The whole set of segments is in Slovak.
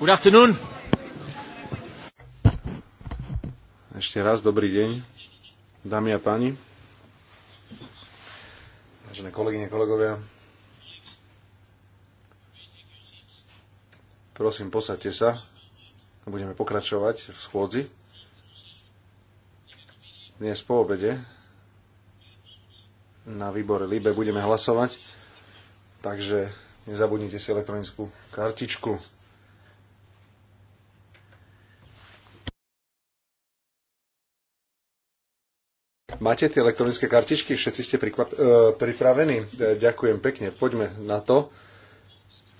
Good afternoon. Ešte raz dobrý deň, dámy a páni. Vážené kolegyne, kolegovia. Prosím, posaďte sa. Budeme pokračovať v schôdzi. Dnes po obede na výbore LIBE budeme hlasovať, takže nezabudnite si elektronickú kartičku. Máte tie elektronické kartičky? Všetci ste e, pripravení? E, ďakujem pekne. Poďme na to.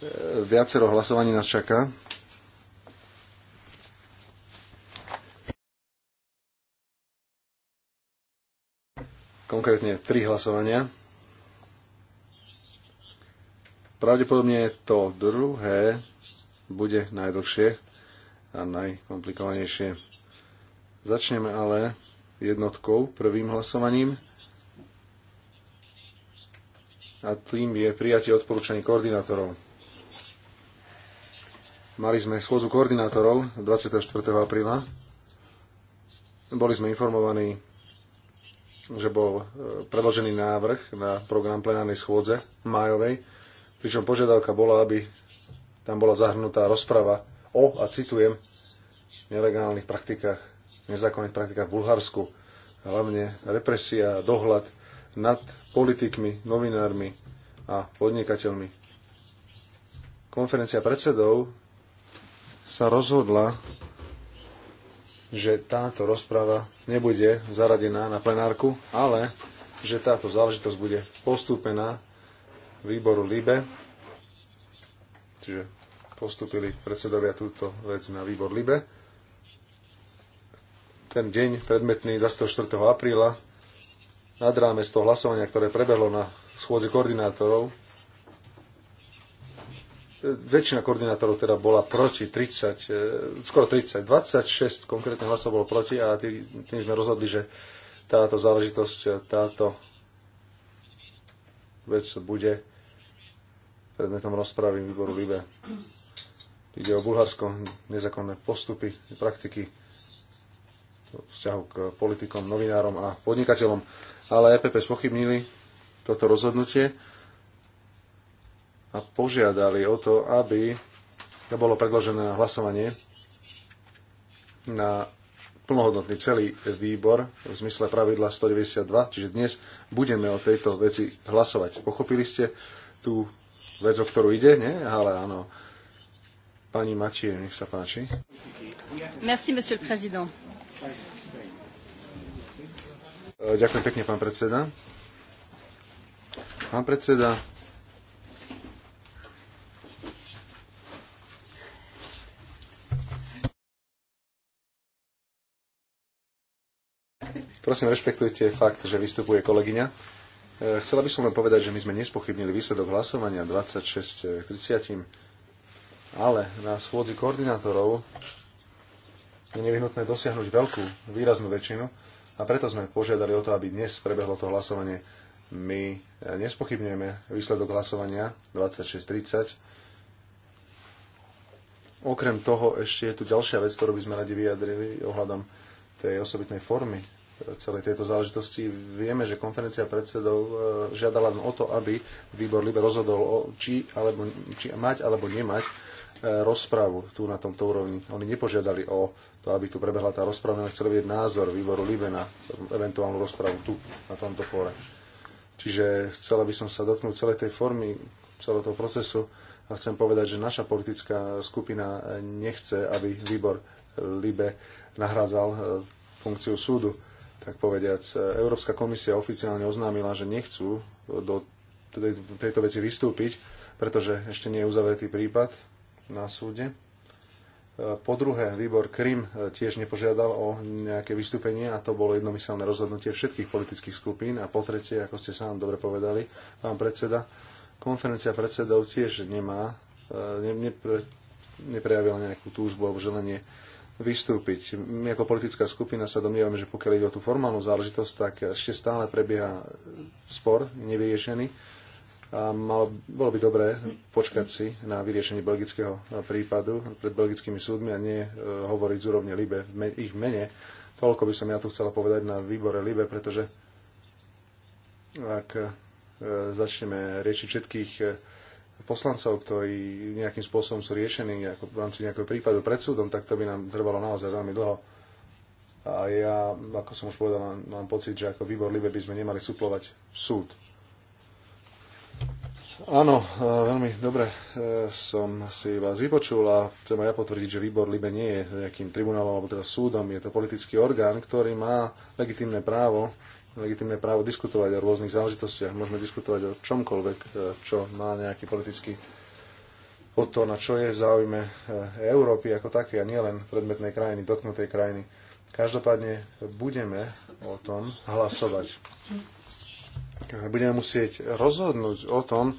E, viacero hlasovaní nás čaká. Konkrétne tri hlasovania. Pravdepodobne to druhé bude najdlhšie a najkomplikovanejšie. Začneme ale jednotkou prvým hlasovaním. A tým je prijatie odporúčaní koordinátorov. Mali sme schôzu koordinátorov 24. apríla. Boli sme informovaní, že bol e, predložený návrh na program plenárnej schôdze májovej, pričom požiadavka bola, aby tam bola zahrnutá rozprava o, a citujem, nelegálnych praktikách nezákonných praktikách v Bulharsku. Hlavne represia a dohľad nad politikmi, novinármi a podnikateľmi. Konferencia predsedov sa rozhodla, že táto rozprava nebude zaradená na plenárku, ale že táto záležitosť bude postúpená výboru LIBE, čiže postúpili predsedovia túto vec na výbor LIBE ten deň predmetný 24. apríla nad rámec toho hlasovania, ktoré prebehlo na schôdzi koordinátorov, väčšina koordinátorov teda bola proti, 30, e, skoro 30, 26 konkrétne hlasov bolo proti a tým, sme rozhodli, že táto záležitosť, táto vec bude predmetom rozpravy výboru LIBE. Ide o Bulharsko, nezákonné postupy, praktiky vzťahu k politikom, novinárom a podnikateľom. Ale EPP spochybnili toto rozhodnutie a požiadali o to, aby to bolo predložené hlasovanie na plnohodnotný celý výbor v zmysle pravidla 192, čiže dnes budeme o tejto veci hlasovať. Pochopili ste tú vec, o ktorú ide, nie? Ale áno. Pani Mačie, nech sa páči. Merci, monsieur le président. E, ďakujem pekne, pán predseda. Pán predseda, Prosím, rešpektujte fakt, že vystupuje kolegyňa. E, chcela by som len povedať, že my sme nespochybnili výsledok hlasovania 26 k 30, ale na schôdzi koordinátorov je nevyhnutné dosiahnuť veľkú, výraznú väčšinu a preto sme požiadali o to, aby dnes prebehlo to hlasovanie. My e, nespochybňujeme výsledok hlasovania 26.30. Okrem toho ešte je tu ďalšia vec, ktorú by sme radi vyjadrili ohľadom tej osobitnej formy e, celej tejto záležitosti. Vieme, že konferencia predsedov e, žiadala len o to, aby výbor Libe rozhodol, o či, alebo, či mať alebo nemať rozpravu tu na tomto úrovni. Oni nepožiadali o to, aby tu prebehla tá rozprava, ale chceli vedieť názor výboru Libe na eventuálnu rozpravu tu, na tomto fóre. Čiže chcela by som sa dotknúť celej tej formy, celého toho procesu a chcem povedať, že naša politická skupina nechce, aby výbor Libe nahrádzal e, funkciu súdu. Tak povediac, e, Európska komisia oficiálne oznámila, že nechcú do tejto veci vystúpiť, pretože ešte nie je uzavretý prípad, na súde. E, po druhé, výbor Krym e, tiež nepožiadal o nejaké vystúpenie a to bolo jednomyselné rozhodnutie všetkých politických skupín. A po tretie, ako ste sám dobre povedali, pán predseda, konferencia predsedov tiež nemá, e, ne, nepre, neprejavila nejakú túžbu alebo želenie vystúpiť. My ako politická skupina sa domnievame, že pokiaľ ide o tú formálnu záležitosť, tak ešte stále prebieha spor nevyriešený a malo, bolo by dobré počkať si na vyriešenie belgického prípadu pred belgickými súdmi a nie e, hovoriť z úrovne Libe v me, ich mene. Toľko by som ja tu chcela povedať na výbore Libe, pretože ak e, začneme riešiť všetkých e, poslancov, ktorí nejakým spôsobom sú riešení ako v rámci nejakého prípadu pred súdom, tak to by nám trvalo naozaj veľmi dlho. A ja, ako som už povedal, mám, mám pocit, že ako výbor Libe by sme nemali suplovať súd. Áno, e, veľmi dobre e, som si vás vypočul a treba ja potvrdiť, že výbor Libe nie je nejakým tribunálom alebo teda súdom, je to politický orgán, ktorý má legitimné právo, legitimné právo diskutovať o rôznych záležitostiach. Môžeme diskutovať o čomkoľvek, e, čo má nejaký politický o to, na čo je v záujme Európy ako také a nielen predmetnej krajiny, dotknutej krajiny. Každopádne budeme o tom hlasovať. Budeme musieť rozhodnúť o tom,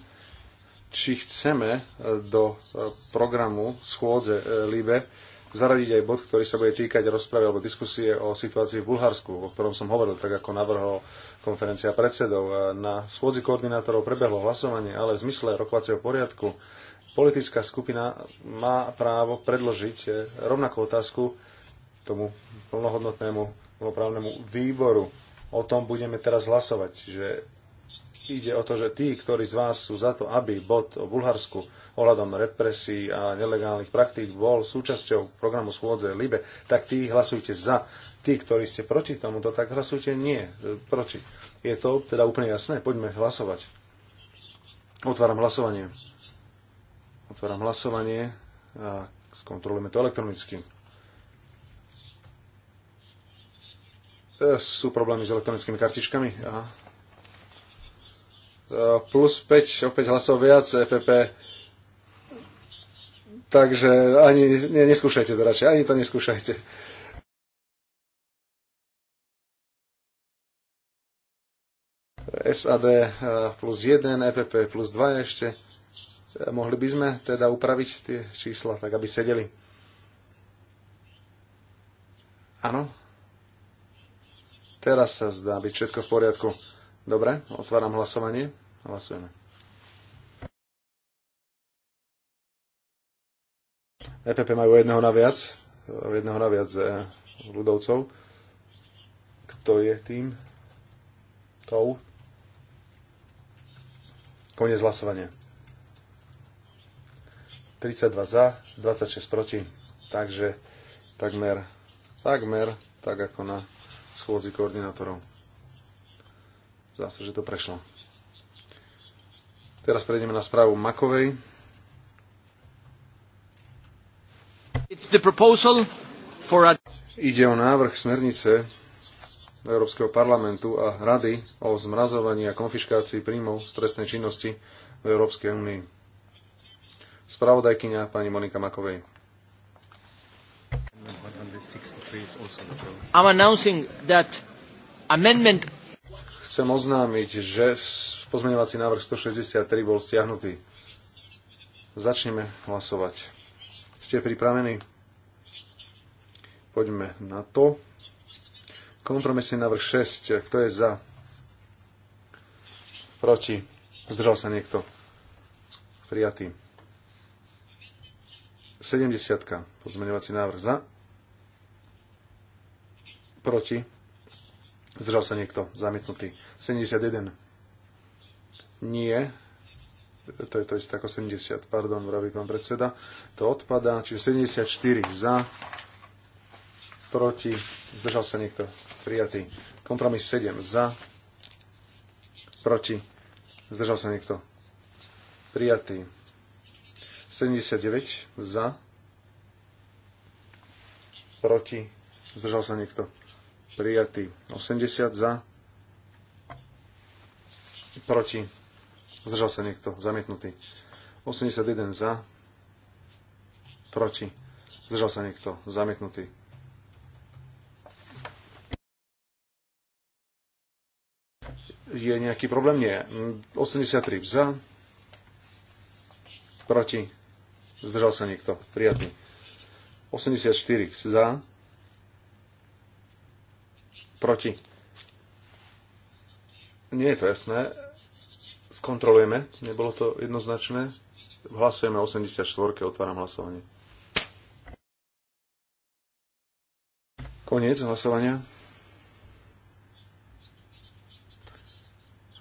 či chceme e, do e, programu schôdze e, LIBE zaradiť aj bod, ktorý sa bude týkať rozpravy alebo diskusie o situácii v Bulharsku, o ktorom som hovoril, tak ako navrhol konferencia predsedov. Na schôdzi koordinátorov prebehlo hlasovanie, ale v zmysle rokovacieho poriadku politická skupina má právo predložiť rovnakú otázku tomu plnohodnotnému plnoprávnemu výboru. O tom budeme teraz hlasovať, že Ide o to, že tí, ktorí z vás sú za to, aby bod o Bulharsku ohľadom represí a nelegálnych praktík bol súčasťou programu schôdze LIBE, tak tí hlasujte za. Tí, ktorí ste proti tomuto, tak hlasujte nie, e, proti. Je to teda úplne jasné? Poďme hlasovať. Otváram hlasovanie. Otváram hlasovanie a skontrolujeme to elektronicky. E, sú problémy s elektronickými kartičkami? Aha plus 5, opäť hlasov viac EPP. Takže ani ne, neskúšajte to radšej, ani to neskúšajte. SAD eh, plus 1, EPP plus 2 ešte. Eh, mohli by sme teda upraviť tie čísla, tak aby sedeli. Áno? Teraz sa zdá byť všetko v poriadku. Dobre, otváram hlasovanie. Hlasujeme. EPP majú jedného naviac, jedného naviac e, ľudovcov. Kto je tým? Tou? Konec hlasovania. 32 za, 26 proti. Takže takmer, takmer, tak ako na schôdzi koordinátorov. Zdá sa, že to prešlo. Teraz prejdeme na správu Makovej. It's the proposal for A... Ide o návrh smernice Európskeho parlamentu a Rady o zmrazovaní a konfiškácii príjmov z trestnej činnosti v Európskej únii. Spravodajkyňa pani Monika Makovej. I'm announcing that amendment chcem oznámiť, že pozmeňovací návrh 163 bol stiahnutý. Začneme hlasovať. Ste pripravení? Poďme na to. Kompromisný návrh 6. Kto je za? Proti? Zdržal sa niekto? Prijatý. 70. Pozmeňovací návrh za? Proti? Zdržal sa niekto. Zamietnutý. 71. Nie. To je to isté ako 70. Pardon, vraví pán predseda. To odpadá. Čiže 74 za. Proti. Zdržal sa niekto. Prijatý. Kompromis 7 za. Proti. Zdržal sa niekto. Prijatý. 79 za. Proti. Zdržal sa niekto prijatý. 80 za, proti, zdržal sa niekto, zamietnutý. 81 za, proti, zdržal sa niekto, zamietnutý. Je nejaký problém? Nie. 83 za, proti, zdržal sa niekto, prijatý. 84 za, Proti. Nie je to jasné. Skontrolujeme. Nebolo to jednoznačné. Hlasujeme 84. Otváram hlasovanie. Koniec hlasovania.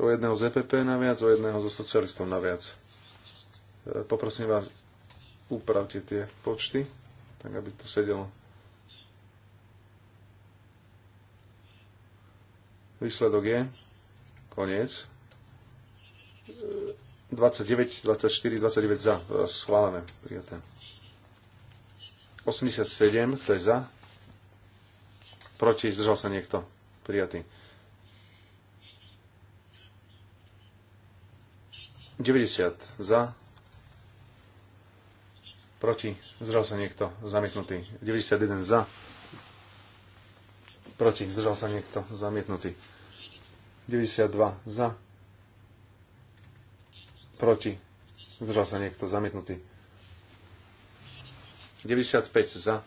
O jedného z EPP naviac, o jedného zo socialistov naviac. E, poprosím vás, upravte tie počty, tak aby to sedelo. Výsledok je koniec. 29, 24, 29 za. E, schválené. Prijaté. 87, kto je za? Proti, zdržal sa niekto. Prijatý. 90 za. Proti, zdržal sa niekto. Zamietnutý. 91 za proti, zdržal sa niekto, zamietnutý. 92 za, proti, zdržal sa niekto, zamietnutý. 95 za,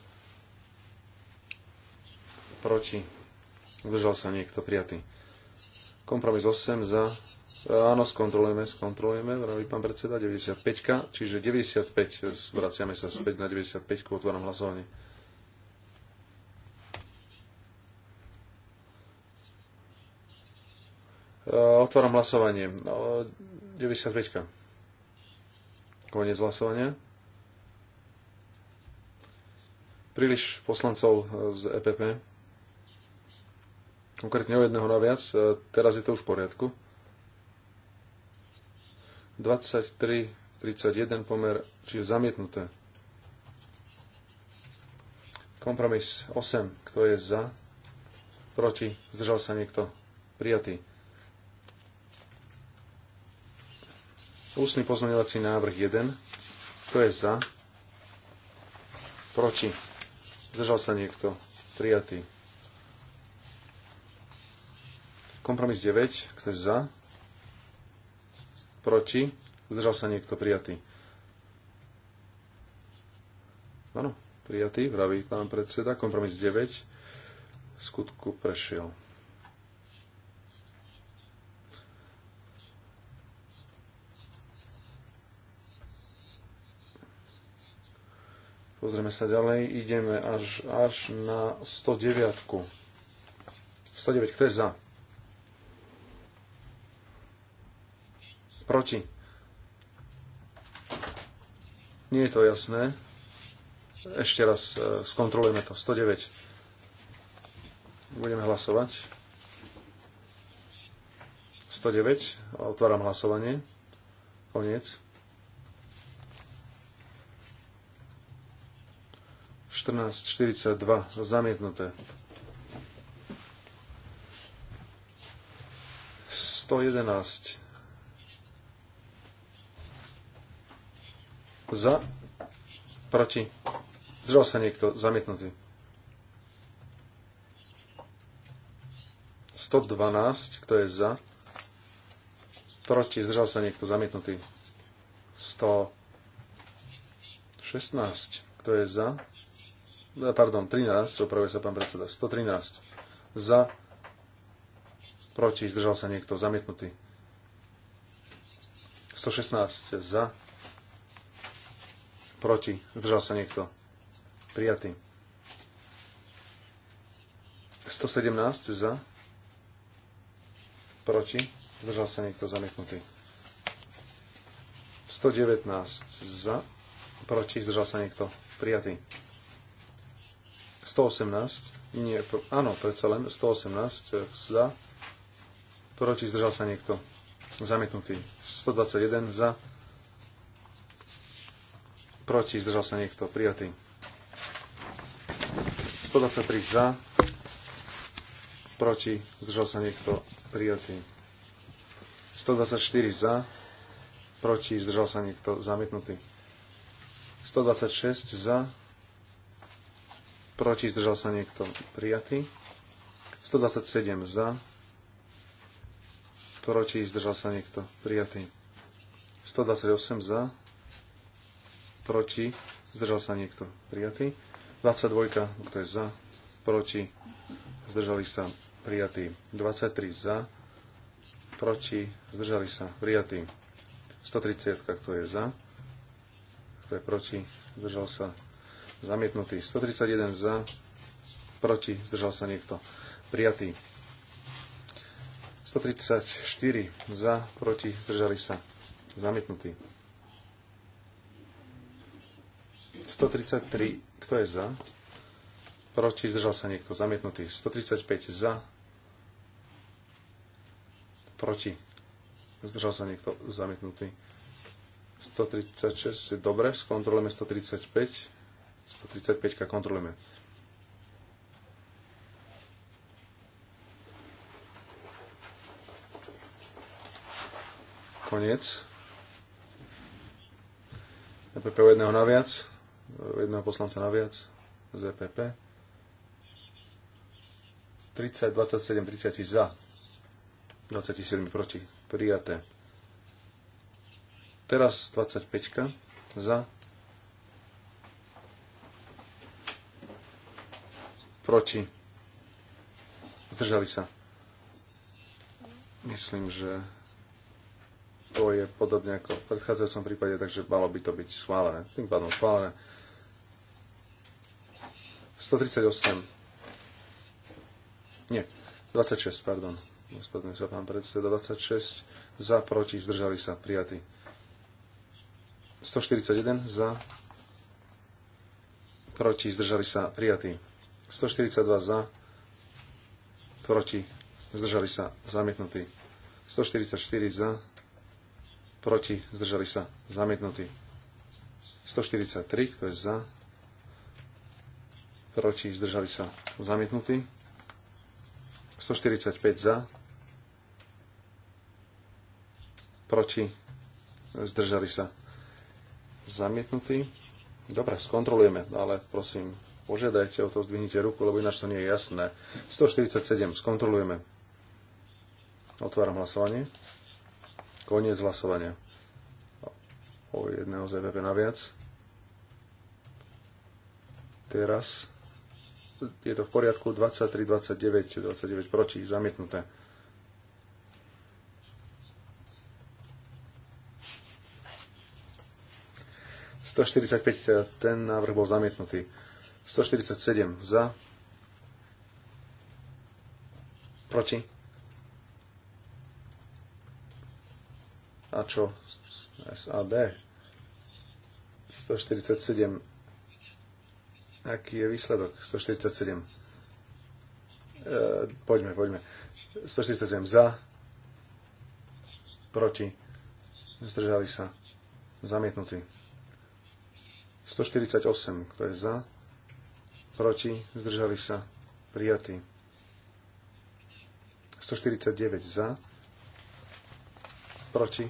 proti, zdržal sa niekto, prijatý. Kompromis 8 za, e, áno, skontrolujeme, skontrolujeme, vraví pán predseda, 95, čiže 95, vraciame sa späť na 95, otváram hlasovanie. Eh, otváram hlasovanie. 95. Eh, Konec hlasovania. Príliš poslancov eh, z EPP. Konkrétne o jedného naviac. Teraz je to už v poriadku. 23, 31 pomer, čiže zamietnuté. Kompromis 8. Kto je za? Proti? Zdržal sa niekto? Prijatý. Ústny pozmeňovací návrh 1. Kto je za? Proti? Zdržal sa niekto? Prijatý. Kompromis 9. Kto je za? Proti? Zdržal sa niekto? Prijatý. Áno, prijatý, vraví pán predseda. Kompromis 9. Skutku prešiel. Pozrieme sa ďalej, ideme až, až na 109. 109, kto je za? Proti. Nie je to jasné. Ešte raz e, skontrolujeme to. 109. Budeme hlasovať. 109. Otváram hlasovanie. Koniec. 14.42 zamietnuté. 111 za, proti, zdržal sa niekto, zamietnutý. 112, kto je za, proti, zdržal sa niekto, zamietnutý. 116, kto je za, No, pardon, 13, opravuje sa pán predseda, 113 za, proti, zdržal sa niekto, zamietnutý. 116 za, proti, zdržal sa niekto, prijatý. 117 za, proti, zdržal sa niekto, zamietnutý. 119 za, proti, zdržal sa niekto, prijatý. 118, nie, áno, predsa len 118 eh, za, proti zdržal sa niekto, zamietnutý. 121 za, proti zdržal sa niekto, prijatý. 123 za, proti zdržal sa niekto, prijatý. 124 za, proti zdržal sa niekto, zamietnutý. 126 za, proti, zdržal sa niekto prijatý. 127 za, proti, zdržal sa niekto prijatý. 128 za, proti, zdržal sa niekto prijatý. 22, kto je za, proti, zdržali sa prijatí. 23 za, proti, zdržali sa prijatí. 130, kto je za, kto je proti, zdržal sa Zamietnutý. 131 za. Proti. Zdržal sa niekto. Prijatý. 134 za. Proti. Zdržali sa. Zamietnutý. 133. Kto je za? Proti. Zdržal sa niekto. Zamietnutý. 135 za. Proti. Zdržal sa niekto. Zamietnutý. 136. Dobre, skontrolujeme 135. 135 kontrolujeme. Koniec. EPP o jedného naviac, e, jedného poslanca naviac z EPP. 30, 27, 30 za, 27 proti, prijaté. Teraz 25 za, Proti. Zdržali sa. Myslím, že to je podobne ako v predchádzajúcom prípade, takže malo by to byť schválené. Tým pádom schválené. 138. Nie, 26, pardon. Gospodne sa pán predseda, 26 za, proti, zdržali sa, prijatí. 141 za, proti, zdržali sa, prijatí. 142 za, proti, zdržali sa, zamietnutí. 144 za, proti, zdržali sa, zamietnutí. 143, kto je za, proti, zdržali sa, zamietnutí. 145 za, proti, zdržali sa, zamietnutí. Dobre, skontrolujeme, ale prosím, Požiadajte o to, zdvihnite ruku, lebo ináč to nie je jasné. 147, skontrolujeme. Otváram hlasovanie. Koniec hlasovania. O jedného ZVP e naviac. Teraz je to v poriadku 23, 29, 29 proti, zamietnuté. ...145, ten návrh bol zamietnutý. 147 za, proti. A čo? SAD. 147. Aký je výsledok? 147. E, poďme, poďme. 147 za, proti, zdržali sa, zamietnutí. 148, kto je za, proti, zdržali sa, prijatí. 149 za, proti,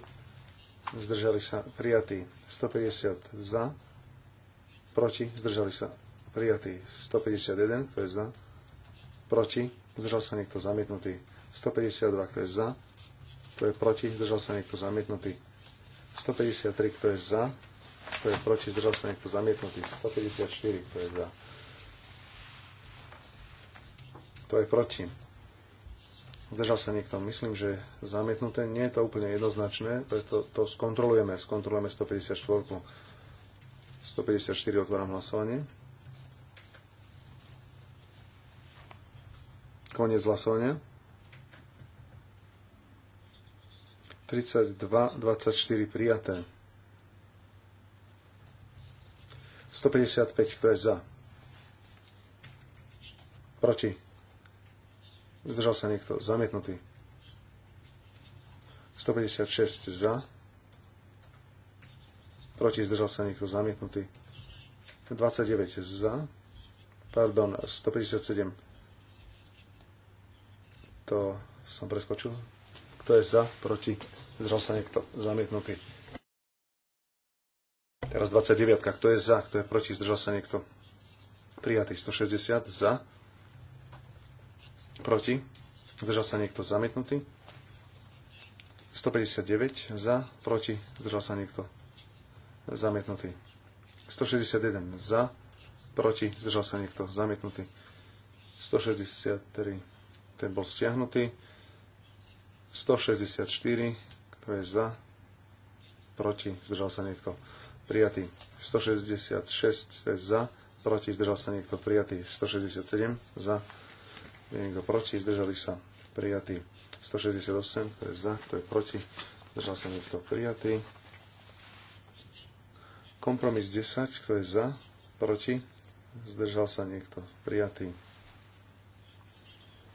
zdržali sa, prijatí. 150 za, proti, zdržali sa, prijatí. 151, kto je za, proti, zdržal sa niekto zamietnutý. 152, kto je za, kto je proti, zdržal sa niekto zamietnutý. 153, kto je za, kto je proti, zdržal sa niekto zamietnutý. 154, kto je za to je proti? Zdržal sa niekto. Myslím, že zamietnuté. Nie je to úplne jednoznačné, preto to skontrolujeme. Skontrolujeme 154. 154 otváram hlasovanie. Koniec hlasovania. 32, 24 prijaté. 155, kto je za? Proti. Zdržal sa niekto. Zamietnutý. 156 za. Proti zdržal sa niekto. Zamietnutý. 29 za. Pardon, 157. To som preskočil. Kto je za? Proti. Zdržal sa niekto. Zamietnutý. Teraz 29. Kto je za? Kto je proti? Zdržal sa niekto. Prijatý. 160 za proti, zdržal sa niekto zamietnutý. 159 za, proti, zdržal sa niekto zamietnutý. 161 za, proti, zdržal sa niekto zamietnutý. 163, ten bol stiahnutý. 164, kto je za, proti, zdržal sa niekto prijatý. 166, to je za, proti, zdržal sa niekto prijatý. 167 za, je niekto proti? Zdržali sa? Prijatý. 168, to je za, to je proti. Zdržal sa niekto? Prijatý. Kompromis 10, kto je za? Proti? Zdržal sa niekto? Prijatý.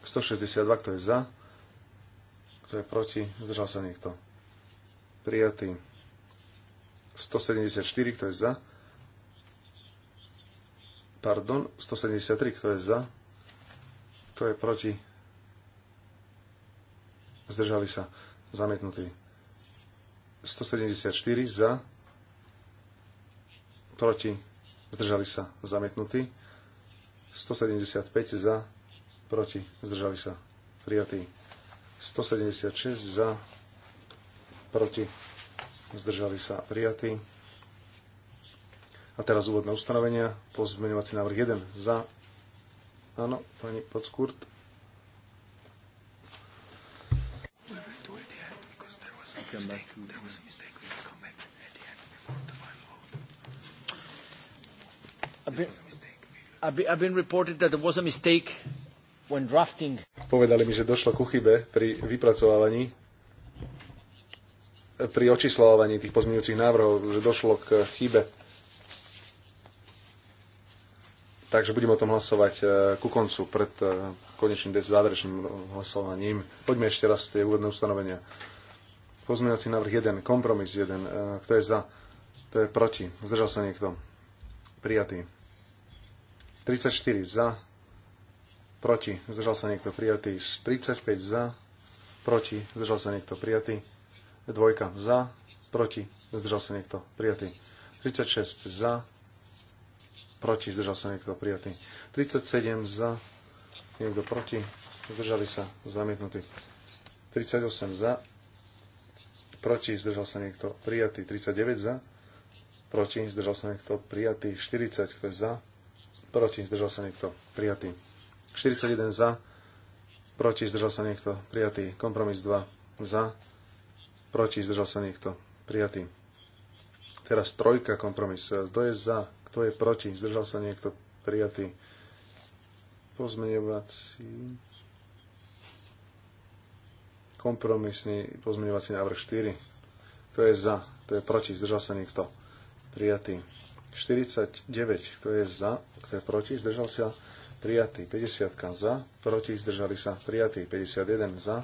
162, kto je za? Kto je proti? Zdržal sa niekto? Prijatý. 174, kto je za? Pardon, 173, kto je za? Kto je proti? Zdržali sa. Zamietnutí. 174 za. Proti. Zdržali sa. Zamietnutí. 175 za. Proti. Zdržali sa. Prijatí. 176 za. Proti. Zdržali sa. Prijatí. A teraz úvodné ustanovenia. Pozmeňovací návrh 1 za Áno, pani Podskurt. Povedali mi, že došlo ku chybe pri vypracovávaní pri očíslovaní tých pozmeňujúcich návrhov, že došlo k chybe Takže budeme o tom hlasovať e, ku koncu, pred e, konečným záverečným hlasovaním. Poďme ešte raz tie úvodné ustanovenia. Pozmeňovací návrh 1, kompromis 1. E, kto je za? Kto je proti? Zdržal sa niekto? Prijatý. 34 za, proti, zdržal sa niekto prijatý. 35 za, proti, zdržal sa niekto prijatý. Dvojka za, proti, zdržal sa niekto prijatý. 36 za, proti, zdržal sa niekto prijatý. 37 za, niekto proti, zdržali sa zamietnutí. 38 za, proti, zdržal sa niekto prijatý. 39 za, proti, zdržal sa niekto prijatý. 40, kto je za, proti, zdržal sa niekto prijatý. 41 za, proti, zdržal sa niekto prijatý. Kompromis 2 za, proti, zdržal sa niekto prijatý. Teraz trojka kompromis. Kto je za kto je proti? Zdržal sa niekto? Prijatý. Pozmeňovací. Kompromisný pozmeňovací návrh 4. Kto je za? Kto je proti? Zdržal sa niekto? Prijatý. 49. Kto je za? Kto je proti? Zdržal sa? Prijatý. 50. Za? Proti? Zdržali sa? Prijatý. 51. Za?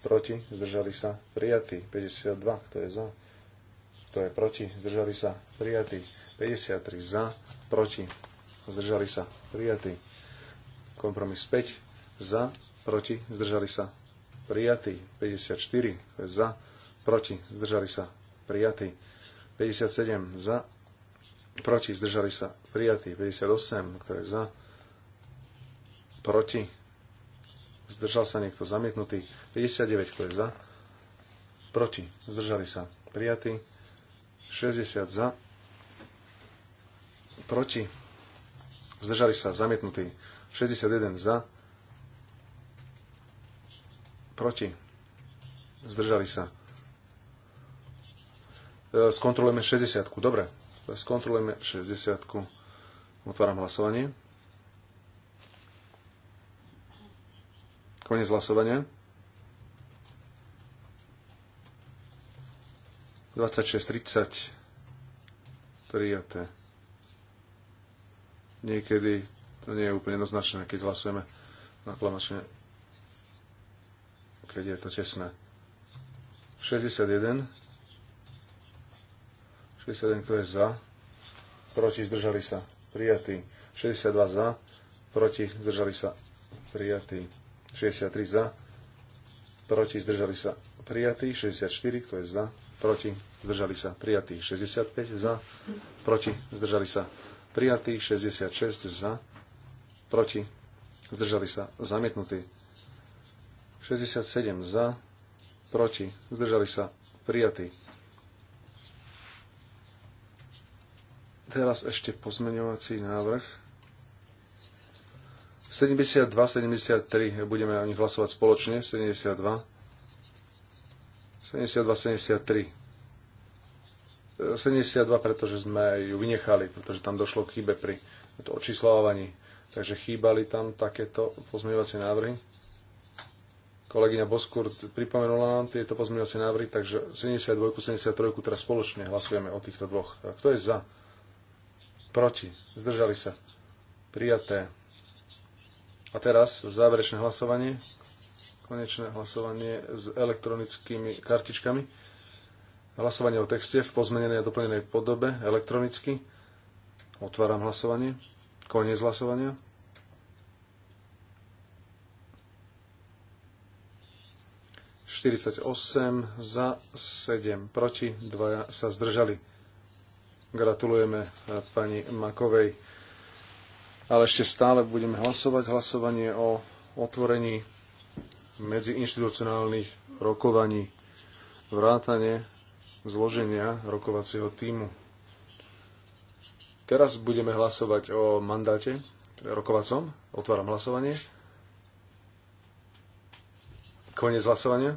Proti? Zdržali sa? Prijatý. 52. Kto je za? Kto je proti? Zdržali sa? Prijatí. 53 za. Proti? Zdržali sa? Prijatí. Kompromis 5 za. Proti? Zdržali sa? Prijatí. 54 za. Proti? Zdržali sa? Prijatí. 57 za. Proti? Zdržali sa? Prijatí. 58, kto je za? Proti? Zdržal sa niekto zamietnutý. 59, kto je za? Proti? Zdržali sa? Prijatí. 60 za, proti, zdržali sa, zamietnutí, 61 za, proti, zdržali sa. E, skontrolujeme 60, dobre, skontrolujeme 60, -ku. otváram hlasovanie. Konec hlasovania. 26.30 prijaté. Niekedy to nie je úplne jednoznačné, keď hlasujeme naklamačne, keď je to tesné. 61. 61, kto je za? Proti, zdržali sa. Prijatý. 62 za. Proti, zdržali sa. Prijatý. 63 za. Proti, zdržali sa. Prijatý. 64, kto je za? proti, zdržali sa prijatí 65 za, proti, zdržali sa prijatí 66 za, proti, zdržali sa zamietnutí 67 za, proti, zdržali sa prijatí. Teraz ešte pozmeňovací návrh. 72, 73, budeme o nich hlasovať spoločne, 72, 72-73. 72, pretože sme ju vynechali, pretože tam došlo k chybe pri očíslovaní. Takže chýbali tam takéto pozmeňovacie návrhy. Kolegyňa Boskurt pripomenula nám tieto pozmeňovacie návrhy, takže 72, 73 teraz spoločne hlasujeme o týchto dvoch. Kto je za? Proti? Zdržali sa? Prijaté. A teraz záverečné hlasovanie konečné hlasovanie s elektronickými kartičkami. Hlasovanie o texte v pozmenenej a doplnenej podobe elektronicky. Otváram hlasovanie. Koniec hlasovania. za 7 proti, dvaja sa zdržali. Gratulujeme eh, pani Makovej. Ale ešte stále budeme hlasovať. Hlasovanie o otvorení medziinstitucionálnych rokovaní, vrátane zloženia rokovacieho týmu. Teraz budeme hlasovať o mandáte teda rokovacom. Otváram hlasovanie. Konec hlasovania.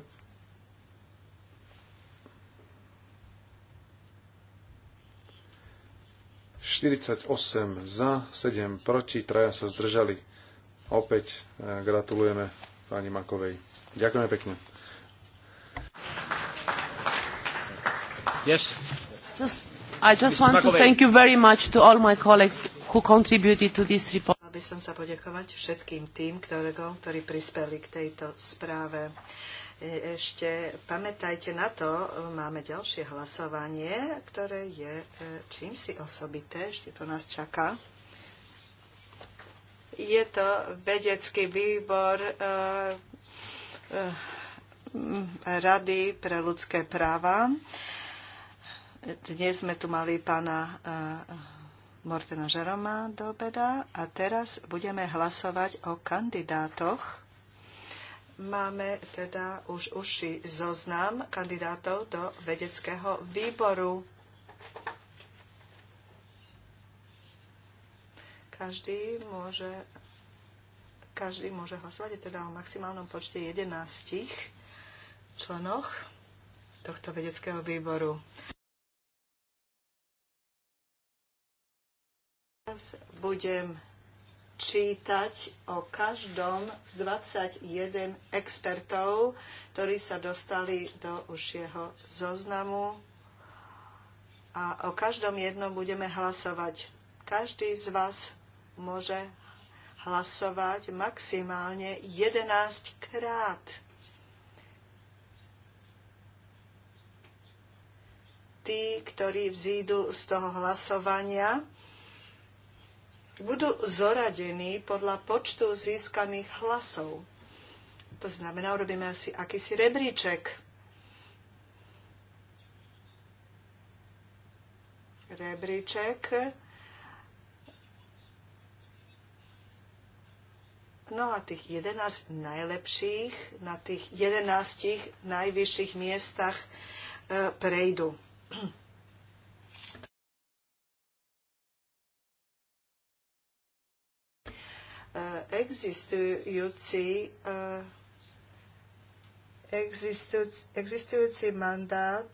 Štyridsaťosem za, 7 proti, traja sa zdržali. Opäť eh, gratulujeme pani Makovej. Ďakujeme pekne. Yes. Just, I just Mrs. want Makovej. to thank you very much to all my colleagues who contributed to this report. Aby som sa poďakovať všetkým tým, ktorého, ktorí prispeli k tejto správe. E, ešte pamätajte na to, máme ďalšie hlasovanie, ktoré je e, čím si osobité, ešte to nás čaká je to vedecký výbor eh, eh, Rady pre ľudské práva. Dnes sme tu mali pána eh, Mortena Žeroma do obeda a teraz budeme hlasovať o kandidátoch. Máme teda už uši zoznam kandidátov do vedeckého výboru. Každý môže, každý môže hlasovať, je teda o maximálnom počte 11 členoch tohto vedeckého výboru. Teraz budem čítať o každom z 21 expertov, ktorí sa dostali do užšieho zoznamu. A o každom jednom budeme hlasovať. Každý z vás môže hlasovať maximálne 11 krát. Tí, ktorí vzídu z toho hlasovania, budú zoradení podľa počtu získaných hlasov. To znamená, urobíme asi akýsi rebríček. Rebríček No a tých 11 najlepších na tých 11 najvyšších miestach e, prejdú. E, existujúci, e, existujúci, existujúci mandát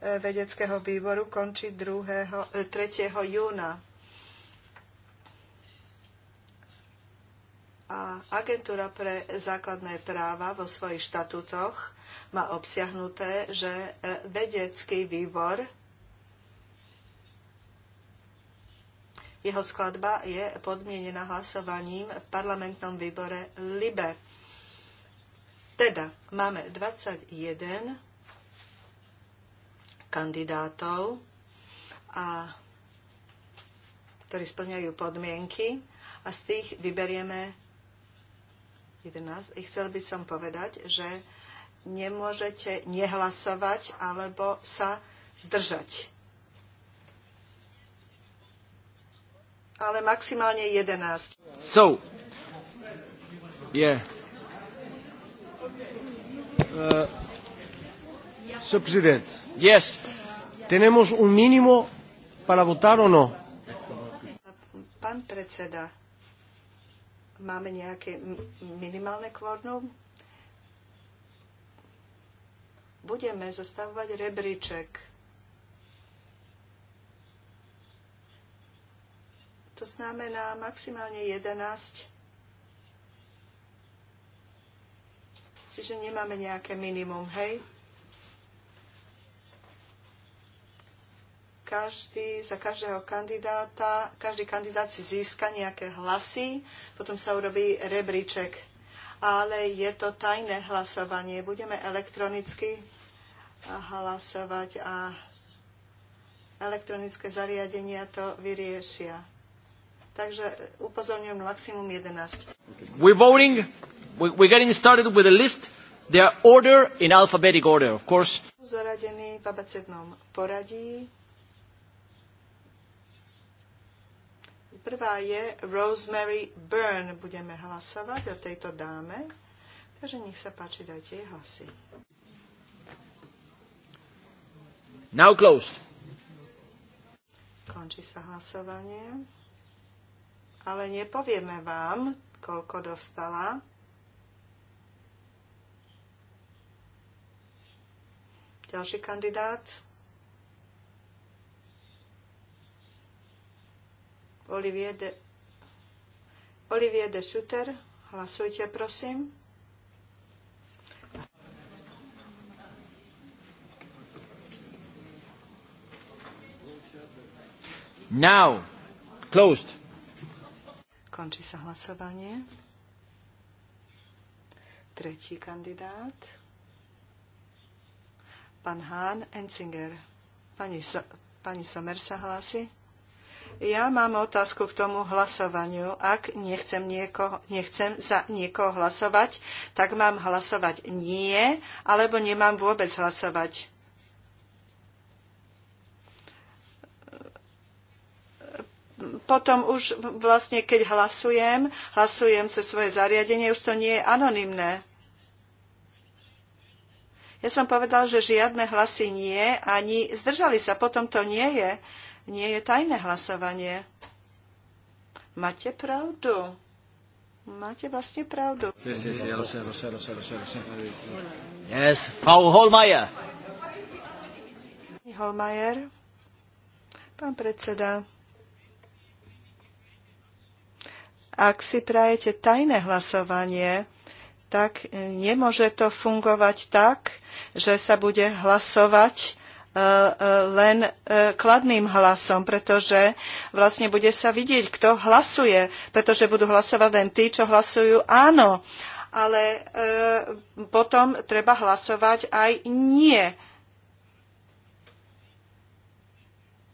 vedeckého výboru končí 2, 3. júna a Agentúra pre základné práva vo svojich štatútoch má obsiahnuté, že e, vedecký výbor, jeho skladba je podmienená hlasovaním v parlamentnom výbore LIBE. Teda máme 21 kandidátov, a, ktorí splňajú podmienky a z tých vyberieme 11. I chcel by som povedať, že nemôžete nehlasovať alebo sa zdržať. Ale maximálne 11. So, yeah. Uh, so, president, yes, tenemos un mínimo para votar o no. Pán predseda, Máme nejaké minimálne kvornu. Budeme zostavovať rebríček. To znamená maximálne 11. Čiže nemáme nejaké minimum, hej? každý, za každého kandidáta, každý kandidát si získa nejaké hlasy, potom sa urobí rebríček. Ale je to tajné hlasovanie. Budeme elektronicky hlasovať a elektronické zariadenia to vyriešia. Takže upozorňujem na maximum 11. We're voting. We're getting started with a list. They are order in alphabetic order, of course. Zoradený v abecednom poradí. Prvá je Rosemary Byrne. Budeme hlasovať o tejto dáme. Takže nech sa páči, dajte jej hlasy. Now closed. Končí sa hlasovanie. Ale nepovieme vám, koľko dostala. Ďalší kandidát. Olivier de, Olivier de Suter. Hlasujte, prosím. Now. Closed. Končí sa hlasovanie. Tretí kandidát. Pán Hán Enzinger. Pani, so, pani Somer sa hlási. Ja mám otázku k tomu hlasovaniu. Ak nechcem, nieko, nechcem za niekoho hlasovať, tak mám hlasovať nie, alebo nemám vôbec hlasovať. potom už vlastne, keď hlasujem, hlasujem cez svoje zariadenie, už to nie je anonymné. Ja som povedal, že žiadne hlasy nie, ani zdržali sa, potom to nie je. Uh, nie je tajné hlasovanie. Máte pravdu. Máte vlastne pravdu. Yes, Frau Holmeier. Holmeier. Pán predseda. Ak si prajete tajné hlasovanie, tak nemôže to fungovať tak, že sa bude hlasovať E, e, len e, kladným hlasom, pretože vlastne bude sa vidieť, kto hlasuje, pretože budú hlasovať len tí, čo hlasujú áno. Ale potom treba hlasovať aj nie.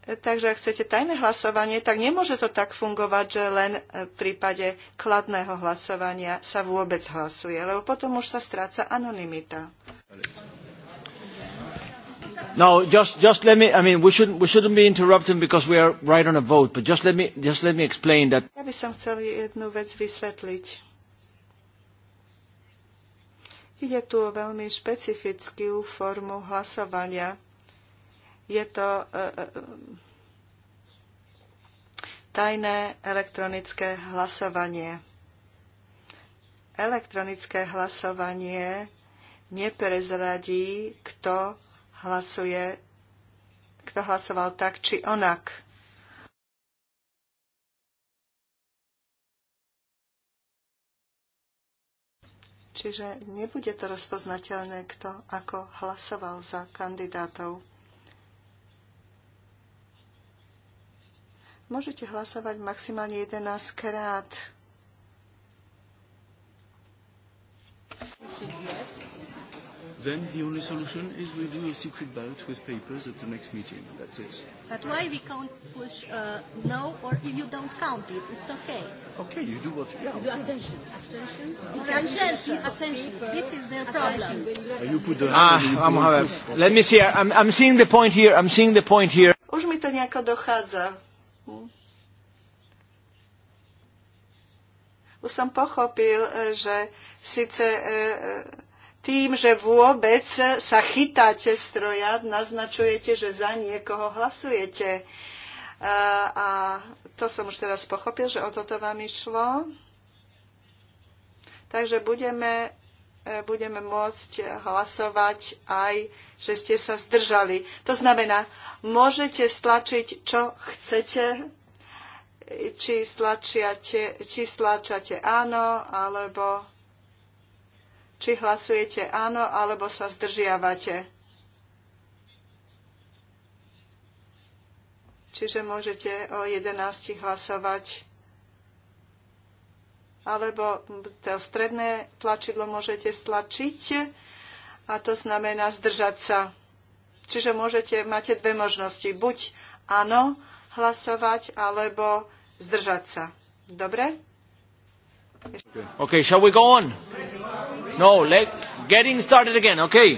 Takže ak chcete tajné hlasovanie, tak nemôže to tak fungovať, že len v prípade kladného hlasovania sa vôbec hlasuje, lebo potom už sa stráca anonimita. No, just just let me. I mean, we shouldn't we shouldn't be interrupting because we are right on a vote. But just let me just let me explain that. Ja by som chcel jednu vec vysvetliť. Ide tu o veľmi špecifickú formu hlasovania. Je to uh, e, tajné elektronické hlasovanie. Elektronické hlasovanie neprezradí, kto hlasuje, kto hlasoval tak či onak. Čiže nebude to rozpoznateľné, kto ako hlasoval za kandidátov. Môžete hlasovať maximálne 11 krát. Yes. Then the only solution is we do a secret ballot with papers at the next meeting. That's it. But why we can't push uh, no or if you don't count it? It's okay. Okay, you do what? Yeah. You do attention. Abstentions? attention. Abstentions. Abstention. This is their problem. You put the ah, you I'm, have, let me see. I'm, I'm seeing the point here. I'm seeing the point here. Už mi to nejako dochádza. Hm. Už som pochopil, eh, že síce e, tým, že vôbec sa chytáte stroja, naznačujete, že za niekoho hlasujete. E, a to som už teraz pochopil, že o toto vám išlo. Takže budeme, e, budeme môcť hlasovať aj, že ste sa zdržali. To znamená, môžete stlačiť, čo chcete, či stlačiate, či stlačate áno, alebo či hlasujete áno alebo sa zdržiavate. Čiže môžete o 11 hlasovať. Alebo to stredné tlačidlo môžete stlačiť a to znamená zdržať sa. Čiže môžete, máte dve možnosti. Buď áno hlasovať, alebo zdržať sa. Dobre? Okay, shall we go on? No, let, getting started again, okay.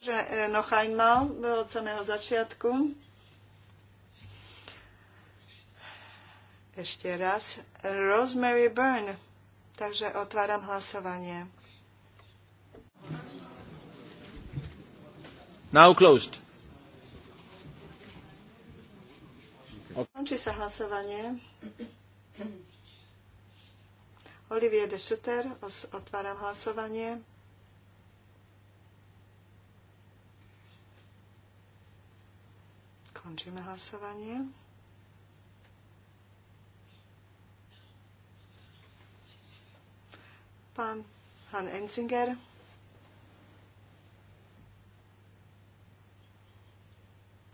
Že, e, no mal e, od samého začiatku. Ešte raz. Rosemary Byrne. Takže otváram hlasovanie. Now closed. Končí sa hlasovanie. Olivier de Suter, otváram hlasovanie. Končíme hlasovanie. Pán Han Enzinger.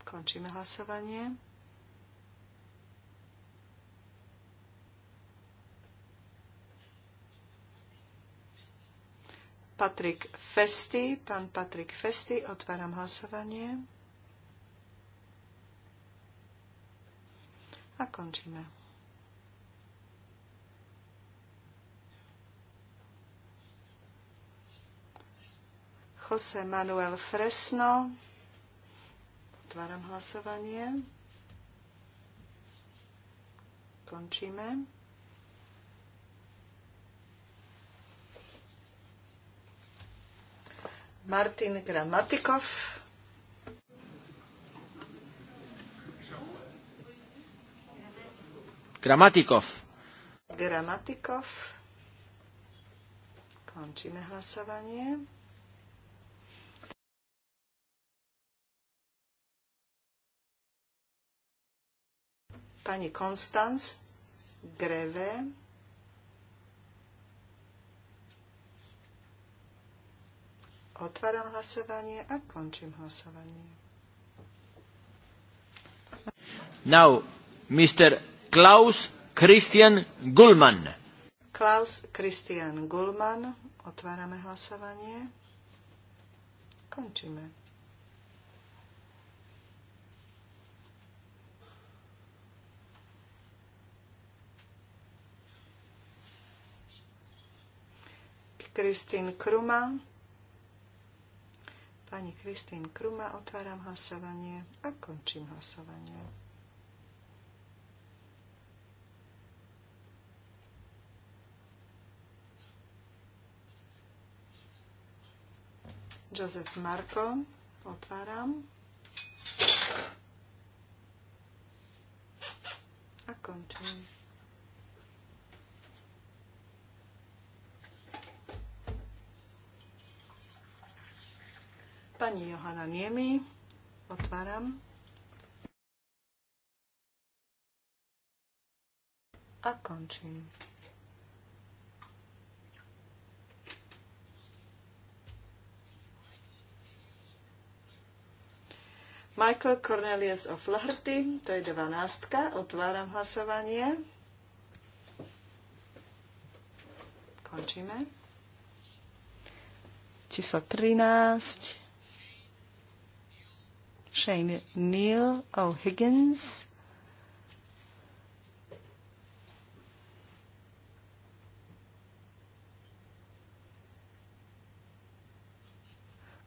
Končíme hlasovanie. Patrik Festy, pán Patrik Festy, otváram hlasovanie. A končíme. Jose Manuel Fresno, otváram hlasovanie. Končíme. Martin Gramatikov. Gramatikov. Gramatikov. Končíme hlasovanie. pani Konstanc Greve Otváram hlasovanie a končím hlasovanie. Now, Mr. Klaus Christian Gullmann. Klaus Christian Gullmann. Otvárame hlasovanie. Končíme. Kristín Kruma. Pani Kristín Kruma, otváram hlasovanie a končím hlasovanie. Jozef Marko, otváram. A končím. Pani Johana Niemi, otváram. A končím. Michael Cornelius of Lahrty, to je 12. Otváram hlasovanie. Končíme. Číslo 13. Shane Neal O'Higgins.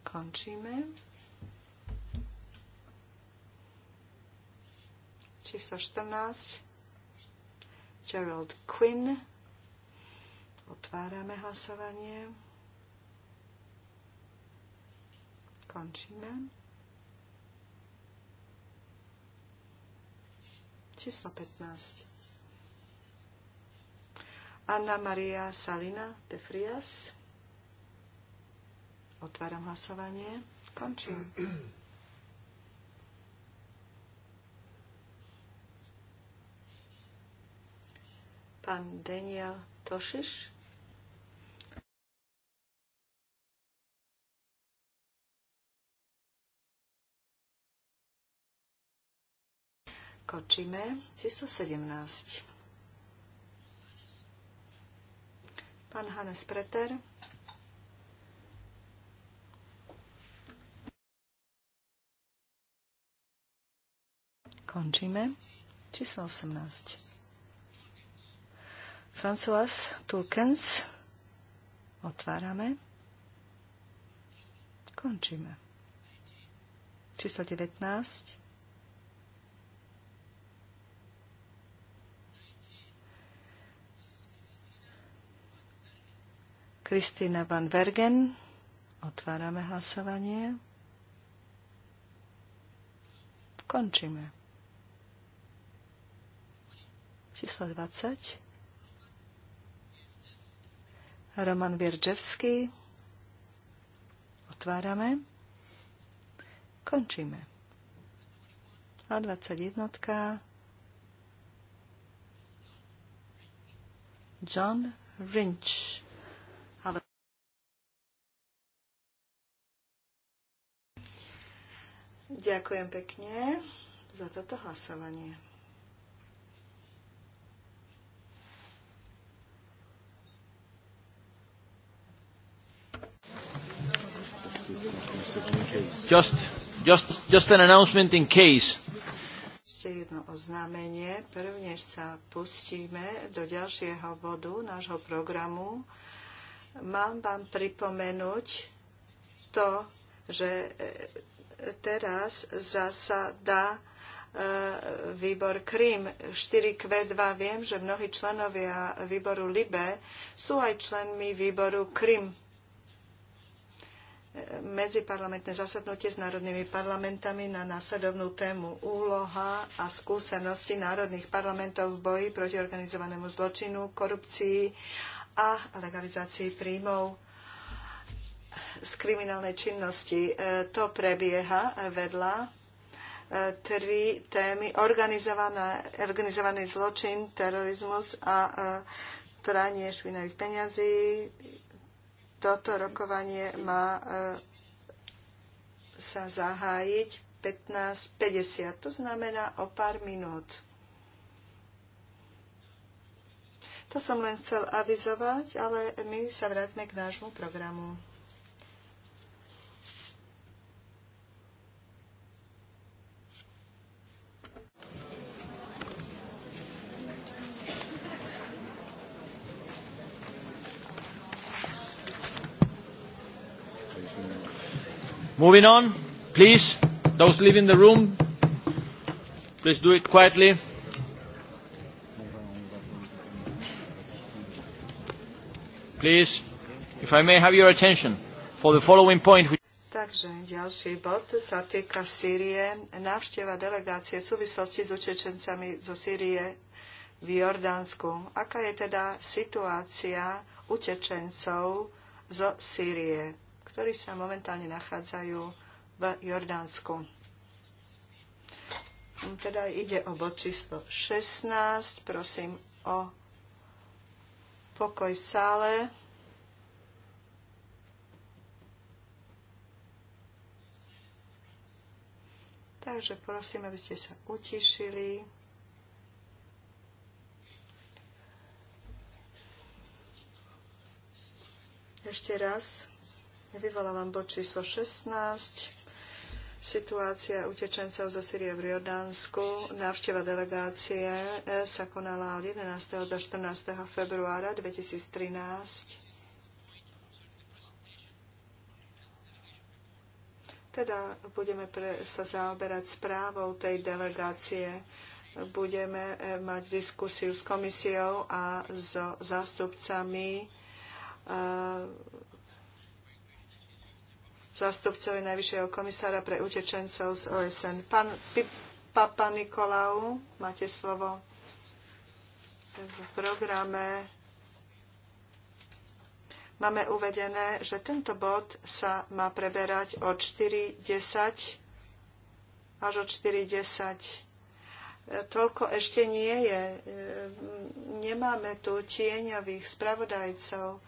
Končíme. Číslo 14. Gerald Quinn. Otvárame hlasovanie. Končíme. číslo 15. Anna Maria Salina de Frias. Otváram hlasovanie. Končím. Pán Daniel Tošiš. Skočíme. 317. Pán Hannes Preter. Končíme. Číslo 18. François Tulkens. Otvárame. Končíme. Číslo 19. Kristýna Van Vergen. Otvárame hlasovanie. Končíme. Číslo 20. Roman Vierževský. Otvárame. Končíme. A 21. John Rinch. Ďakujem pekne za toto hlasovanie. Just, just, just an announcement in case. Ešte jedno oznámenie. Prvnež sa pustíme do ďalšieho bodu nášho programu. Mám vám pripomenúť to, že teraz zasada e, výbor Krím 4Q2. Viem, že mnohí členovia výboru LIBE sú aj členmi výboru Krím e, medziparlamentné zasadnutie s národnými parlamentami na následovnú tému úloha a skúsenosti národných parlamentov v boji proti organizovanému zločinu, korupcii a legalizácii príjmov z kriminálnej činnosti. E, to prebieha vedľa e, tri témy. Organizovaný zločin, terorizmus a e, pranie švinových peňazí. Toto rokovanie má sa zahájiť 15.50, to znamená o pár minút. To som len chcel avizovať, ale my sa vráťme k nášmu programu. Moving on, please, those leaving the room, please do it quietly. Please, if I may have your attention for the following point. Which Takže ďalší bod sa týka Sýrie. Návšteva delegácie v súvislosti s utečencami zo Sýrie v Jordánsku. Aká je teda situácia utečencov zo Sýrie? ktorí sa momentálne nachádzajú v Jordánsku. Teda ide o bod číslo 16. Prosím o pokoj sále. Takže prosím, aby ste sa utišili. Ešte raz Vyvolávam bod číslo 16. Situácia utečencov zo Syrie v Jordánsku. Návšteva delegácie sa konala od 11. do 14. februára 2013. Teda budeme pre, sa zaoberať správou tej delegácie. Budeme eh, mať diskusiu s komisiou a s so zástupcami eh, zástupcovi Najvyššieho komisára pre utečencov z OSN. Pán Papa Nikolau, máte slovo v programe. Máme uvedené, že tento bod sa má preberať od 4.10 až od 4.10 toľko ešte nie je. Nemáme tu tieňových spravodajcov.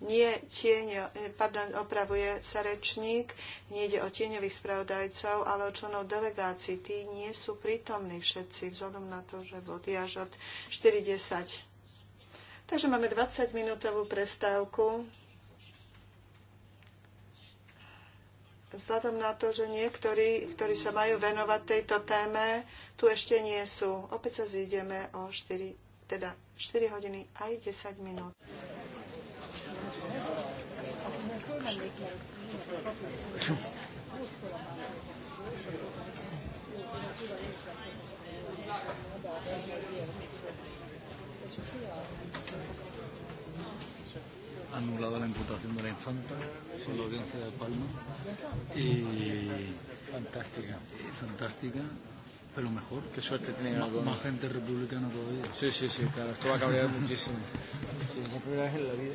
nie tieň, e, pardon, opravuje sa rečník, nie ide o tieňových spravodajcov, ale o členov delegácií. Tí nie sú prítomní všetci, vzhľadom na to, že bod až od 4.10. Takže máme 20-minútovú prestávku. Vzhľadom na to, že niektorí, ktorí sa majú venovať tejto téme, tu ešte nie sú. Opäť sa zídeme o 4, teda 4 hodiny aj 10 minút. Anulada la imputación de la infanta, sin la audiencia de Palma. Y fantástica, eh, fantástica. Pero mejor, qué suerte tiene algunos. Más gente republicana todavía. Sí, sí, sí, claro, esto va a cambiar muchísimo. Sí, es la primera vez en la vida.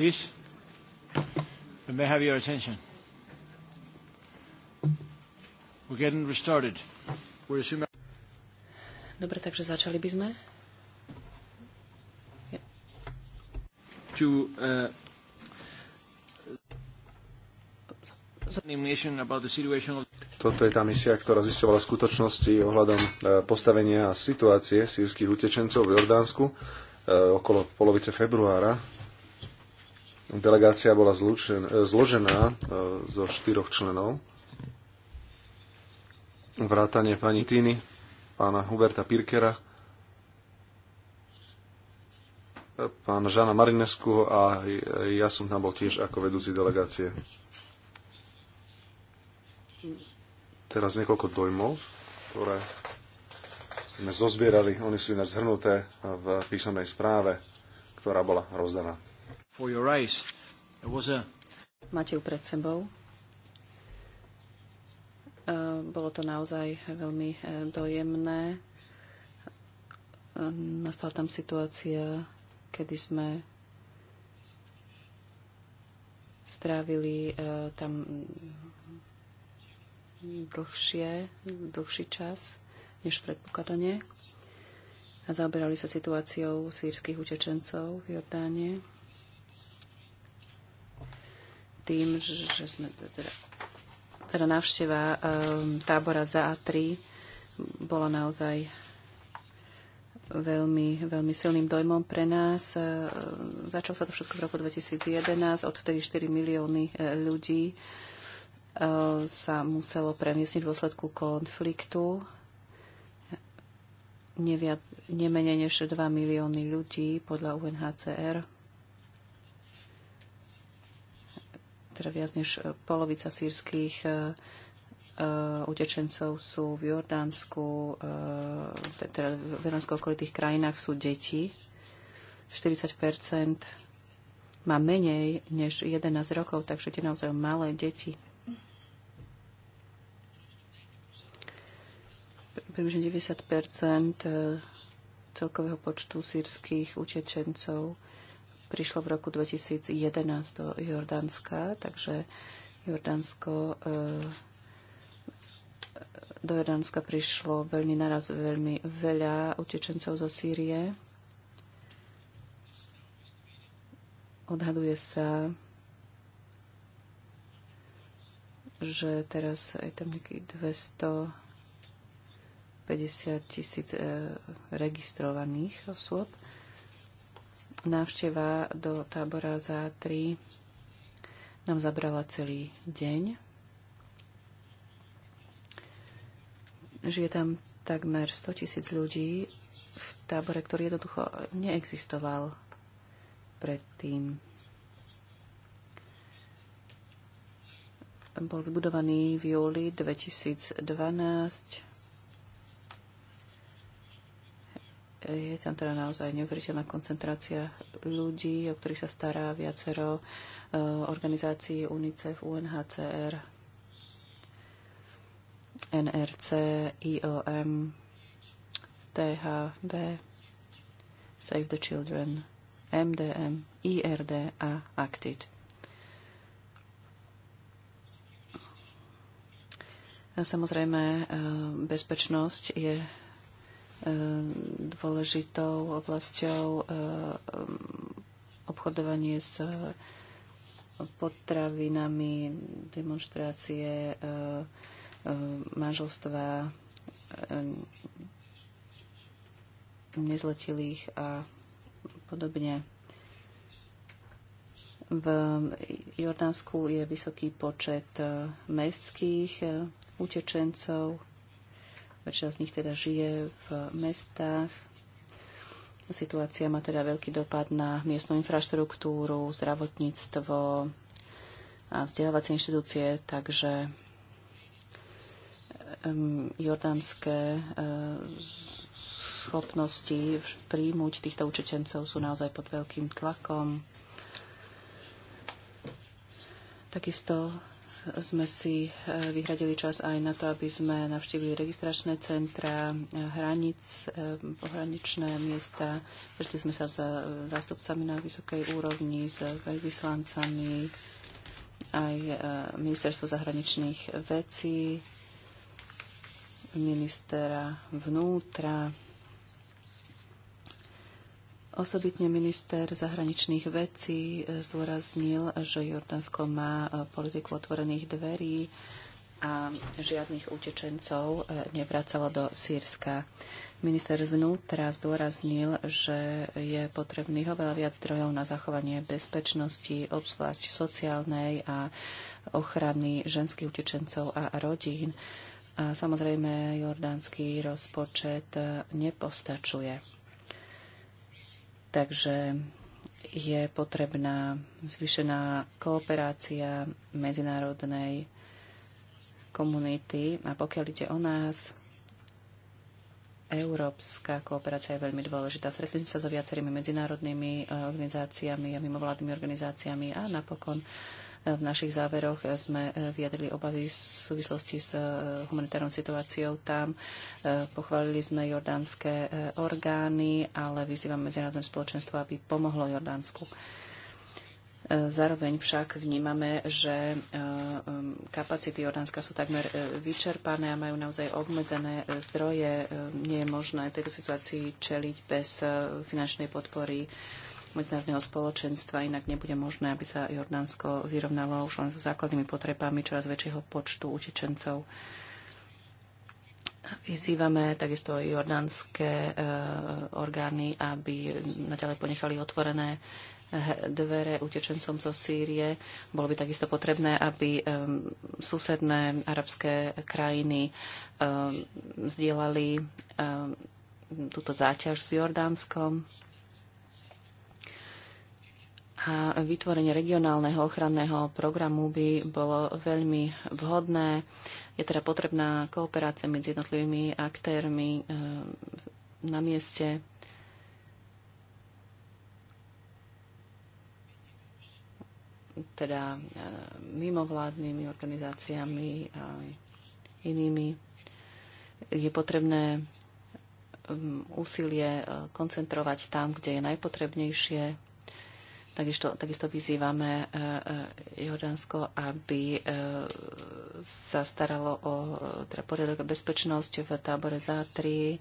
please. We may have your attention. We're getting restarted. We're assuming... Dobre, takže začali by sme. To, uh, toto je tá misia, ktorá zistovala skutočnosti ohľadom uh, postavenia a situácie sírskych utečencov v Jordánsku uh, okolo polovice februára Delegácia bola zlučen, e, zložená e, zo štyroch členov. Vrátanie pani Týny, pána Huberta Pirkera, e, pána Žana Marinesku a ja som tam bol tiež ako vedúci delegácie. Teraz niekoľko dojmov, ktoré sme zozbierali. Oni sú ináč zhrnuté v písomnej správe, ktorá bola rozdaná for your was a... Máte ju pred sebou. E, bolo to naozaj veľmi e, dojemné. E, nastala tam situácia, kedy sme strávili tam dlhšie, dlhší čas než predpokladanie a zaoberali sa situáciou sírskych utečencov v Jordáne tým, že, že sme teda, teda návšteva um, tábora za A3 bola naozaj veľmi, veľmi silným dojmom pre nás. Uh, ehm, začal sa to všetko v roku 2011, odvtedy 4 milióny uh, ľudí e, sa muselo premiesniť v dôsledku konfliktu. Neviac, nemenej než 2 milióny ľudí podľa UNHCR teda viac než e, polovica sírských e, e, utečencov sú v Jordánsku, teda v Jordánsku okolitých krajinách sú deti. 40 má menej než 11 rokov, takže tie naozaj malé deti. Približne 90 celkového počtu sírskych utečencov prišlo v roku 2011 do Jordánska, takže Jordánsko eh, do Jordánska prišlo veľmi naraz veľmi veľa utečencov zo Sýrie. Odhaduje sa, že teraz je tam nejakých 250 tisíc eh, registrovaných osôb návšteva do tábora za 3 nám zabrala celý deň. Žije tam takmer 100 tisíc ľudí v tábore, ktorý jednoducho neexistoval predtým. Bol vybudovaný v júli 2012 je tam teda naozaj neuveriteľná koncentrácia ľudí, o ktorých sa stará viacero e, organizácií UNICEF, UNHCR, NRC, IOM, THV, Save the Children, MDM, IRD a ACTID. samozrejme, e, bezpečnosť je dôležitou oblasťou e, obchodovanie s e, potravinami, demonstrácie, e, manželstva nezletilých a podobne. V Jordánsku je vysoký počet mestských utečencov, Väčšina z nich teda žije v mestách. Situácia má teda veľký dopad na miestnu infraštruktúru, zdravotníctvo a vzdelávacie inštitúcie, takže jordánske e, schopnosti príjmuť týchto učečencov sú naozaj pod veľkým tlakom. Takisto sme si e, vyhradili čas aj na to, aby sme navštívili registračné centra, e, hranic, e, pohraničné miesta. Stretli sme sa s zástupcami na vysokej úrovni, s veľvyslancami, aj ministerstvo zahraničných vecí, ministera vnútra, Osobitne minister zahraničných vecí e, zdôraznil, že Jordánsko má e, politiku otvorených dverí a žiadnych utečencov e, nevracalo do Sýrska. Minister vnútra zdôraznil, že je potrebných oveľa viac zdrojov na zachovanie bezpečnosti, obzvlášť sociálnej a ochrany ženských utečencov a rodín. A samozrejme, jordánsky rozpočet nepostačuje. Takže je potrebná zvýšená kooperácia medzinárodnej komunity. A pokiaľ ide o nás, európska kooperácia je veľmi dôležitá. Stretli sme sa so viacerými medzinárodnými eh, organizáciami a mimovládnymi organizáciami a napokon v našich záveroch sme eh, vyjadrili obavy v súvislosti s eh, humanitárnou situáciou tam. Eh, pochválili sme jordánske orgány, ale vyzývame medzinárodné spoločenstvo, aby pomohlo Jordánsku. Zároveň však vnímame, že kapacity Jordánska sú takmer vyčerpané a majú naozaj obmedzené zdroje. Nie je možné tejto situácii čeliť bez finančnej podpory medzinárodného spoločenstva, inak nebude možné, aby sa Jordánsko vyrovnalo už len so základnými potrebami čoraz väčšieho počtu utečencov. Vyzývame takisto jordánske e, orgány, aby naďalej ponechali otvorené e, dvere utečencom zo Sýrie. Bolo by takisto potrebné, aby um, susedné arabské krajiny um, e, vzdielali um, túto záťaž s Jordánskom a vytvorenie regionálneho ochranného programu by bolo veľmi vhodné. Je teda potrebná kooperácia medzi jednotlivými aktérmi eh, na mieste. teda eh, mimovládnymi organizáciami a inými. Je potrebné mm, úsilie eh, koncentrovať tam, kde je najpotrebnejšie Takisto, takisto vyzývame e, e, Jordánsko, aby e, sa staralo o teda poriadok a bezpečnosť v tábore Zátri,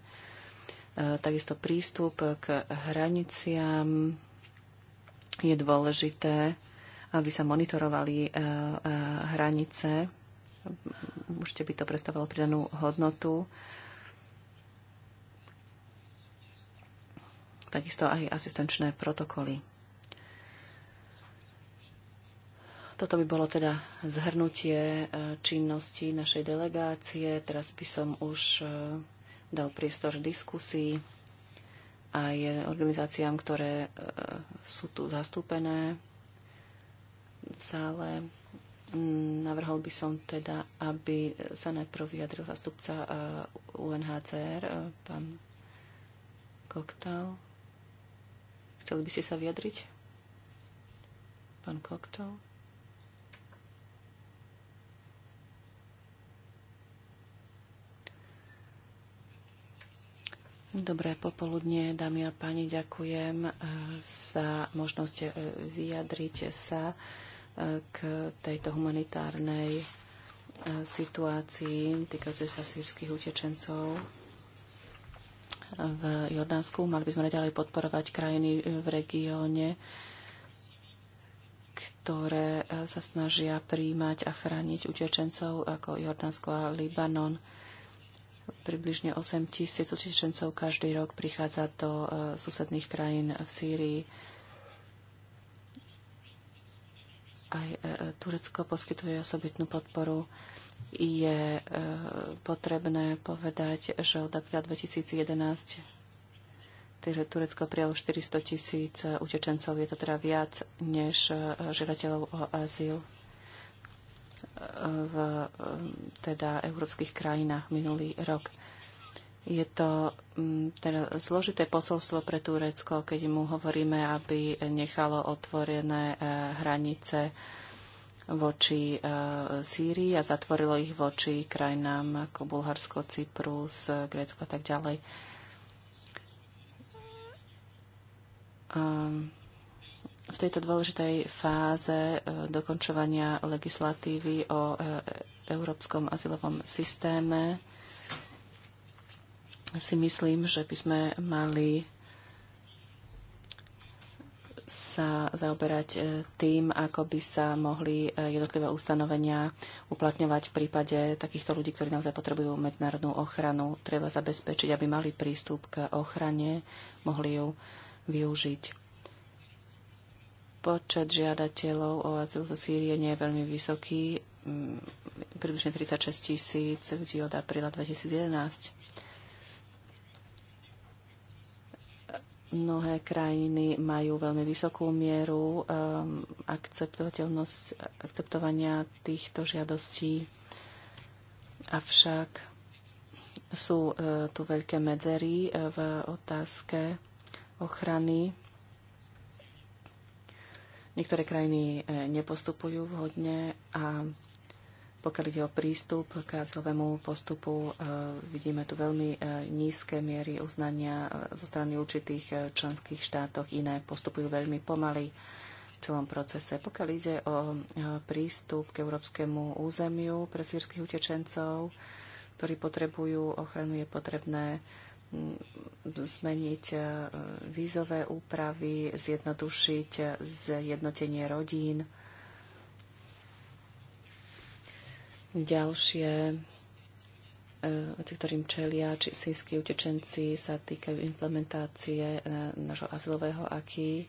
takisto prístup k hraniciam je dôležité, aby sa monitorovali hranice. Určite by to predstavovalo pridanú hodnotu. Takisto aj asistenčné protokoly. Toto by bolo teda zhrnutie eh, činnosti našej delegácie. Teraz by som už eh, dal priestor diskusii aj organizáciám, ktoré eh, sú tu zastúpené v sále. Mm, navrhol by som teda, aby sa najprv vyjadril zastupca UNHCR, pán Koktal. Chceli by ste sa vyjadriť? Pán Koktal? Dobré popoludne, dámy a páni, ďakujem eh, za možnosť eh, vyjadriť sa eh, k tejto humanitárnej situácii týkajúcej sa sírskych utečencov v Jordánsku. Mali by sme naďalej podporovať krajiny v regióne, ktoré sa snažia príjmať a chrániť utečencov ako Jordánsko a Libanon Približne 8 tisíc utečencov každý rok prichádza do e, susedných krajín v Sýrii. Aj e, e, Turecko poskytuje osobitnú podporu je uh, potrebné povedať, že od apríla 2011 takže teda Turecko prijalo 400 tisíc utečencov. Je to teda viac než žiadateľov o azyl v um, teda európskych krajinách minulý rok. Je to um, teda zložité posolstvo pre Turecko, keď mu hovoríme, aby nechalo otvorené eh, hranice voči eh, Sýrii a zatvorilo ich voči krajinám ako Bulharsko, Cyprus, eh, Grécko a tak ďalej. Um, v tejto dôležitej fáze e, dokončovania legislatívy o e, európskom azylovom systéme si myslím, že by sme mali sa zaoberať e, tým, ako by sa mohli jednotlivé ustanovenia uplatňovať v prípade takýchto ľudí, ktorí naozaj potrebujú medzinárodnú ochranu. Treba zabezpečiť, aby mali prístup k ochrane, mohli ju využiť. Počet žiadateľov o azyl zo Sýrie nie je veľmi vysoký, mm, približne 36 tisíc ľudí od apríla 2011. Mnohé krajiny majú veľmi vysokú mieru um, akceptovateľnosť, akceptovania týchto žiadostí, avšak sú eh, tu veľké medzery eh, v otázke ochrany Niektoré krajiny e, nepostupujú vhodne a pokiaľ ide o prístup k azylovému postupu, e, vidíme tu veľmi e, nízke miery uznania zo strany určitých členských štátov, Iné postupujú veľmi pomaly v celom procese. Pokiaľ ide o prístup k európskemu územiu pre sírskych utečencov, ktorí potrebujú ochranu, je potrebné zmeniť e, vízové úpravy, zjednodušiť e, zjednotenie rodín. Ďalšie, e, tí, ktorým čelia či sínsky utečenci, sa týkajú implementácie nášho azylového aký.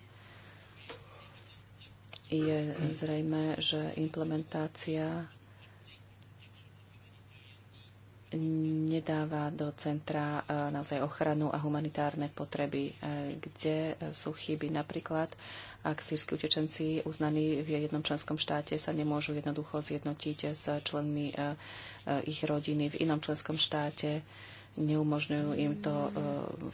Je zrejme, že implementácia nedáva do centra e, naozaj ochranu a humanitárne potreby, e, kde sú chyby. Napríklad, ak sírsky utečenci uznaní v jednom členskom štáte sa nemôžu jednoducho zjednotiť s členmi e, ich rodiny v inom členskom štáte, neumožňujú im to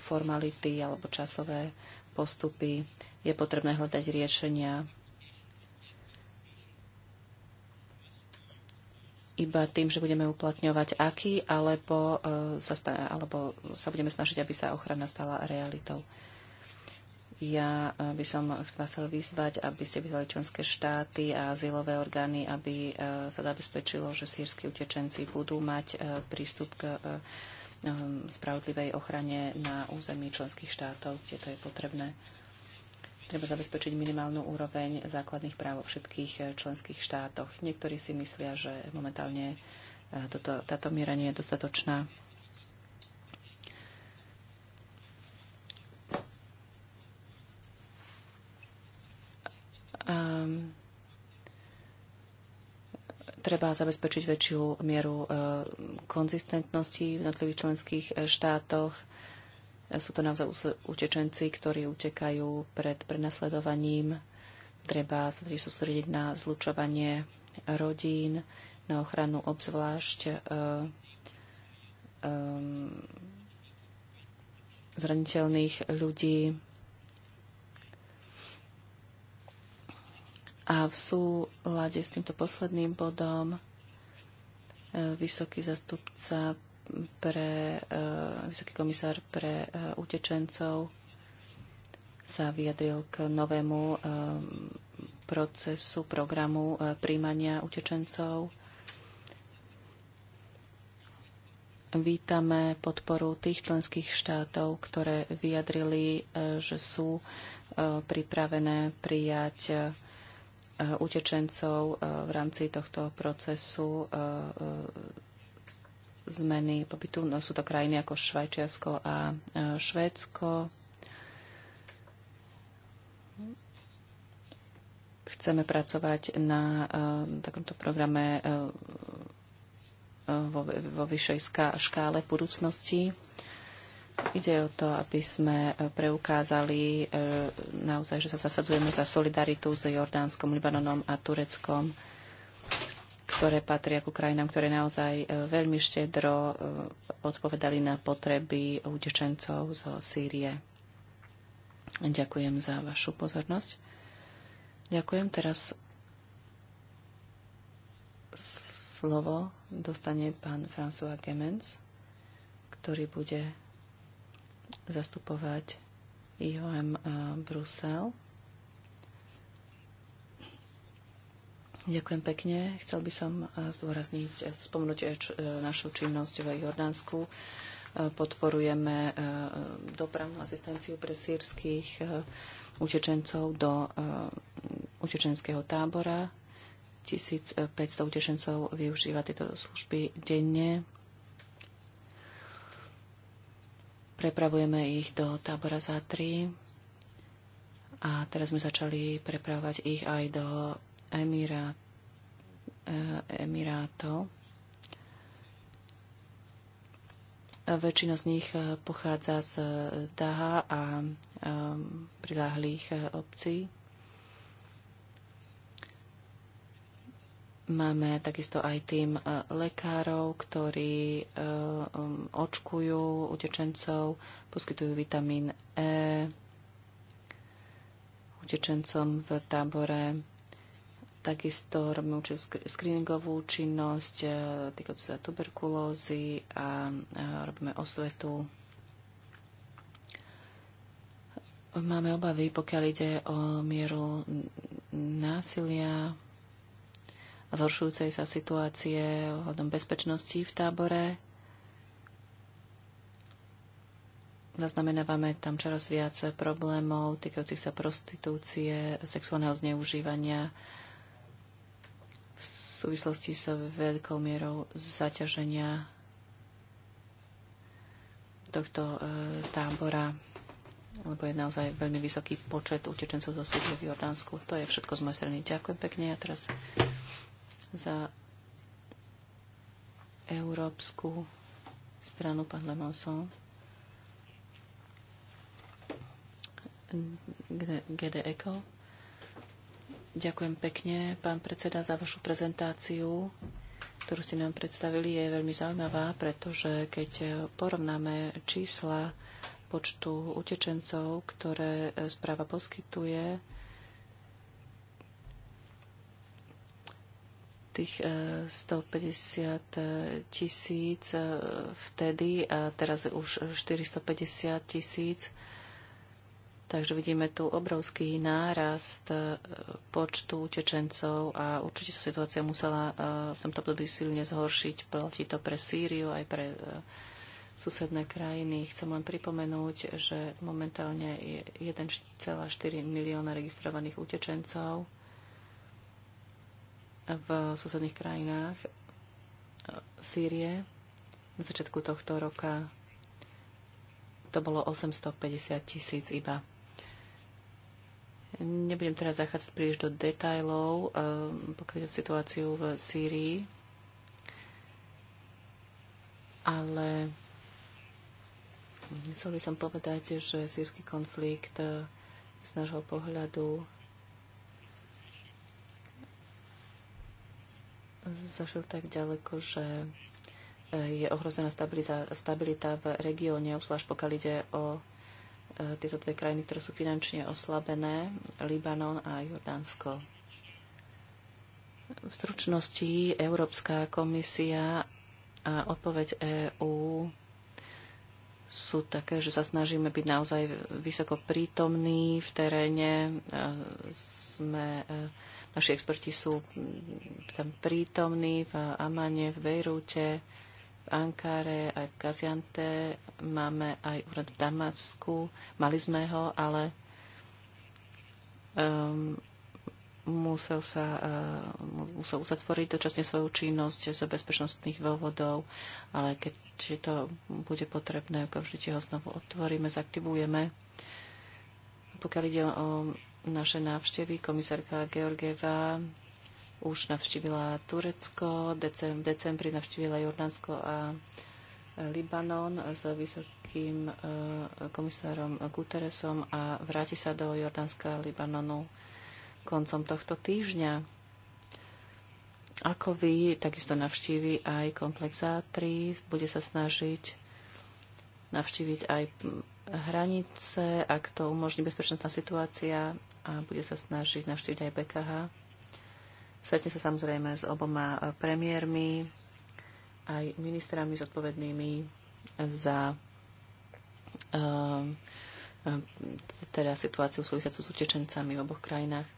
formality alebo časové postupy. Je potrebné hľadať riešenia iba tým, že budeme uplatňovať aký, alebo, e, sa, alebo sa budeme snažiť, aby sa ochrana stala realitou. Ja e, by som vás chcel vyzvať, aby ste vyzvali členské štáty a azylové orgány, aby e, sa zabezpečilo, že sírsky utečenci budú mať prístup k spravodlivej ochrane na území členských štátov, kde to je potrebné. Treba zabezpečiť minimálnu úroveň základných práv vo všetkých eh, členských štátoch. Niektorí si myslia, že momentálne eh, toto, táto miera nie je dostatočná. Um, treba zabezpečiť väčšiu mieru eh, konzistentnosti v jednotlivých členských štátoch sú to naozaj utečenci, ktorí utekajú pred prenasledovaním. Treba sa tedy sústrediť na zlučovanie rodín, na ochranu obzvlášť um, zraniteľných ľudí. A v súlade s týmto posledným bodom e, vysoký zastupca pre e, vysoký komisár pre e, utečencov sa vyjadril k novému e, procesu, programu príjmania utečencov. Vítame podporu tých členských štátov, ktoré vyjadrili, že sú pripravené prijať utečencov v rámci tohto procesu zmeny pobytu. No, sú to krajiny ako Švajčiarsko a e, Švédsko. Chceme pracovať na e, takomto programe e, vo, vo vyššej škále budúcnosti. Ide o to, aby sme preukázali naozaj, že sa zasadzujeme za solidaritu s Jordánskom, Libanonom a Tureckom ktoré patria ku krajinám, ktoré naozaj e, veľmi štedro e, odpovedali na potreby utečencov zo Sýrie. Ďakujem za vašu pozornosť. Ďakujem. Teraz slovo dostane pán François Gemens, ktorý bude zastupovať IOM e, Brusel. Ďakujem pekne. Chcel by som eh, zdôrazniť, eh, spomnúť eh, našu činnosť v Jordánsku. Podporujeme dopravnú asistenciu pre sírskych utečencov do utečenského tábora. 1500 utečencov využíva tieto služby denne. Prepravujeme ich do tábora za 3 a teraz sme začali prepravovať ich aj do Emirát, eh, Emirátov. Väčšina z nich eh, pochádza z eh, Daha a priláhlých obcí. Máme takisto aj tým lekárov, ktorí mm, očkujú utečencov, poskytujú vitamín E utečencom v tábore Takisto robíme určitú screeningovú činnosť e, týkajúcu sa tuberkulózy a e, robíme osvetu. Máme obavy, pokiaľ ide o mieru násilia a zhoršujúcej sa situácie ohľadom bezpečnosti v tábore. Zaznamenávame tam čoraz viac problémov týkajúcich sa prostitúcie, sexuálneho zneužívania súvislosti sa veľkou mierou zaťaženia tohto e, tábora, lebo je naozaj veľmi vysoký počet utečencov zo Sýrie v Jordánsku. To je všetko z mojej strany. Ďakujem pekne a teraz za európsku stranu pán Lemonson. GD Eko. Ďakujem pekne, pán predseda, za vašu prezentáciu, ktorú ste nám predstavili. Je veľmi zaujímavá, pretože keď porovnáme čísla počtu utečencov, ktoré správa poskytuje, tých 150 e, tisíc e, vtedy a teraz už 450 tisíc Takže vidíme tu obrovský nárast e, počtu utečencov a určite sa situácia musela e, v tomto období silne zhoršiť. Platí to pre Sýriu aj pre e, susedné krajiny. Chcem len pripomenúť, že momentálne je 1,4 milióna registrovaných utečencov v susedných krajinách Sýrie. Na začiatku tohto roka to bolo 850 tisíc iba. Nebudem teraz zachádzať príliš do detajlov, eh, pokiaľ situáciu v Sýrii, ale chcel by som povedať, že sírsky konflikt eh, z nášho pohľadu zašiel tak ďaleko, že eh, je ohrozená stabilita v regióne, obzvlášť pokiaľ ide o E, tieto dve krajiny, ktoré sú finančne oslabené, Libanon a Jordánsko. V stručnosti Európska komisia a odpoveď EÚ sú také, že sa snažíme byť naozaj vysoko prítomní v teréne. E, sme, e, naši experti sú tam prítomní v Amane, v Bejrúte v Ankáre, aj v Gaziante, máme aj úrad v Damasku, mali sme ho, ale um, musel sa uh, musel uzatvoriť dočasne svoju činnosť z bezpečnostných dôvodov, ale keď to bude potrebné, okamžite ho znovu otvoríme, zaktivujeme. Pokiaľ ide o naše návštevy, komisárka Georgieva už navštívila Turecko, v decembri navštívila Jordánsko a e, Libanon s vysokým e, komisárom Guterresom a vráti sa do Jordánska a Libanonu koncom tohto týždňa. Ako vy, takisto navštívi aj komplex A3, bude sa snažiť navštíviť aj hranice, ak to umožní bezpečnostná situácia a bude sa snažiť navštíviť aj BKH Stretne sa samozrejme s oboma eh, premiérmi, aj ministrami zodpovednými za eh, eh, teda situáciu súvisiacu s utečencami v oboch krajinách.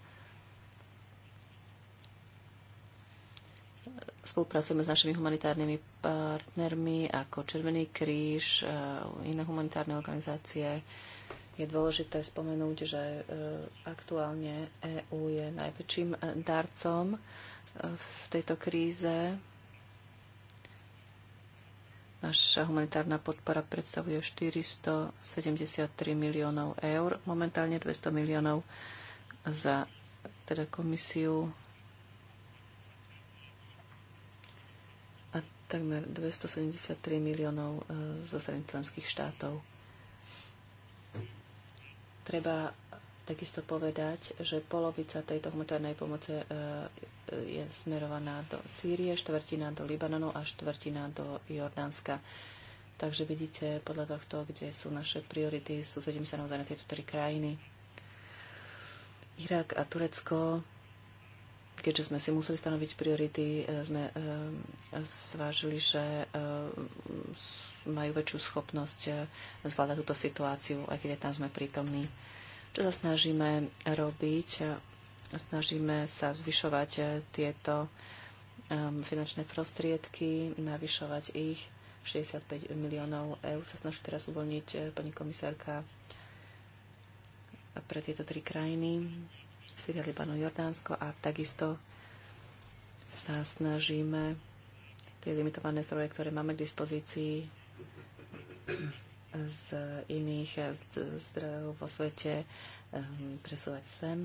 Spolupracujeme s našimi humanitárnymi partnermi ako Červený kríž, iné humanitárne organizácie, je dôležité spomenúť, že e, aktuálne EÚ je najväčším e, darcom e, v tejto kríze. Naša humanitárna podpora predstavuje 473 miliónov eur, momentálne 200 miliónov za teda komisiu a takmer 273 miliónov zo strany členských štátov. Treba takisto povedať, že polovica tejto humanitárnej pomoci e, e, je smerovaná do Sýrie, štvrtina do Libanonu a štvrtina do Jordánska. Takže vidíte podľa tohto, kde sú naše priority, sú sa naozaj na tieto tri krajiny. Irak a Turecko keďže sme si museli stanoviť priority, e, sme e, zvážili, že e, majú väčšiu schopnosť zvládať túto situáciu, aj keď tam sme prítomní. Čo sa snažíme robiť? Snažíme sa zvyšovať tieto finančné prostriedky, navyšovať ich. 65 miliónov eur sa snaží teraz uvoľniť pani komisárka pre tieto tri krajiny Syria, Libanon, Jordánsko a takisto sa snažíme tie limitované zdroje, ktoré máme k dispozícii z iných zdrojov vo svete ehm, presúvať sem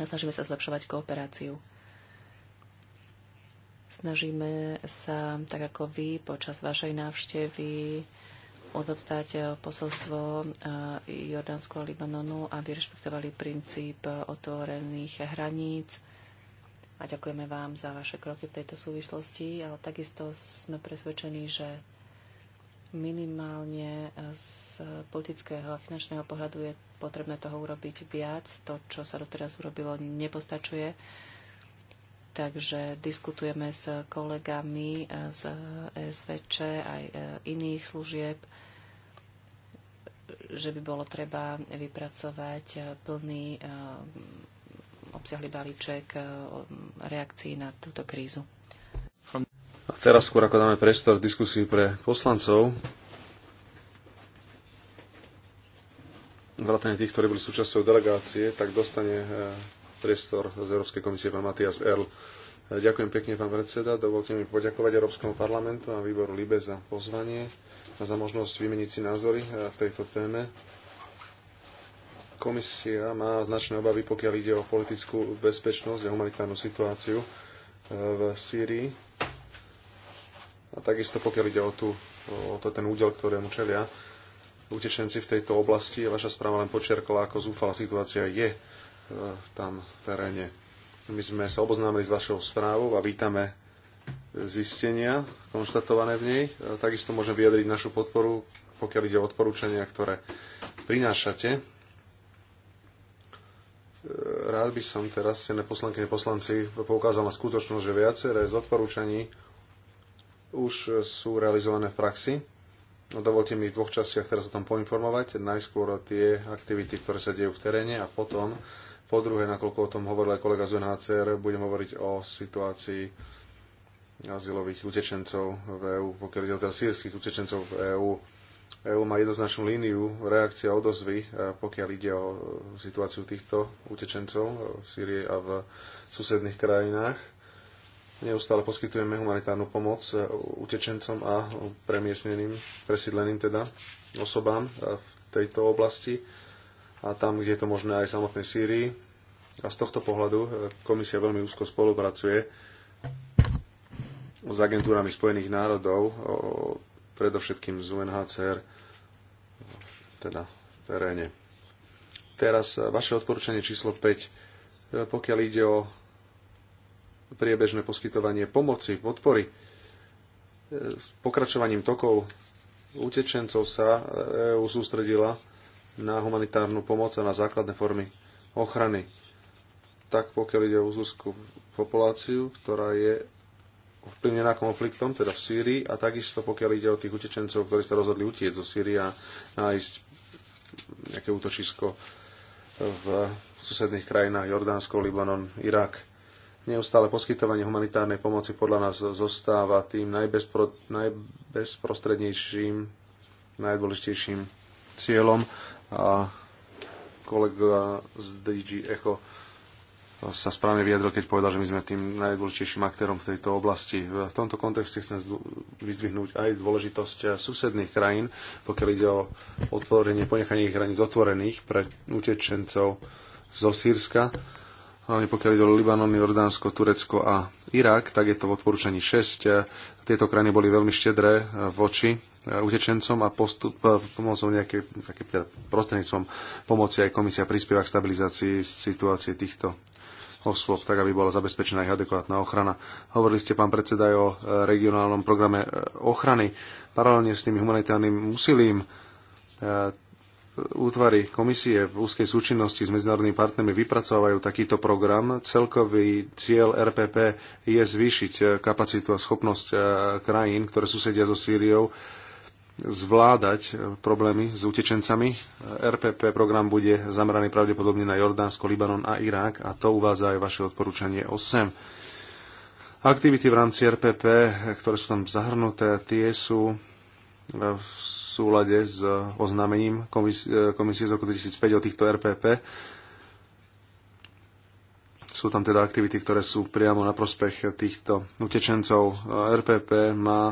a snažíme sa zlepšovať kooperáciu. Snažíme sa, tak ako vy, počas vašej návštevy odovzdať eh, posolstvo eh, Jordánsku a Libanonu, aby rešpektovali princíp eh, otvorených hraníc. A ďakujeme vám za vaše kroky v tejto súvislosti, ale takisto sme presvedčení, že minimálne z politického a finančného pohľadu je potrebné toho urobiť viac. To, čo sa doteraz urobilo, nepostačuje. Takže diskutujeme s kolegami z SVČ aj iných služieb že by bolo treba vypracovať eh, plný eh, obsiahly balíček eh, reakcií na túto krízu. A teraz skôr ako dáme priestor v diskusii pre poslancov, vrátane tých, ktorí boli súčasťou delegácie, tak dostane priestor z Európskej komisie pán Matias Erl. Ďakujem pekne, pán predseda. Dovolte mi poďakovať Európskemu parlamentu a výboru LIBE za pozvanie a za možnosť vymeniť si názory e, v tejto téme. Komisia má značné obavy, pokiaľ ide o politickú bezpečnosť a humanitárnu situáciu e, v Sýrii. A takisto pokiaľ ide o, tú, o to, ten údel, ktorému čelia utečenci v tejto oblasti. Vaša správa len počerkla, ako zúfala situácia je e, tam v teréne. My sme sa oboznámili s vašou správou a vítame zistenia konštatované v nej. Takisto môžem vyjadriť našu podporu, pokiaľ ide o odporúčania, ktoré prinášate. E, rád by som teraz, cené poslankyne poslanci, poukázal na skutočnosť, že viaceré z odporúčaní už sú realizované v praxi. No, dovolte mi v dvoch častiach teraz o tom poinformovať. Najskôr tie aktivity, ktoré sa dejú v teréne a potom po druhé, nakoľko o tom hovoril aj kolega z UNHCR, budem hovoriť o situácii azylových utečencov v EÚ, pokiaľ ide o teda sírskych utečencov v EÚ. EÚ má jednoznačnú líniu reakcia a odozvy, e, pokiaľ ide o situáciu týchto utečencov v Sýrii a v susedných krajinách. Neustále poskytujeme humanitárnu pomoc e, utečencom a premiestneným, presídleným teda osobám e, v tejto oblasti a tam, kde je to možné aj v samotnej Sýrii. A z tohto pohľadu e, komisia veľmi úzko spolupracuje s agentúrami Spojených národov, predovšetkým z UNHCR, teda v teréne. Teraz e, vaše odporúčanie číslo 5, e, pokiaľ ide o priebežné poskytovanie pomoci, podpory, s pokračovaním tokov utečencov sa EU sústredila na humanitárnu pomoc a na základné formy ochrany. Tak pokiaľ ide o uzurskú populáciu, ktorá je ovplyvnená konfliktom, teda v Sýrii, a takisto pokiaľ ide o tých utečencov, ktorí sa rozhodli utieť zo Sýrii a nájsť nejaké útočisko v susedných krajinách Jordánsko, Libanon, Irak. Neustále poskytovanie humanitárnej pomoci podľa nás zostáva tým najbezpro, najbezprostrednejším, najdôležitejším cieľom a kolega z DG Echo sa správne vyjadril, keď povedal, že my sme tým najdôležitejším aktérom v tejto oblasti. V tomto kontexte chcem vyzdvihnúť aj dôležitosť susedných krajín, pokiaľ ide o otvorenie, ponechanie ich hraníc otvorených pre utečencov zo Sýrska. Hlavne pokiaľ ide o Libanon, Jordánsko, Turecko a Irak, tak je to v odporúčaní 6. Tieto krajiny boli veľmi štedré voči utečencom a postup e, pomocou nejakej, také, teda prostredníctvom pomoci aj komisia prispieva k stabilizácii situácie týchto osôb, tak aby bola zabezpečená ich adekvátna ochrana. Hovorili ste, pán predseda, aj o e, regionálnom programe e, ochrany. Paralelne s tým humanitárnym úsilím útvary komisie v úzkej súčinnosti s medzinárodnými partnermi vypracovajú takýto program. Celkový cieľ RPP je zvýšiť kapacitu a schopnosť krajín, ktoré susedia so Sýriou, zvládať e, problémy s utečencami. E, RPP program bude zameraný pravdepodobne na Jordánsko, Libanon a Irák a to uvádza aj vaše odporúčanie 8. Aktivity v rámci RPP, ktoré sú tam zahrnuté, tie sú e, v súlade s oznámením komisie, z roku 2005 o týchto RPP. Sú tam teda aktivity, ktoré sú priamo na prospech týchto utečencov. RPP má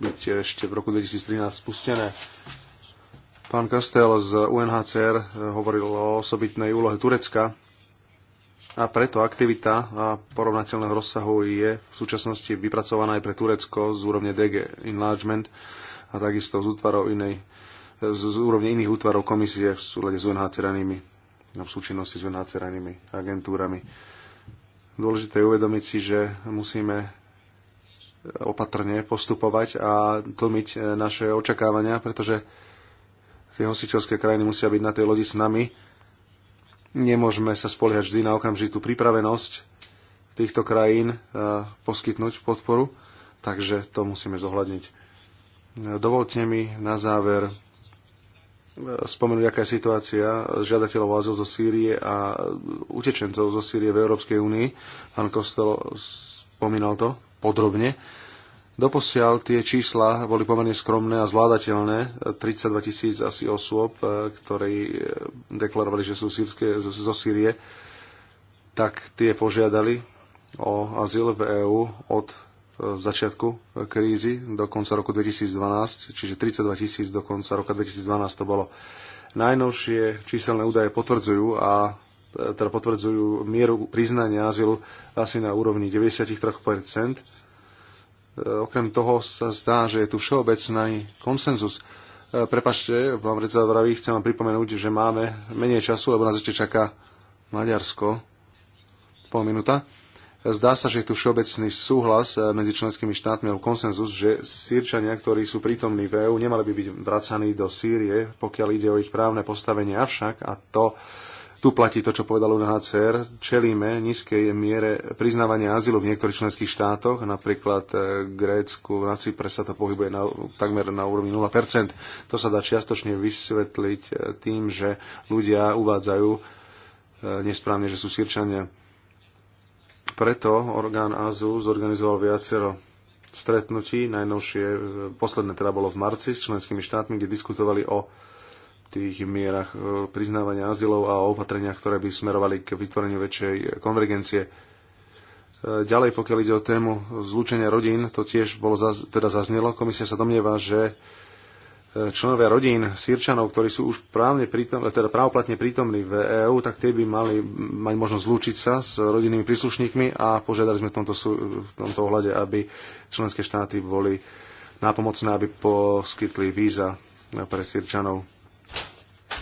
byť ešte v roku 2013 spustené. Pán Kastel z UNHCR eh, hovoril o osobitnej úlohe Turecka a preto aktivita a porovnateľného rozsahu je v súčasnosti vypracovaná aj pre Turecko z úrovne DG Enlargement a takisto z, útvarov inej, eh, z, z úrovne iných útvarov komisie v súlade s UNHCR no, v súčinnosti s UNHCR agentúrami. Dôležité je uvedomiť si, že musíme opatrne postupovať a tlmiť e, naše očakávania, pretože tie hostiteľské krajiny musia byť na tej lodi s nami. Nemôžeme sa spoliehať vždy na okamžitú pripravenosť týchto krajín e, poskytnúť podporu, takže to musíme zohľadniť. E, dovolte mi na záver spomenúť, aká je situácia žiadateľov o azyl zo Sýrie a utečencov zo Sýrie v Európskej únii. Pán Kostel spomínal to podrobne. Doposiaľ tie čísla boli pomerne skromné a zvládateľné. 32 tisíc asi osôb, e, ktorí e, deklarovali, že sú sírske, zo Sýrie, tak tie požiadali o azyl v EÚ od e, začiatku krízy do konca roku 2012, čiže 32 tisíc do konca roka 2012 to bolo. Najnovšie číselné údaje potvrdzujú a teda potvrdzujú mieru priznania azylu asi na úrovni 93%. E, okrem toho sa zdá, že je tu všeobecný konsenzus. E, Prepašte, pán predseda Vraví, chcem vám pripomenúť, že máme menej času, lebo nás ešte čaká Maďarsko. Pol minúta. Zdá sa, že je tu všeobecný súhlas e, medzi členskými štátmi alebo konsenzus, že Sýrčania, ktorí sú prítomní v EÚ, nemali by byť vracaní do Sýrie, pokiaľ ide o ich právne postavenie. Avšak, a to tu platí to, čo povedal UNHCR. Čelíme nízkej miere priznávania azylu v niektorých členských štátoch, napríklad eh, Grécku, na Cypre sa to pohybuje na, takmer na úrovni 0%. To sa dá čiastočne vysvetliť eh, tým, že ľudia uvádzajú eh, nesprávne, že sú sírčania. Preto orgán AZU zorganizoval viacero stretnutí, najnovšie, posledné teda bolo v marci s členskými štátmi, kde diskutovali o tých mierach e, priznávania azylov a opatreniach, ktoré by smerovali k vytvoreniu väčšej konvergencie. E, ďalej, pokiaľ ide o tému zlúčenia rodín, to tiež bolo zaz, teda zaznelo. Komisia sa domnieva, že e, členovia rodín sírčanov, ktorí sú už právne prítom, teda právoplatne prítomní v EÚ, tak tie by mali mať možnosť zlúčiť sa s rodinnými príslušníkmi a požiadali sme v tomto, v tomto ohľade, aby členské štáty boli nápomocné, aby poskytli víza pre sírčanov.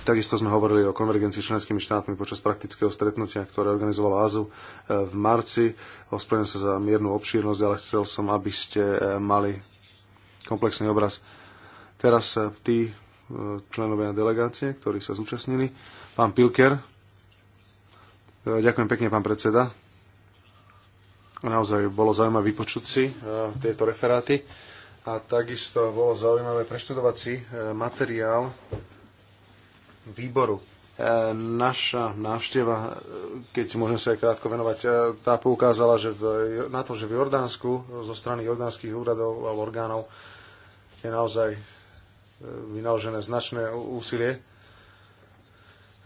Takisto sme hovorili o konvergencii s členskými štátmi počas praktického stretnutia, ktoré organizovala AZU eh, v marci. Ospravedlňujem sa za miernu obšírnosť, ale chcel som, aby ste eh, mali komplexný obraz. Teraz eh, tí členovia delegácie, ktorí sa zúčastnili. Pán Pilker. Ďakujem pekne, pán predseda. Naozaj bolo zaujímavé vypočuť si tieto referáty a takisto bolo zaujímavé preštudovať si materiál výboru. E, naša návšteva, e, keď môžem sa aj krátko venovať, e, tá poukázala že v, na to, že v Jordánsku zo strany jordánskych úradov alebo orgánov je naozaj vynaložené značné úsilie.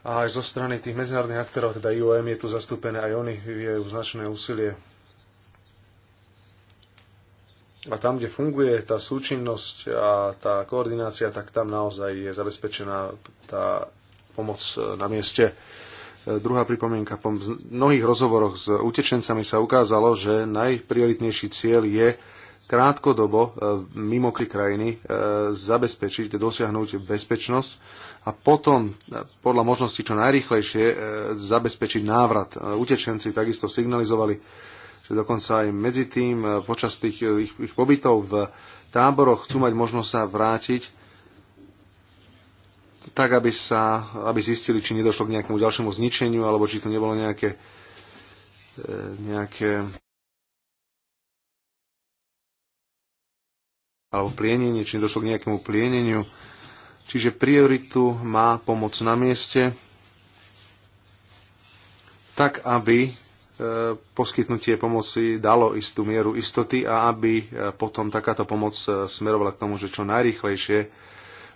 A aj zo strany tých medzinárodných aktérov, teda IOM je tu zastúpené, aj oni vyvíjajú značné úsilie a tam, kde funguje tá súčinnosť a tá koordinácia, tak tam naozaj je zabezpečená tá pomoc e, na mieste. E, druhá pripomienka. Po mnohých rozhovoroch s utečencami sa ukázalo, že najprioritnejší cieľ je krátkodobo e, mimo krajiny zabezpečiť, dosiahnuť bezpečnosť a potom podľa možnosti čo najrychlejšie zabezpečiť návrat. Utečenci takisto signalizovali, že dokonca aj medzi tým počas tých ich, ich pobytov v táboroch chcú mať možnosť sa vrátiť tak aby, sa, aby zistili, či nedošlo k nejakému ďalšiemu zničeniu, alebo či tu nebolo nejaké, e, nejaké alebo plienenie, či nedošlo k nejakému plieneniu. Čiže prioritu má pomoc na mieste, tak aby e, poskytnutie pomoci dalo istú mieru istoty a aby e, potom takáto pomoc smerovala k tomu, že čo najrýchlejšie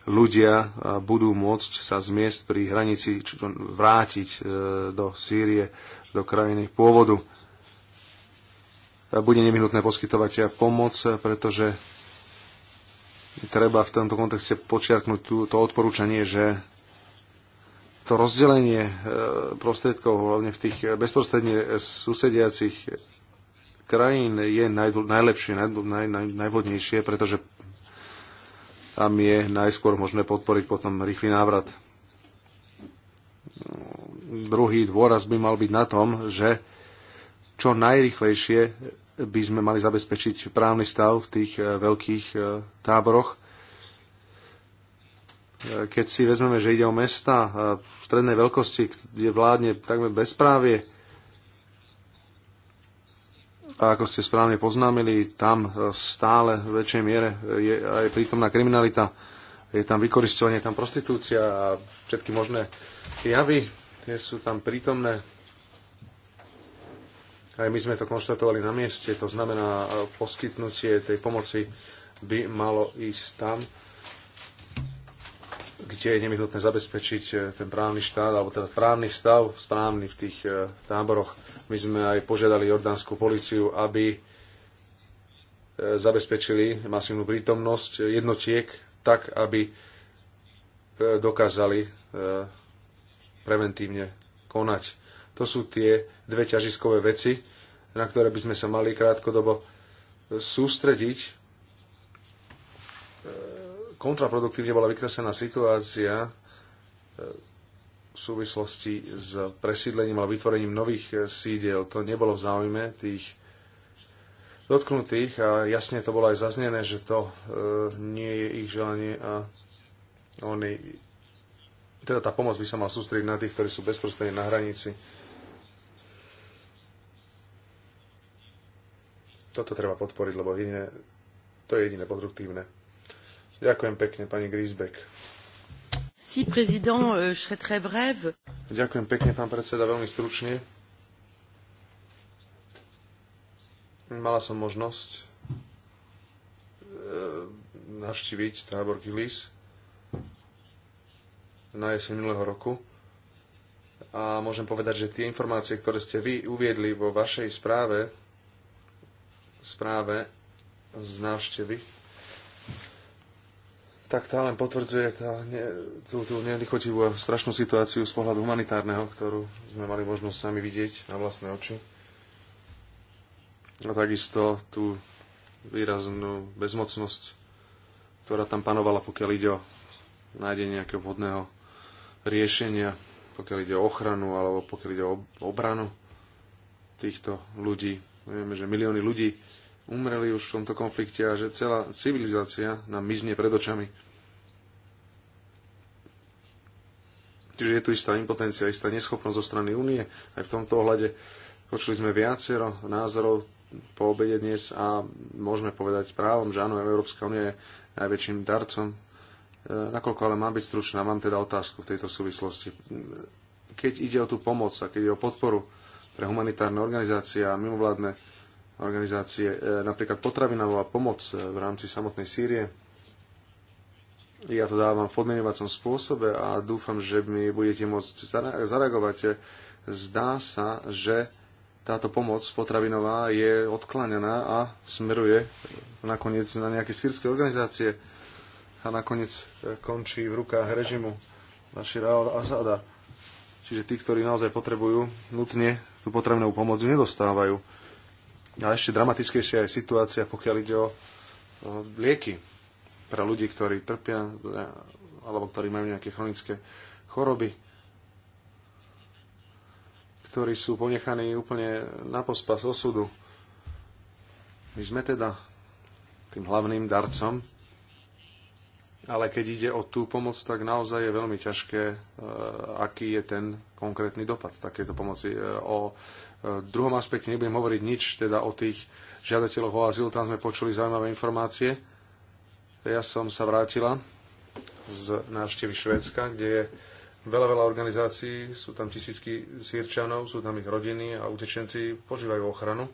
ľudia budú môcť sa z miest pri hranici vrátiť e, do Sýrie, do krajiny pôvodu. Bude nevyhnutné poskytovať pomoc, pretože treba v tomto kontexte počiarknúť to odporúčanie, že to rozdelenie e, prostriedkov, hlavne v tých bezprostredne susediacich krajín je najlepšie, najvhodnejšie, pretože tam je najskôr možné podporiť potom rýchly návrat. Druhý dôraz by mal byť na tom, že čo najrychlejšie by sme mali zabezpečiť právny stav v tých eh, veľkých eh, táboroch. Eh, keď si vezmeme, že ide o mesta v strednej veľkosti, kde vládne takmer bezprávie, a ako ste správne poznámili, tam e, stále v väčšej miere je aj prítomná kriminalita, je tam vykoristovanie, je tam prostitúcia a všetky možné javy, tie sú tam prítomné. Aj my sme to konštatovali na mieste, to znamená e, poskytnutie tej pomoci by malo ísť tam, kde je nevyhnutné zabezpečiť e, ten právny štát, alebo teda právny stav správny v tých táboroch my sme aj požiadali jordánsku policiu, aby e, zabezpečili masívnu prítomnosť jednotiek tak, aby e, dokázali e, preventívne konať. To sú tie dve ťažiskové veci, na ktoré by sme sa mali krátkodobo sústrediť. Kontraproduktívne bola vykresená situácia v súvislosti s presídlením a vytvorením nových eh, sídiel. To nebolo v záujme tých dotknutých a jasne to bolo aj zaznené, že to e, nie je ich želanie a oni, teda tá pomoc by sa mal sústrediť na tých, ktorí sú bezprostredne na hranici. Toto treba podporiť, lebo iné to je jediné produktívne. Ďakujem pekne, pani Grisbeck. Euh, Ďakujem pekne, pán predseda, veľmi stručne. Mala som možnosť e, navštíviť tábor Kilis na jeseň minulého roku. A môžem povedať, že tie informácie, ktoré ste vy uviedli vo vašej správe, správe z návštevy tak tá len potvrdzuje tá ne, tú, tú nelichotivú a strašnú situáciu z pohľadu humanitárneho, ktorú sme mali možnosť sami vidieť na vlastné oči. A takisto tú výraznú bezmocnosť, ktorá tam panovala, pokiaľ ide o nájdenie nejakého vhodného riešenia, pokiaľ ide o ochranu alebo pokiaľ ide o obranu týchto ľudí. Vieme, že milióny ľudí umreli už v tomto konflikte a že celá civilizácia nám mizne pred očami. Čiže je tu istá impotencia, istá neschopnosť zo strany únie. Aj v tomto ohľade počuli sme viacero názorov po obede dnes a môžeme povedať právom, že áno, Európska únia je najväčším darcom. E, nakoľko ale mám byť stručná, mám teda otázku v tejto súvislosti. Keď ide o tú pomoc a keď ide o podporu pre humanitárne organizácie a mimovládne organizácie, e, napríklad potravinová pomoc e, v rámci samotnej Sýrie. Ja to dávam v podmenovacom spôsobe a dúfam, že mi budete môcť zareagovať. Zdá sa, že táto pomoc potravinová je odkláňaná a smeruje nakoniec na nejaké sírske organizácie a nakoniec e, končí v rukách režimu Bašira al-Asada. Čiže tí, ktorí naozaj potrebujú nutne tú potrebnú pomoc, nedostávajú. A ešte dramatickejšia je situácia, pokiaľ ide o lieky pre ľudí, ktorí trpia alebo ktorí majú nejaké chronické choroby, ktorí sú ponechaní úplne na pospas osudu. My sme teda tým hlavným darcom, ale keď ide o tú pomoc, tak naozaj je veľmi ťažké, e, aký je ten konkrétny dopad takéto pomoci. E, o v druhom aspekte nebudem hovoriť nič teda o tých žiadateľoch o azyl, tam sme počuli zaujímavé informácie. Ja som sa vrátila z návštevy Švédska, kde je veľa, veľa organizácií, sú tam tisícky sírčanov, sú tam ich rodiny a utečenci požívajú ochranu e,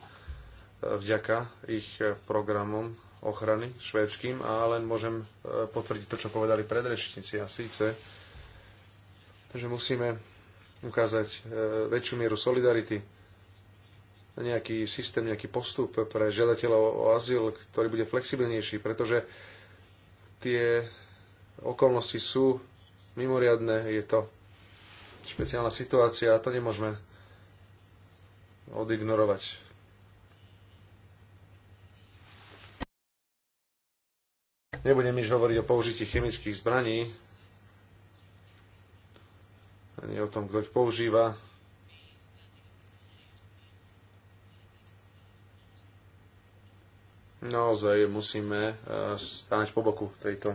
vďaka ich programom ochrany švédským a len môžem e, potvrdiť to, čo povedali predrečníci a síce, že musíme ukázať e, väčšiu mieru solidarity nejaký systém, nejaký postup pre žiadateľov o azyl, ktorý bude flexibilnejší, pretože tie okolnosti sú mimoriadne, je to špeciálna situácia a to nemôžeme odignorovať. Nebudem nič hovoriť o použití chemických zbraní, ani o tom, kto ich používa. naozaj musíme eh, stáť po boku tejto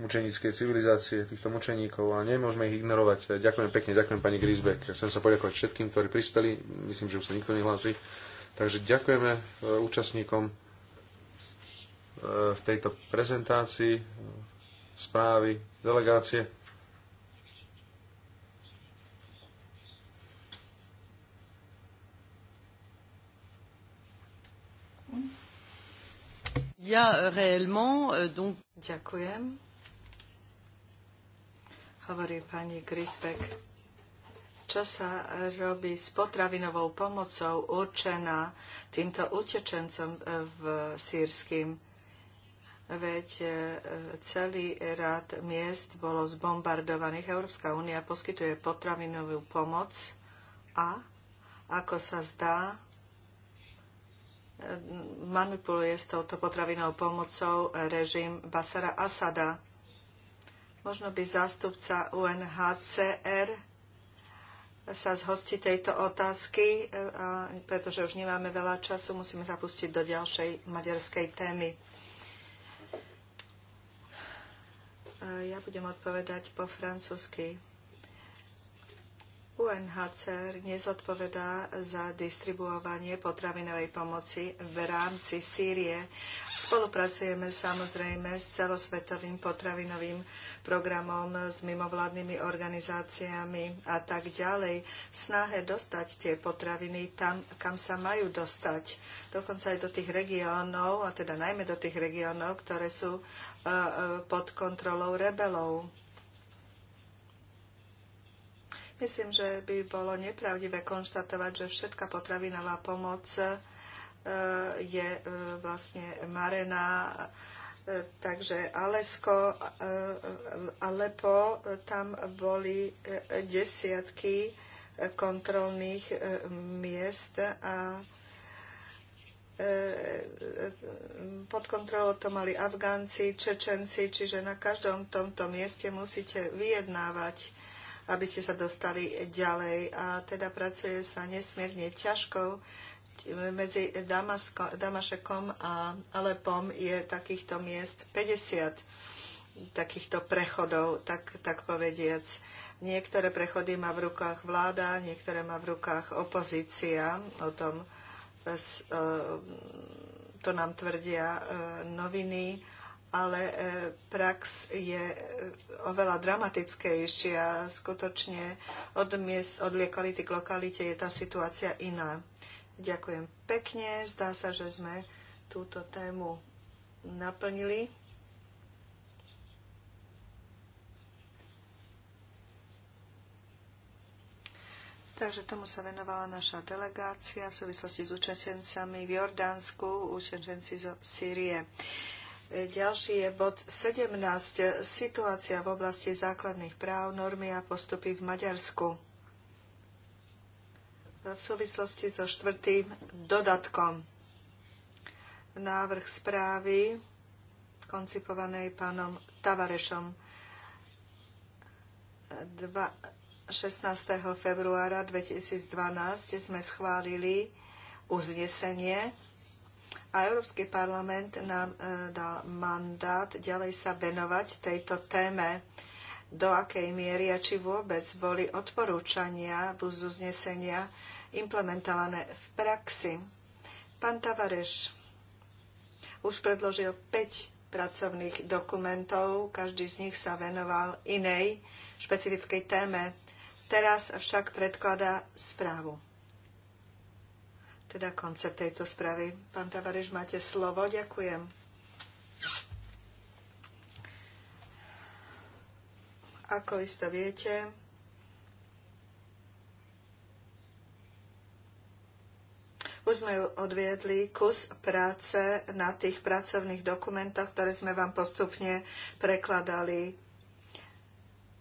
mučenickej civilizácie, týchto mučeníkov a nemôžeme ich ignorovať. Ďakujem pekne, ďakujem pani Grisbeck. Chcem sa poďakovať všetkým, ktorí prispeli. Myslím, že už sa nikto nehlási. Takže ďakujeme eh, účastníkom eh, v tejto prezentácii správy delegácie. y a euh, réellement euh, donc Ďakujem. Hovorí pani Grisbeck. Čo sa robí s potravinovou pomocou určená týmto utečencom e, v sírským? Veď e, celý rád miest bolo zbombardovaných. Európska únia poskytuje potravinovú pomoc a, ako sa zdá, manipuluje s touto potravinou pomocou režim Basara Asada. Možno by zástupca UNHCR sa zhosti tejto otázky, e, pretože už nemáme veľa času, musíme zapustiť do ďalšej maďarskej témy. E, ja budem odpovedať po francúzsky. UNHCR nezodpovedá za distribuovanie potravinovej pomoci v rámci Sýrie. Spolupracujeme samozrejme s celosvetovým potravinovým programom, s mimovládnymi organizáciami a tak ďalej. V snahe dostať tie potraviny tam, kam sa majú dostať. Dokonca aj do tých regiónov, a teda najmä do tých regiónov, ktoré sú e, e, pod kontrolou rebelov Myslím, že by bolo nepravdivé konštatovať, že všetká potravinová pomoc e, je e, vlastne marená. E, takže Alesko, Alepo, tam boli desiatky kontrolných miest a pod kontrolou to mali Afgánci, Čečenci, čiže na každom tomto mieste musíte vyjednávať aby ste sa dostali ďalej. A teda pracuje sa nesmierne ťažko. Medzi Damasko, Damašekom a Alepom je takýchto miest 50 takýchto prechodov, tak, tak povediac. Niektoré prechody má v rukách vláda, niektoré má v rukách opozícia. O tom e, to nám tvrdia e, noviny ale e, prax je e, oveľa dramatickejšia. Skutočne od, miest, od lokality k lokalite je tá situácia iná. Ďakujem pekne. Zdá sa, že sme túto tému naplnili. Takže tomu sa venovala naša delegácia v súvislosti s učenčencami v Jordánsku, učenci zo Sýrie. Ďalší je bod 17. Situácia v oblasti základných práv, normy a postupy v Maďarsku. V súvislosti so štvrtým dodatkom návrh správy koncipovanej pánom Tavarešom 16. februára 2012 sme schválili uznesenie a Európsky parlament nám e, dal mandát ďalej sa venovať tejto téme, do akej miery a či vôbec boli odporúčania plus uznesenia implementované v praxi. Pán Tavareš už predložil 5 pracovných dokumentov, každý z nich sa venoval inej špecifickej téme. Teraz však predkladá správu teda koncept tejto správy. Pán Tavareš, máte slovo. Ďakujem. Ako isto viete, už sme odviedli kus práce na tých pracovných dokumentoch, ktoré sme vám postupne prekladali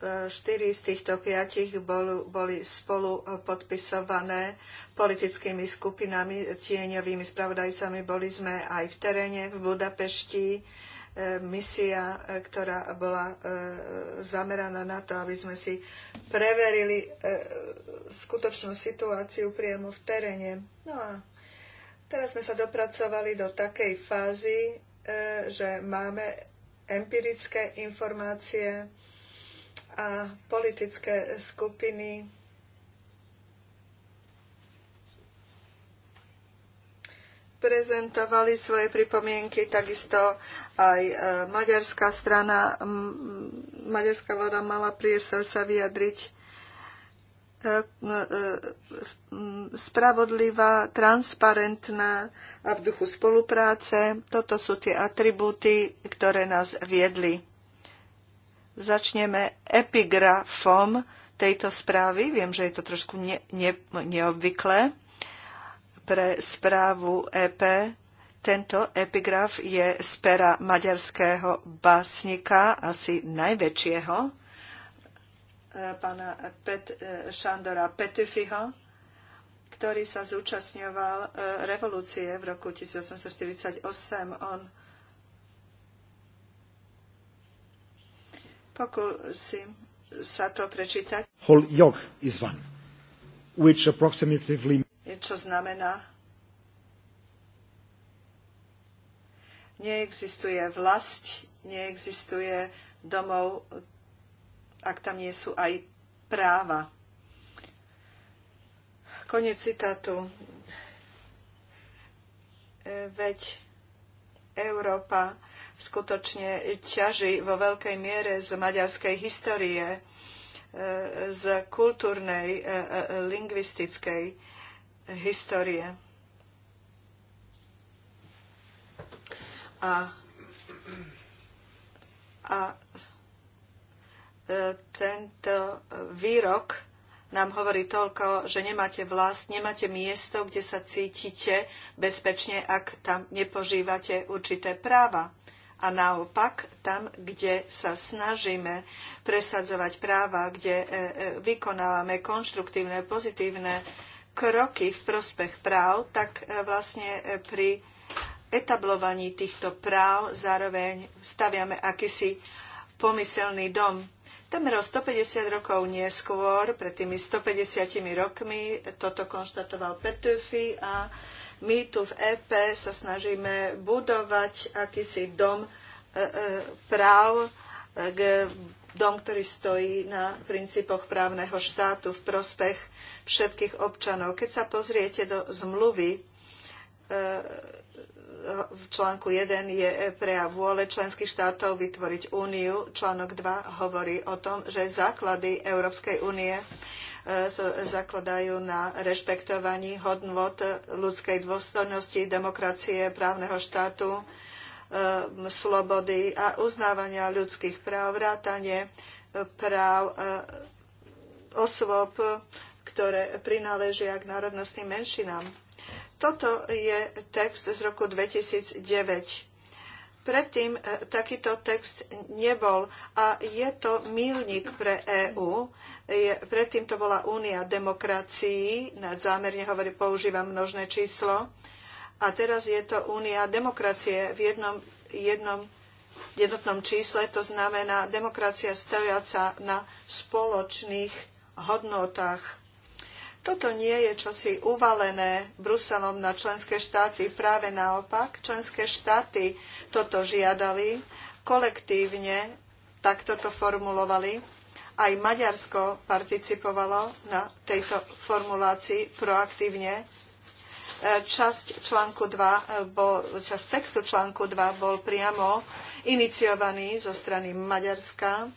Štyri z týchto piatich boli spolu eh, podpisované politickými skupinami, tieňovými spravodajcami. Boli sme aj v teréne, v Budapešti. Eh, misia, eh, ktorá bola zameraná na to, aby sme si preverili skutočnú situáciu priamo v teréne. No a teraz sme sa dopracovali do takej fázy, že máme empirické informácie, a politické skupiny prezentovali svoje pripomienky, takisto aj e, maďarská strana, maďarská vláda mala priestor sa vyjadriť. E, no, e, spravodlivá, transparentná a v duchu spolupráce, toto sú tie atribúty, ktoré nás viedli Začneme epigrafom tejto správy. Viem, že je to trošku ne, ne, neobvyklé pre správu EP. Tento epigraf je z pera maďarského básnika, asi najväčšieho, e, pána Pet, e, Šandora Petufiho, ktorý sa zúčastňoval e, revolúcie v roku 1848. On Pokúsim sa to prečítať. Hol is one, which approximately... Čo znamená? Neexistuje vlast, neexistuje domov, ak tam nie sú aj práva. Konec citátu. E, veď Európa skutočne ťaží vo veľkej miere z maďarskej histórie, e, z kultúrnej, e, e, lingvistickej histórie. A, a tento výrok nám hovorí toľko, že nemáte vlast, nemáte miesto, kde sa cítite bezpečne, ak tam nepožívate určité práva a naopak tam, kde sa snažíme presadzovať práva, kde e, e, vykonávame konštruktívne, pozitívne kroky v prospech práv, tak e, vlastne pri etablovaní týchto práv zároveň staviame akýsi pomyselný dom. Temer 150 rokov neskôr, pred tými 150 rokmi, toto konštatoval Petőfi a my tu v EP sa snažíme budovať akýsi dom e, e, práv, e, dom, ktorý stojí na princípoch právneho štátu v prospech všetkých občanov. Keď sa pozriete do zmluvy, v článku 1 je prejav vôle členských štátov vytvoriť úniu. Článok 2 hovorí o tom, že základy Európskej únie E, zakladajú na rešpektovaní hodnot ľudskej dôstojnosti, demokracie, právneho štátu, e, slobody a uznávania ľudských práv, vrátanie práv e, osôb, ktoré prináležia k národnostným menšinám. Toto je text z roku 2009. Predtým takýto text nebol a je to milník pre EÚ, je, predtým to bola únia demokracií, zámerne hovorím, používam množné číslo, a teraz je to únia demokracie v jednom, jednom jednotnom čísle, to znamená demokracia stojaca na spoločných hodnotách. Toto nie je čosi uvalené Bruselom na členské štáty. Práve naopak, členské štáty toto žiadali, kolektívne takto to formulovali aj Maďarsko participovalo na tejto formulácii proaktívne. E, časť, článku 2 e, bol, časť textu článku 2 bol priamo iniciovaný zo strany Maďarska, e,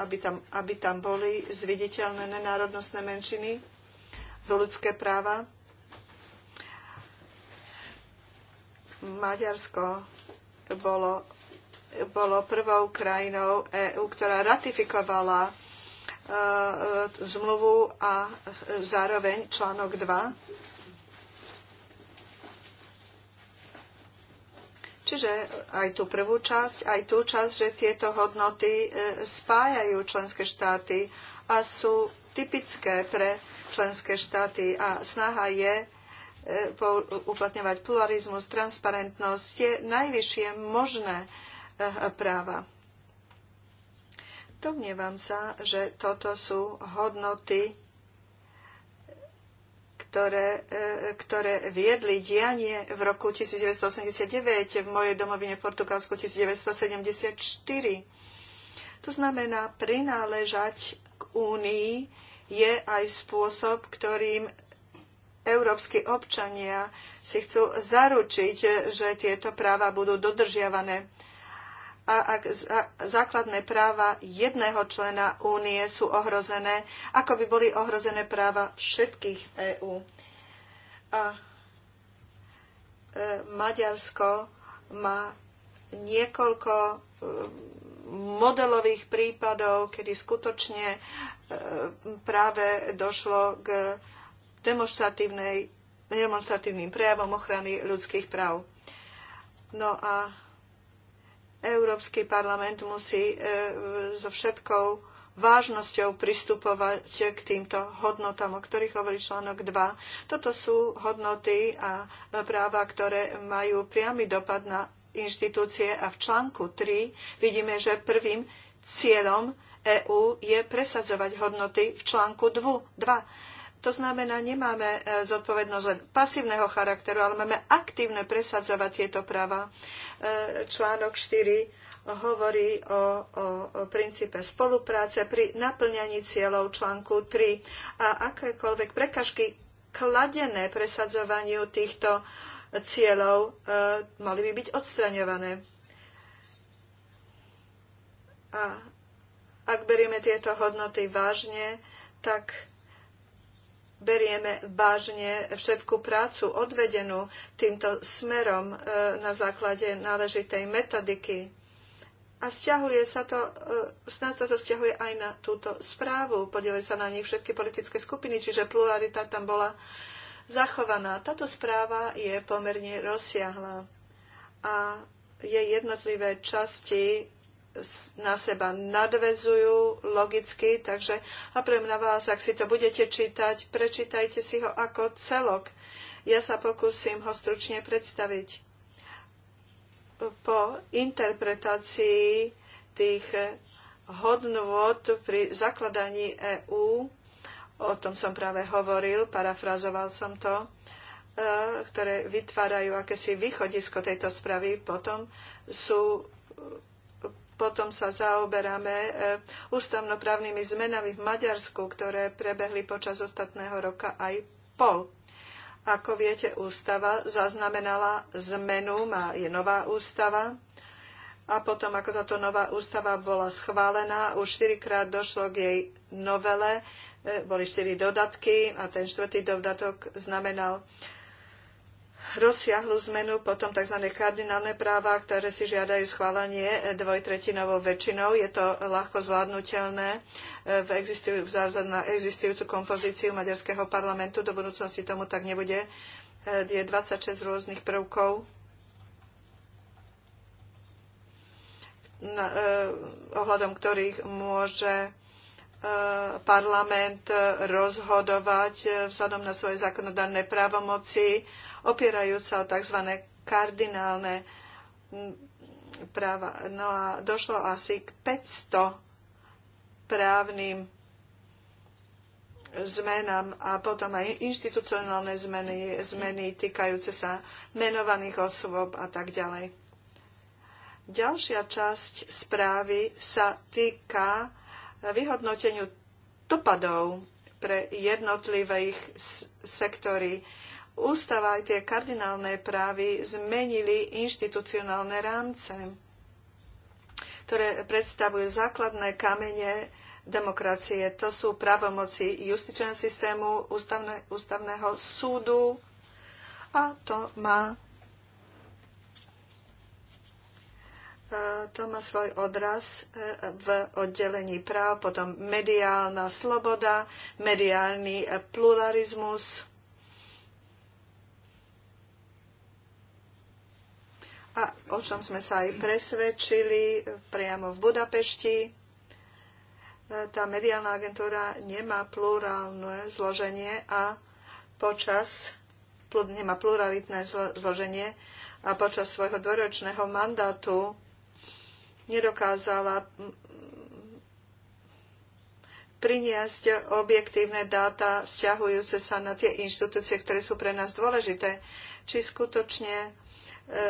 aby tam, aby tam boli zviditeľné národnostné menšiny, ľudské práva. Maďarsko bolo bolo prvou krajinou EÚ, ktorá ratifikovala e, e, zmluvu a zároveň článok 2 Čiže aj tú prvú časť, aj tú časť, že tieto hodnoty e, spájajú členské štáty a sú typické pre členské štáty a snaha je uplatňovať pluralizmus, transparentnosť, je najvyššie možné Eh, práva. Domnievam sa, že toto sú hodnoty, ktoré, eh, ktoré viedli dianie v roku 1989 v mojej domovine v Portugalsku 1974. To znamená, prináležať k Únii je aj spôsob, ktorým európsky občania si chcú zaručiť, že tieto práva budú dodržiavané a ak základné práva jedného člena únie sú ohrozené, ako by boli ohrozené práva všetkých EÚ. A e, Maďarsko má niekoľko e, modelových prípadov, kedy skutočne e, práve došlo k demonstratívnym prejavom ochrany ľudských práv. No a Európsky parlament musí e, so všetkou vážnosťou pristupovať k týmto hodnotám, o ktorých hovorí článok 2. Toto sú hodnoty a práva, ktoré majú priamy dopad na inštitúcie a v článku 3 vidíme, že prvým cieľom EÚ je presadzovať hodnoty v článku 2. 2 to znamená, nemáme e, zodpovednosť len pasívneho charakteru, ale máme aktívne presadzovať tieto práva. E, článok 4 hovorí o, o, o princípe spolupráce pri naplňaní cieľov článku 3 a akékoľvek prekažky kladené presadzovaniu týchto cieľov e, mali by byť odstraňované. A ak berieme tieto hodnoty vážne, tak berieme vážne všetku prácu odvedenú týmto smerom e, na základe náležitej metodiky. A vzťahuje sa to, e, snad sa to vzťahuje aj na túto správu. Podeli sa na nich všetky politické skupiny, čiže pluralita tam bola zachovaná. Táto správa je pomerne rozsiahla a jej jednotlivé časti na seba nadvezujú logicky, takže apelujem na vás, ak si to budete čítať, prečítajte si ho ako celok. Ja sa pokúsim ho stručne predstaviť. Po interpretácii tých hodnôt pri zakladaní EÚ, o tom som práve hovoril, parafrazoval som to, e, ktoré vytvárajú akési východisko tejto spravy, potom sú potom sa zaoberáme eh, ústavnoprávnymi zmenami v Maďarsku, ktoré prebehli počas ostatného roka aj pol. Ako viete, ústava zaznamenala zmenu, má, je nová ústava. A potom, ako táto nová ústava bola schválená, už štyrikrát došlo k jej novele, eh, boli štyri dodatky a ten štvrtý dodatok znamenal rozsiahlu zmenu, potom tzv. kardinálne práva, ktoré si žiadajú schválenie dvojtretinovou väčšinou. Je to ľahko zvládnutelné e, v existujú, na existujúcu kompozíciu maďarského parlamentu. Do budúcnosti tomu tak nebude. E, je 26 rôznych prvkov na, eh, ohľadom ktorých môže e, parlament rozhodovať vzhľadom na svoje zákonodárne právomoci opierajúc sa o tzv. kardinálne práva. No a došlo asi k 500 právnym zmenám a potom aj inštitucionálne zmeny, zmeny týkajúce sa menovaných osôb a tak ďalej. Ďalšia časť správy sa týka vyhodnoteniu dopadov pre jednotlivých sektory ústava aj tie kardinálne právy zmenili inštitucionálne rámce, ktoré predstavujú základné kamene demokracie. To sú právomoci justičného systému, ústavne, ústavného súdu a to má e, to má svoj odraz e, v oddelení práv, potom mediálna sloboda, mediálny pluralizmus, a o čom sme sa aj presvedčili priamo v Budapešti. E, tá mediálna agentúra nemá plurálne zloženie a počas nemá pluralitné zloženie a počas svojho dvoročného mandátu nedokázala priniesť objektívne dáta vzťahujúce sa na tie inštitúcie, ktoré sú pre nás dôležité, či skutočne E,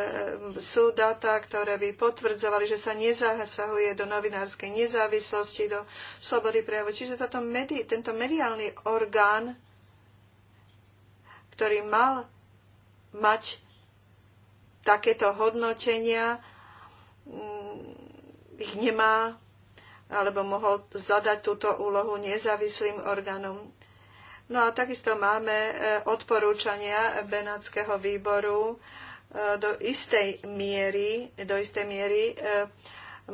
sú dáta, ktoré by potvrdzovali, že sa nezasahuje do novinárskej nezávislosti, do slobody prejavu. Čiže táto medi, tento mediálny orgán, ktorý mal mať takéto hodnotenia, mm, ich nemá, alebo mohol zadať túto úlohu nezávislým orgánom. No a takisto máme e, odporúčania Benátskeho výboru, E, do istej miery, do istej miery e,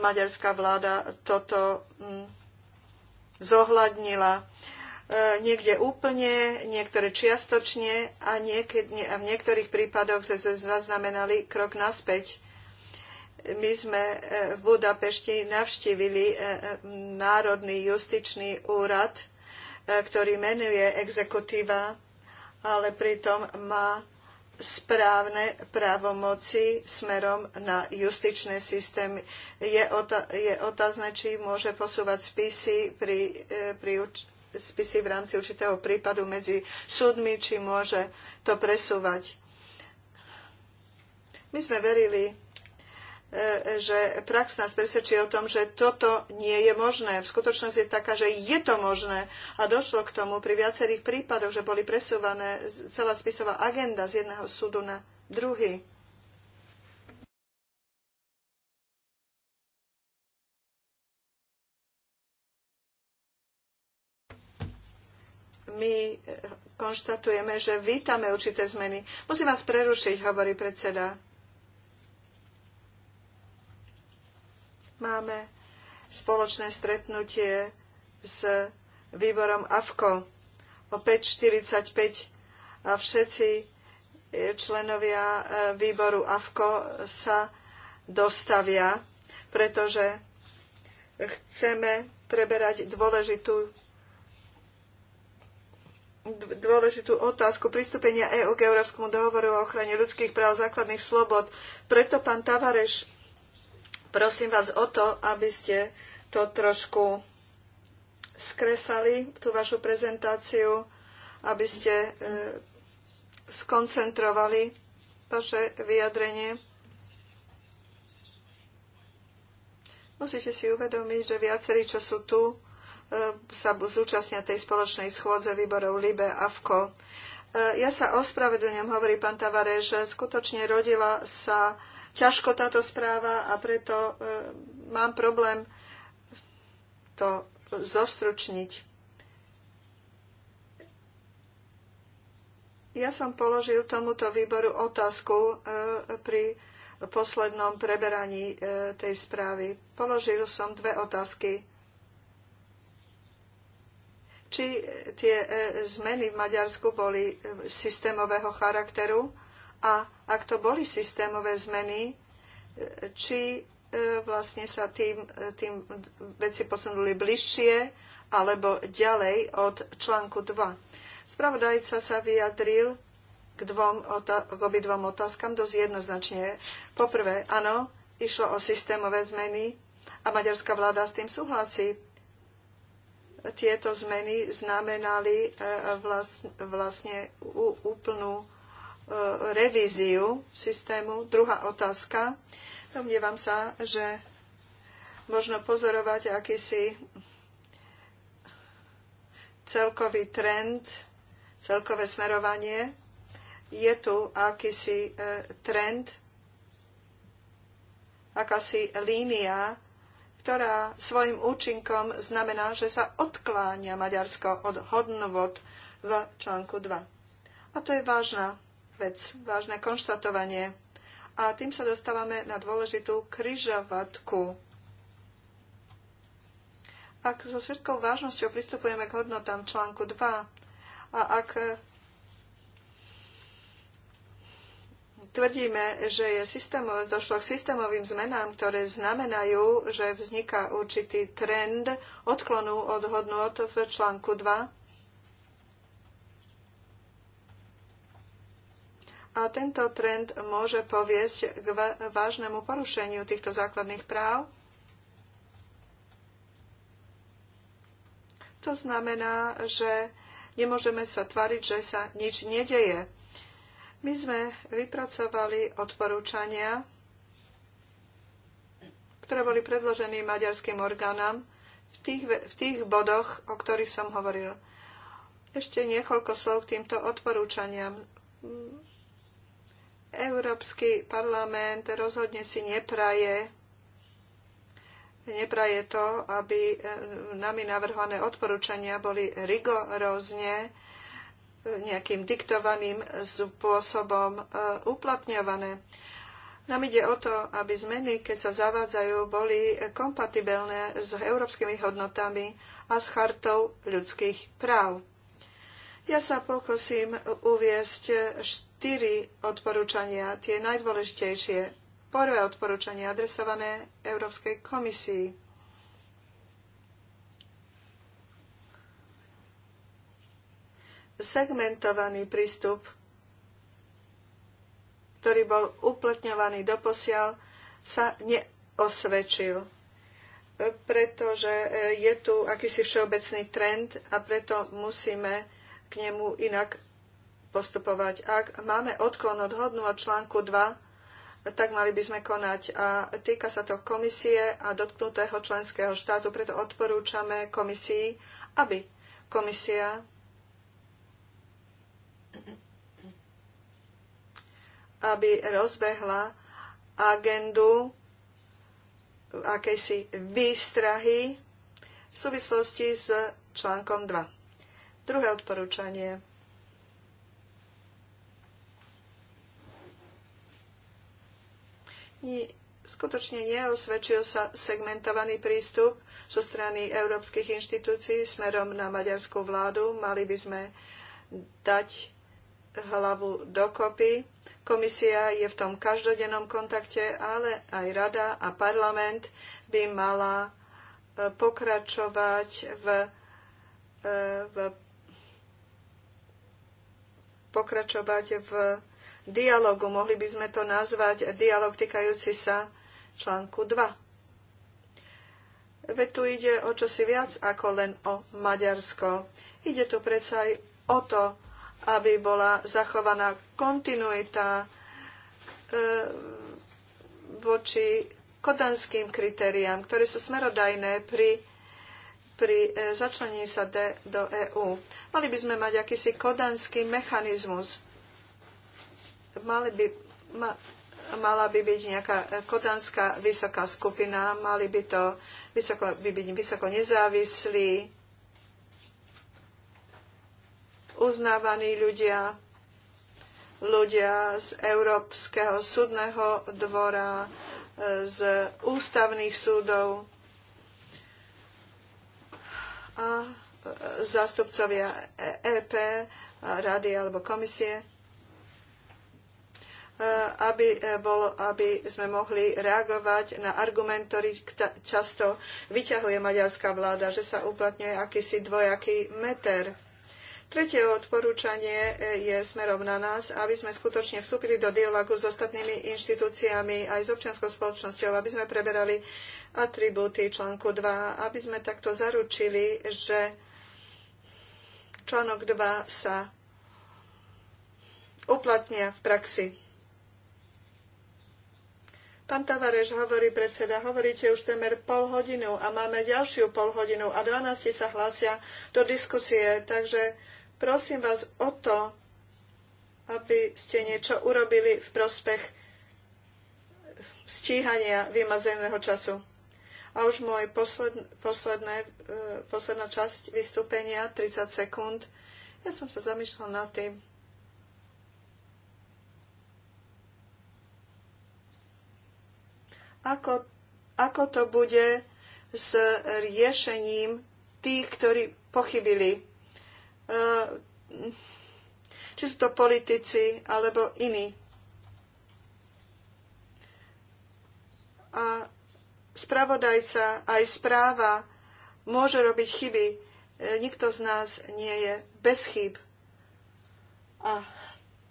maďarská vláda toto mm, zohľadnila e, niekde úplne, niektoré čiastočne a, niekedy, a v niektorých prípadoch sa zaznamenali krok naspäť. My sme v Budapešti navštívili Národný justičný úrad, ktorý menuje exekutíva, ale pritom má správne právomoci smerom na justičné systémy. Je, ota- je otázne, či môže posúvať spisy pri, e, pri spisy v rámci určitého prípadu medzi súdmi, či môže to presúvať. My sme verili E, že prax nás presvedčí o tom, že toto nie je možné. V skutočnosti je taká, že je to možné. A došlo k tomu pri viacerých prípadoch, že boli presúvané celá spisová agenda z jedného súdu na druhý. My e, konštatujeme, že vítame určité zmeny. Musím vás prerušiť, hovorí predseda. Máme spoločné stretnutie s výborom AFKO o 5.45 a všetci eh, členovia eh, výboru AFKO sa dostavia, pretože chceme preberať dôležitú dôležitú otázku pristúpenia EÚ EU k Európskemu dohovoru o ochrane ľudských práv základných slobod. Preto pán Tavareš Prosím vás o to, aby ste to trošku skresali, tú vašu prezentáciu, aby ste e, skoncentrovali vaše vyjadrenie. Musíte si uvedomiť, že viacerí, čo sú tu, e, sa zúčastnia tej spoločnej schôdze výborov LIBE a VKO. E, ja sa ospravedlňujem, hovorí pán Tavare, že skutočne rodila sa ťažko táto správa a preto e, mám problém to zostručniť. Ja som položil tomuto výboru otázku e, pri poslednom preberaní e, tej správy. Položil som dve otázky. Či tie zmeny v Maďarsku boli systémového charakteru? A ak to boli systémové zmeny, e, či e, vlastne sa tým, e, tým veci posunuli bližšie alebo ďalej od článku 2. Spravodajca sa vyjadril k, dvom, k obidvom otázkam dosť jednoznačne. Poprvé, áno, išlo o systémové zmeny a maďarská vláda s tým súhlasí. Tieto zmeny znamenali vlastne, vlastne úplnú E, revíziu systému. Druhá otázka. Domnievam sa, že možno pozorovať akýsi celkový trend, celkové smerovanie. Je tu akýsi e, trend, akási línia, ktorá svojim účinkom znamená, že sa odkláňa Maďarsko od hodnovod v článku 2. A to je vážna vec, vážne konštatovanie. A tým sa dostávame na dôležitú kryžovatku. Ak so všetkou vážnosťou pristupujeme k hodnotám článku 2 a ak tvrdíme, že je systém, došlo k systémovým zmenám, ktoré znamenajú, že vzniká určitý trend odklonu od hodnot v článku 2, a tento trend môže poviesť k vážnemu porušeniu týchto základných práv. To znamená, že nemôžeme sa tvariť, že sa nič nedeje. My sme vypracovali odporúčania, ktoré boli predložené maďarským orgánom v tých, v tých bodoch, o ktorých som hovoril. Ešte niekoľko slov k týmto odporúčaniam Európsky parlament rozhodne si nepraje nepraje to, aby eh, nami navrhované odporúčania boli rigorózne eh, nejakým diktovaným spôsobom eh, uplatňované. Nám ide o to, aby zmeny, keď sa zavádzajú, boli kompatibilné s európskymi hodnotami a s chartou ľudských práv. Ja sa pokosím uviesť štyri odporúčania, tie najdôležitejšie. Prvé odporúčanie adresované Európskej komisii. Segmentovaný prístup, ktorý bol uplatňovaný doposiaľ, sa neosvedčil pretože e, je tu akýsi všeobecný trend a preto musíme k nemu inak postupovať. Ak máme odklon od hodnú od článku 2, tak mali by sme konať. A týka sa to komisie a dotknutého členského štátu, preto odporúčame komisii, aby komisia aby rozbehla agendu akejsi výstrahy v súvislosti s článkom 2. Druhé odporúčanie skutočne neosvedčil sa segmentovaný prístup zo strany európskych inštitúcií smerom na maďarskú vládu. Mali by sme dať hlavu dokopy. Komisia je v tom každodennom kontakte, ale aj rada a parlament by mala e, pokračovať v, e, v pokračovať v dialogu. Mohli by sme to nazvať dialog týkajúci sa článku 2. Veď tu ide o čosi viac ako len o Maďarsko. Ide tu predsa aj o to, aby bola zachovaná kontinuita e, voči kodanským kritériám, ktoré sú smerodajné pri pri e, začlení sa D do EÚ. Mali by sme mať akýsi kodanský mechanizmus mali by, ma, mala by byť nejaká e, kotanská vysoká skupina, mali by to vysoko, by byť vysoko nezávislí, uznávaní ľudia, ľudia z Európskeho súdneho dvora, e, z ústavných súdov a e, zástupcovia EP, rady alebo komisie Eh, aby, eh, bolo, aby sme mohli reagovať na argument, ktorý často vyťahuje maďarská vláda, že sa uplatňuje akýsi dvojaký meter. Tretie odporúčanie eh, je smerom na nás, aby sme skutočne vstúpili do dialogu s ostatnými inštitúciami aj s občianskou spoločnosťou, aby sme preberali atribúty článku 2, aby sme takto zaručili, že článok 2 sa uplatnia v praxi. Pán Tavareš, hovorí predseda, hovoríte už temer pol hodinu a máme ďalšiu pol hodinu a 12 sa hlásia do diskusie, takže prosím vás o to, aby ste niečo urobili v prospech stíhania vymazeného času. A už môj posledné, e, posledná časť vystúpenia, 30 sekúnd. Ja som sa zamýšľal nad tým, ako, ako to bude s riešením tých, ktorí pochybili. E, či sú to politici alebo iní. A spravodajca aj správa môže robiť chyby. E, nikto z nás nie je bez chyb. A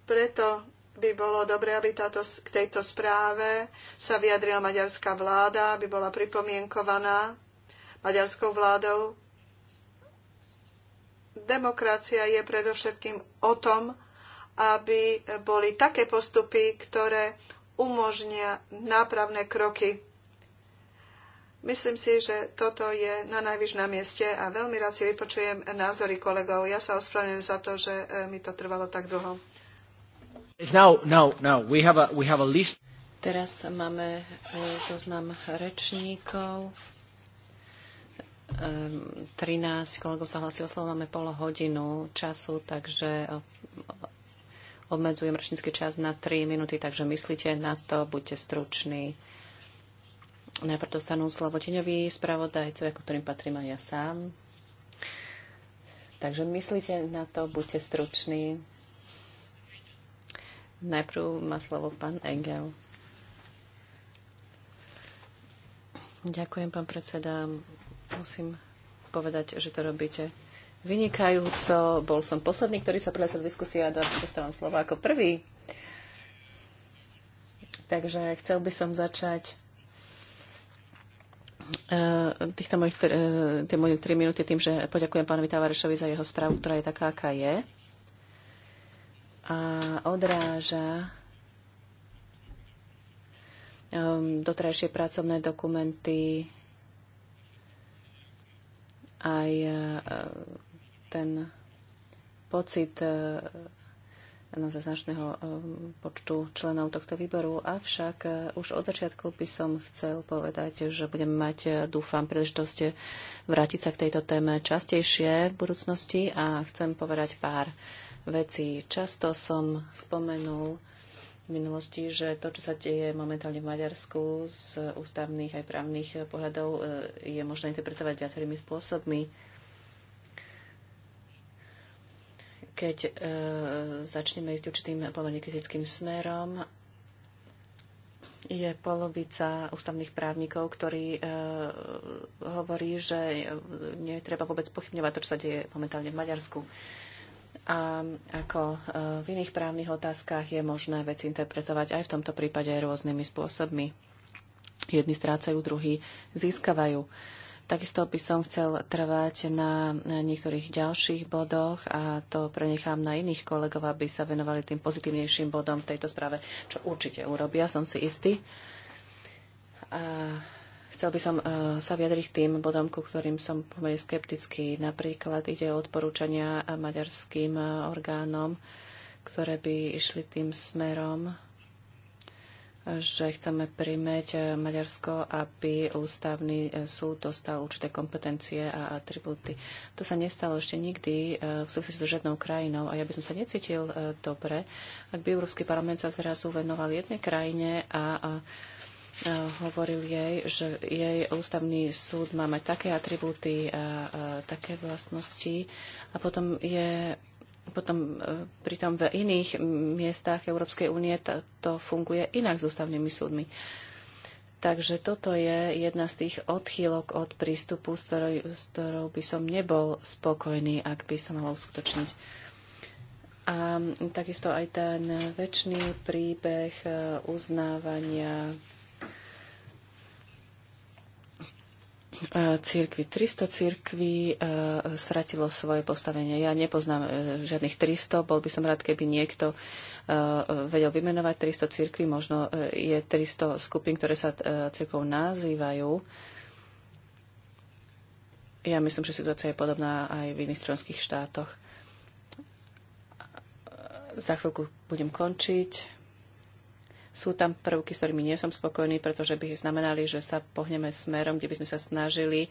preto by bolo dobre, aby táto, k tejto správe sa vyjadrila maďarská vláda, aby bola pripomienkovaná maďarskou vládou. Demokracia je predovšetkým o tom, aby boli také postupy, ktoré umožnia nápravné kroky. Myslím si, že toto je na najvyš na mieste a veľmi rád si vypočujem názory kolegov. Ja sa ospravedlňujem za to, že e, mi to trvalo tak dlho. Teraz máme e, zoznam rečníkov. 13 kolegov sa hlasilo slovo, máme pol hodinu času, takže obmedzujem rečnícky čas na 3 minúty, takže myslíte na to, buďte struční. Najprv dostanú slovo spravodajcov, ako ktorým patrím aj ja sám. Takže myslíte na to, buďte struční. Najprv má slovo pán Engel. Ďakujem, pán predseda. Musím povedať, že to robíte vynikajúco. Bol som posledný, ktorý sa prihlásil v diskusii a dostávam slovo ako prvý. Takže chcel by som začať eh, týchto mojich, eh, tie moje tri minúty tým, že poďakujem pánovi Tavarešovi za jeho správu, ktorá je taká, aká je a odráža um, doterajšie pracovné dokumenty, aj uh, ten pocit uh, naozaj značného um, počtu členov tohto výboru. Avšak uh, už od začiatku by som chcel povedať, že budem mať, dúfam, príležitosť vrátiť sa k tejto téme častejšie v budúcnosti a chcem povedať pár veci. Často som spomenul v minulosti, že to, čo sa deje momentálne v Maďarsku z ústavných aj právnych pohľadov, e, je možné interpretovať viacerými spôsobmi. Keď e, začneme ísť určitým pomerne kritickým smerom, je polovica ústavných právnikov, ktorí e, hovorí, že nie treba vôbec pochybňovať to, čo sa deje momentálne v Maďarsku. A ako e, v iných právnych otázkach je možné vec interpretovať aj v tomto prípade rôznymi spôsobmi. Jedni strácajú, druhí získavajú. Takisto by som chcel trvať na niektorých ďalších bodoch a to prenechám na iných kolegov, aby sa venovali tým pozitívnejším bodom v tejto správe, čo určite urobia, som si istý. A Chcel by som e, sa vyjadriť k tým bodom, ku ktorým som pomerne skeptický. Napríklad ide o odporúčania maďarským e, orgánom, ktoré by išli tým smerom, že chceme primeť e, Maďarsko, aby ústavný súd dostal určité kompetencie a atribúty. To sa nestalo ešte nikdy v súvislosti s žiadnou krajinou a ja by som sa necítil dobre, ak by Európsky parlament sa zrazu venoval jednej krajine a, a E, hovoril jej, že jej ústavný súd má mať také atribúty a, a také vlastnosti a potom je potom e, pritom v iných miestach Európskej únie to, to funguje inak s ústavnými súdmi. Takže toto je jedna z tých odchýlok od prístupu, s ktorou, s ktorou by som nebol spokojný, ak by sa malo uskutočniť. A takisto aj ten väčší príbeh e, uznávania E, církvy. 300 církví e, stratilo svoje postavenie. Ja nepoznám e, žiadnych 300, bol by som rád, keby niekto vedel vymenovať 300 církví, možno je 300 skupín, ktoré sa církvou nazývajú. Ja myslím, že situácia je podobná aj v iných členských štátoch. Za chvíľku budem končiť sú tam prvky, s ktorými nie som spokojný, pretože by znamenali, že sa pohneme smerom, kde by sme sa snažili e,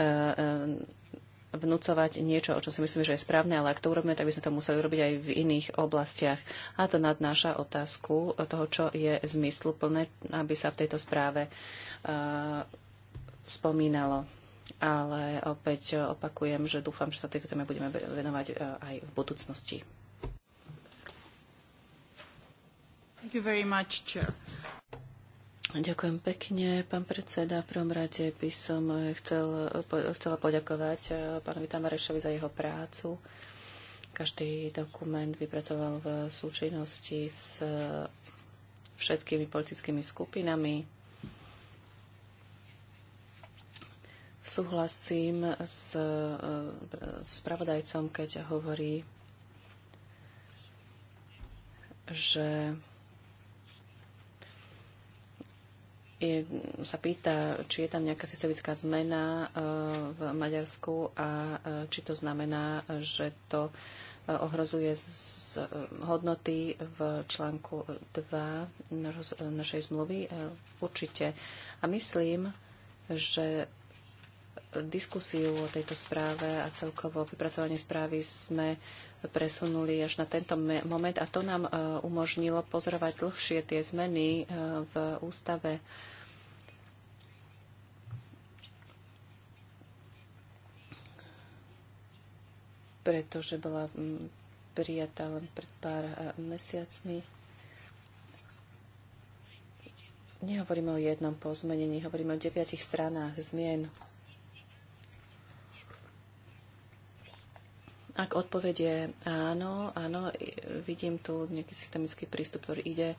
e, vnúcovať niečo, o čo si myslím, že je správne, ale ak to urobíme, tak by sme to museli robiť aj v iných oblastiach. A to nadnáša otázku toho, čo je zmysluplné, aby sa v tejto správe uh, spomínalo. Ale opäť opakujem, že dúfam, že sa tejto téme budeme venovať uh, aj v budúcnosti. Much, Ďakujem pekne, pán predseda. V prvom rade by som eh, chcel, eh, chcela poďakovať eh, pánovi Tamarešovi za jeho prácu. Každý dokument vypracoval v súčinnosti s všetkými politickými skupinami. Súhlasím s spravodajcom, keď hovorí, že je, sa pýta, či je tam nejaká systemická zmena e, v Maďarsku a e, či to znamená, že to e, ohrozuje z hodnoty v článku 2 našej zmluvy. Určite. A myslím, že diskusiu o tejto správe a celkovo vypracovanie správy sme presunuli až na tento moment a to nám umožnilo pozorovať dlhšie tie zmeny v ústave pretože bola mm, prijatá len pred pár mesiacmi. Nehovoríme o jednom pozmenení, hovoríme o deviatich stranách zmien. Ak odpovedie áno, áno, vidím tu nejaký systemický prístup, ktorý ide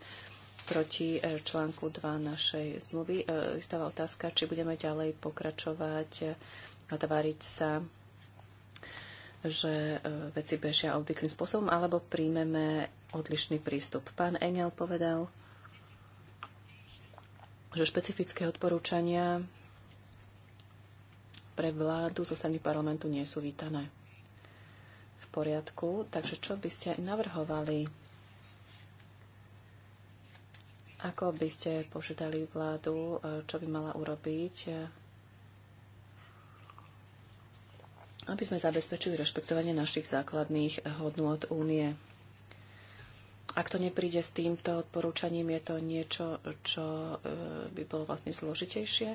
proti e, článku 2 našej zmluvy. Vystáva e, otázka, či budeme ďalej pokračovať a tváriť sa že e, veci bežia obvyklým spôsobom, alebo príjmeme odlišný prístup. Pán Engel povedal, že špecifické odporúčania pre vládu zo strany parlamentu nie sú vítané. V poriadku, takže čo by ste navrhovali? Ako by ste požiadali vládu, e, čo by mala urobiť aby sme zabezpečili rešpektovanie našich základných hodnôt únie. Ak to nepríde s týmto odporúčaním, je to niečo, čo e, by bolo vlastne zložitejšie.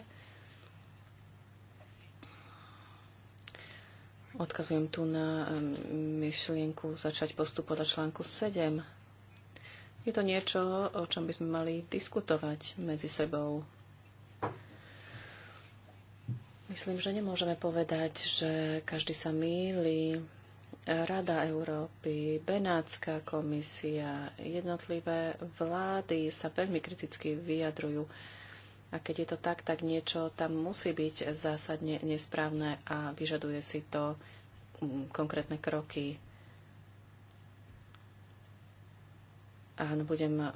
Odkazujem tu na e, myšlienku začať postup od článku 7. Je to niečo, o čom by sme mali diskutovať medzi sebou Myslím, že nemôžeme povedať, že každý sa mýli. Rada Európy, Benátska komisia, jednotlivé vlády sa veľmi kriticky vyjadrujú. A keď je to tak, tak niečo tam musí byť zásadne nesprávne a vyžaduje si to mm, konkrétne kroky. Áno, budem uh,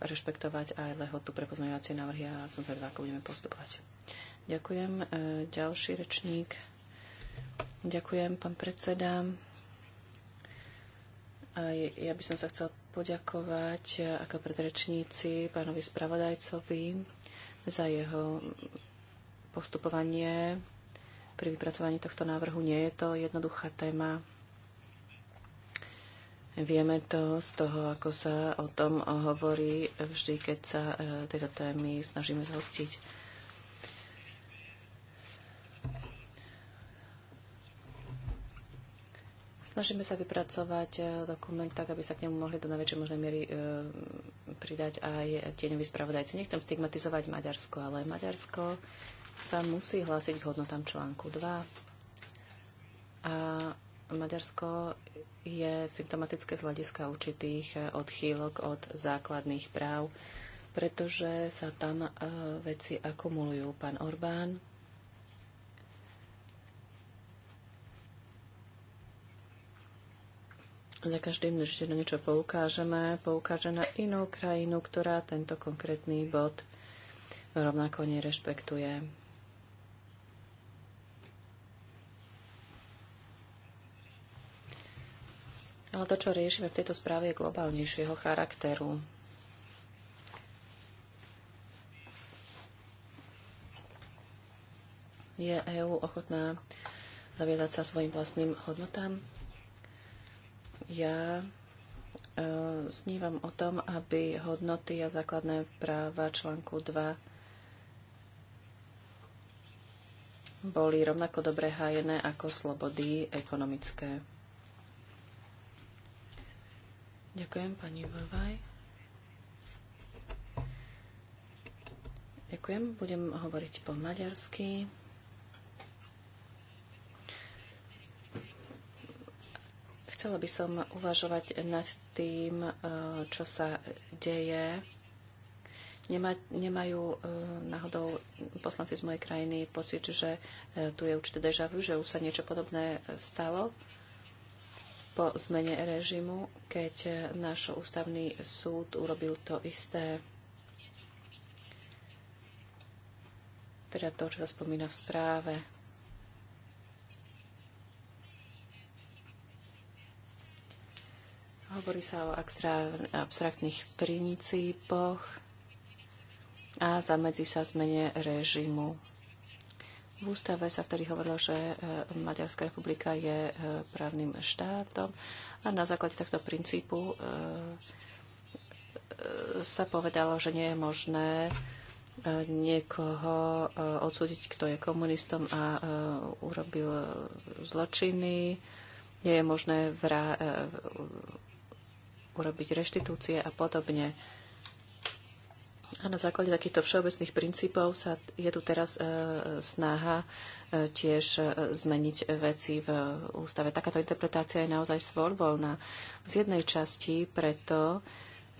rešpektovať aj lehotu pre pozmeňovacie návrhy a som zvedavá, ako budeme postupovať. Ďakujem. E, ďalší rečník. Ďakujem, pán predseda. Ja by som sa chcel poďakovať e, ako predrečníci pánovi spravodajcovi za jeho postupovanie pri vypracovaní tohto návrhu. Nie je to jednoduchá téma. Vieme to z toho, ako sa o tom hovorí vždy, keď sa e, tejto témy snažíme zhostiť. Snažíme sa vypracovať e, dokument tak, aby sa k nemu mohli do najväčšej možnej miery e, pridať aj tieňoví spravodajci. Nechcem stigmatizovať Maďarsko, ale Maďarsko sa musí hlásiť k hodnotám článku 2. A Maďarsko je symptomatické z hľadiska určitých e, odchýlok od základných práv, pretože sa tam veci akumulujú. Pán Orbán za každým, že na niečo poukážeme, poukáže na inú krajinu, ktorá tento konkrétny bod rovnako nerešpektuje. Ale to, čo riešime v tejto správe, je globálnejšieho charakteru. Je EÚ ochotná zaviedať sa svojim vlastným hodnotám? Ja e, snívam o tom, aby hodnoty a základné práva článku 2 boli rovnako dobre hájené ako slobody ekonomické. Ďakujem, pani Vovaj. Ďakujem, budem hovoriť po maďarsky. Chcela by som uvažovať nad tým, e, čo sa deje. Nemaj, nemajú e, náhodou poslanci z mojej krajiny pocit, že e, tu je určité deja vu, že už sa niečo podobné stalo po zmene režimu, keď náš ústavný súd urobil to isté. Teda to, čo sa spomína v správe. Hovorí sa o abstraktných princípoch a zamedzi sa zmene režimu. V ústave sa vtedy hovorilo, že e, Maďarská republika je e, právnym štátom a na základe tohto princípu e, sa povedalo, že nie je možné niekoho odsúdiť, kto je komunistom a urobil zločiny. Nie je možné vrá- urobiť reštitúcie a podobne. A na základe takýchto všeobecných princípov sa je tu teraz e, snaha e, tiež e, zmeniť veci v ústave. Takáto interpretácia je naozaj svorvoľná. Z jednej časti preto,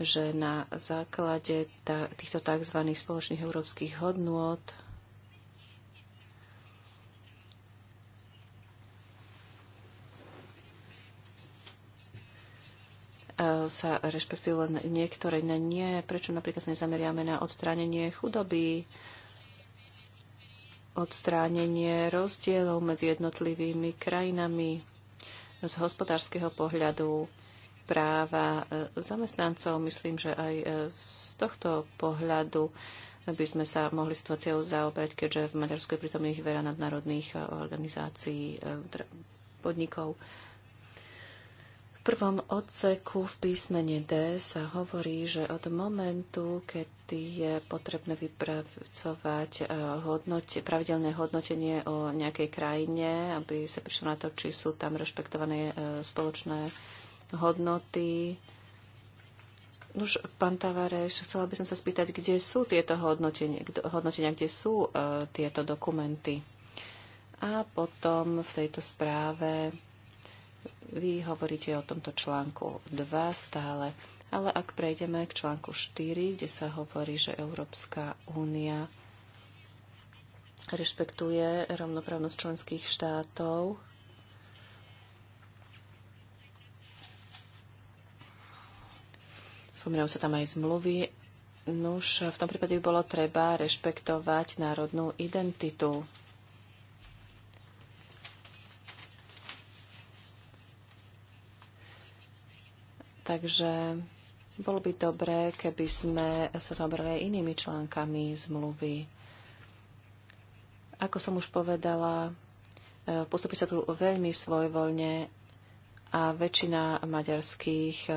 že na základe ta, týchto tzv. spoločných európskych hodnôt E, sa rešpektujú len niektoré, iné nie. Prečo napríklad sa nezameriame na odstránenie chudoby, odstránenie rozdielov medzi jednotlivými krajinami z hospodárskeho pohľadu, práva e, zamestnancov. Myslím, že aj e, z tohto pohľadu by sme sa mohli situáciou zaobrať, keďže v Maďarsku je pritom ich veľa nadnárodných organizácií, podnikov prvom odseku v písmene D sa hovorí, že od momentu, kedy je potrebné vypracovať eh, hodnote, pravidelné hodnotenie o nejakej krajine, aby sa prišlo na to, či sú tam rešpektované eh, spoločné hodnoty. Už, pán Tavareš, chcela by som sa spýtať, kde sú tieto hodnotenia, hodnotenia kde sú uh, tieto dokumenty. A potom v tejto správe vy hovoríte o tomto článku 2 stále, ale ak prejdeme k článku 4, kde sa hovorí, že Európska únia rešpektuje rovnoprávnosť členských štátov, spomínajú sa tam aj zmluvy. Nuž, v tom prípade by bolo treba rešpektovať národnú identitu Takže bolo by dobré, keby sme sa zabrali inými článkami zmluvy. Ako som už povedala, e, postupí sa tu veľmi svojvoľne a väčšina maďarských e,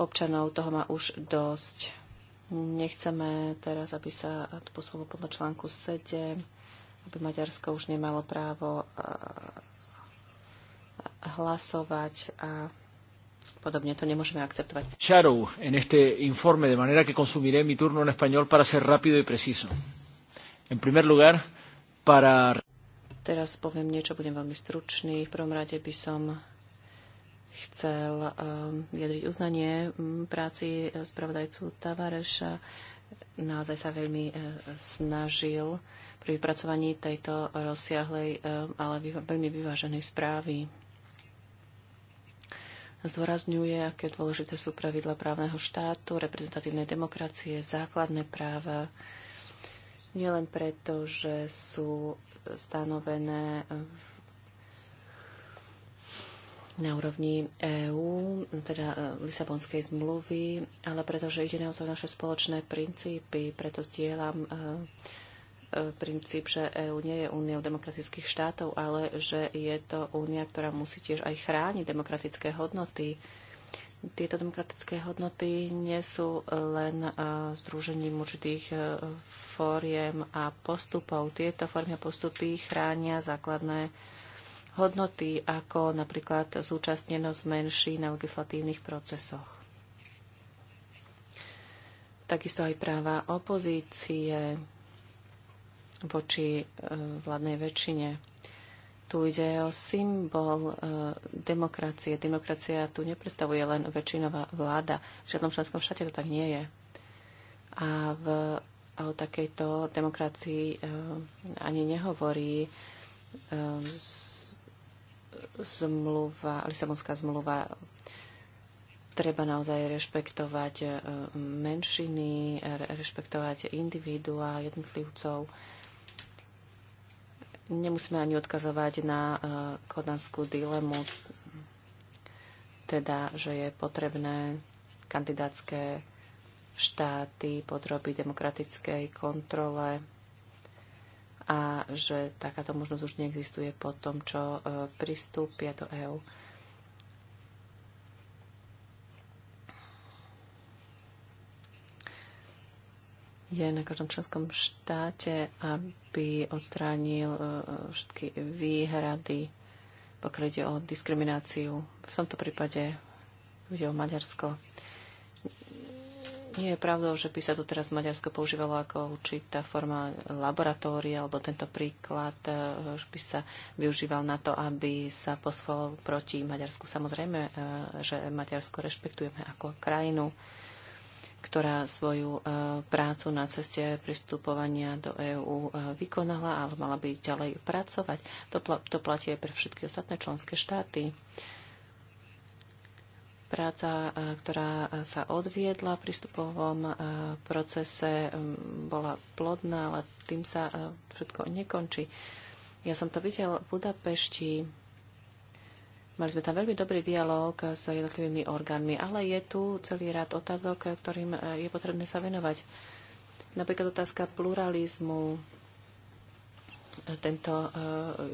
občanov toho má už dosť. Nechceme teraz, aby sa to posunulo podľa článku 7, aby Maďarsko už nemalo právo e, hlasovať a Podobne to nemôžeme akceptovať. Shadow en este informe, de manera que consumiré mi turno en español para ser rápido y preciso. En primer lugar, para... Teraz poviem niečo, budem veľmi stručný. V prvom rade by som chcel um, vyjadriť uznanie mm, práci eh, spravodajcu Tavareša. Naozaj sa veľmi uh, snažil pri vypracovaní tejto rozsiahlej, uh, ale veľmi vyváženej správy zdôrazňuje, aké dôležité sú pravidla právneho štátu, reprezentatívnej demokracie, základné práva, nielen preto, že sú stanovené na úrovni EÚ, teda e, Lisabonskej zmluvy, ale pretože ide naozaj naše spoločné princípy, preto zdieľam uh, princíp, že EÚ nie je úniou demokratických štátov, ale že je to únia, ktorá musí tiež aj chrániť demokratické hodnoty. Tieto demokratické hodnoty nie sú len e, združením určitých e, fóriem a postupov. Tieto formy a postupy chránia základné hodnoty, ako napríklad zúčastnenosť menší na legislatívnych procesoch takisto aj práva opozície, voči e, vládnej väčšine. Tu ide o symbol e, demokracie. Demokracia tu nepredstavuje len väčšinová vláda. V žiadnom členskom štáte to tak nie je. A, v, a o takejto demokracii e, ani nehovorí zmluva, Lisabonská zmluva treba naozaj rešpektovať menšiny, rešpektovať individuá, jednotlivcov. Nemusíme ani odkazovať na e, kodanskú dilemu, teda, že je potrebné kandidátske štáty podrobiť demokratickej kontrole a že takáto možnosť už neexistuje po tom, čo e, pristúpia do EÚ. je na každom členskom štáte, aby odstránil e, všetky výhrady, pokrytie o diskrimináciu. V tomto prípade ide o Maďarsko. Nie je pravdou, že by sa tu teraz Maďarsko používalo ako určitá forma laboratória, alebo tento príklad e, že by sa využíval na to, aby sa posvalo proti Maďarsku. Samozrejme, e, že Maďarsko rešpektujeme ako krajinu ktorá svoju e, prácu na ceste pristupovania do EÚ e, vykonala, ale mala by ďalej pracovať. To, pl- to platí aj pre všetky ostatné členské štáty. Práca, e, ktorá sa odviedla v prístupovom procese, bola plodná, ale tým sa všetko nekončí. Ja som to videl v Budapešti Mali sme tam veľmi dobrý dialog s jednotlivými orgánmi, ale je tu celý rád otázok, ktorým e, je potrebné sa venovať. Napríklad otázka pluralizmu, e, tento e,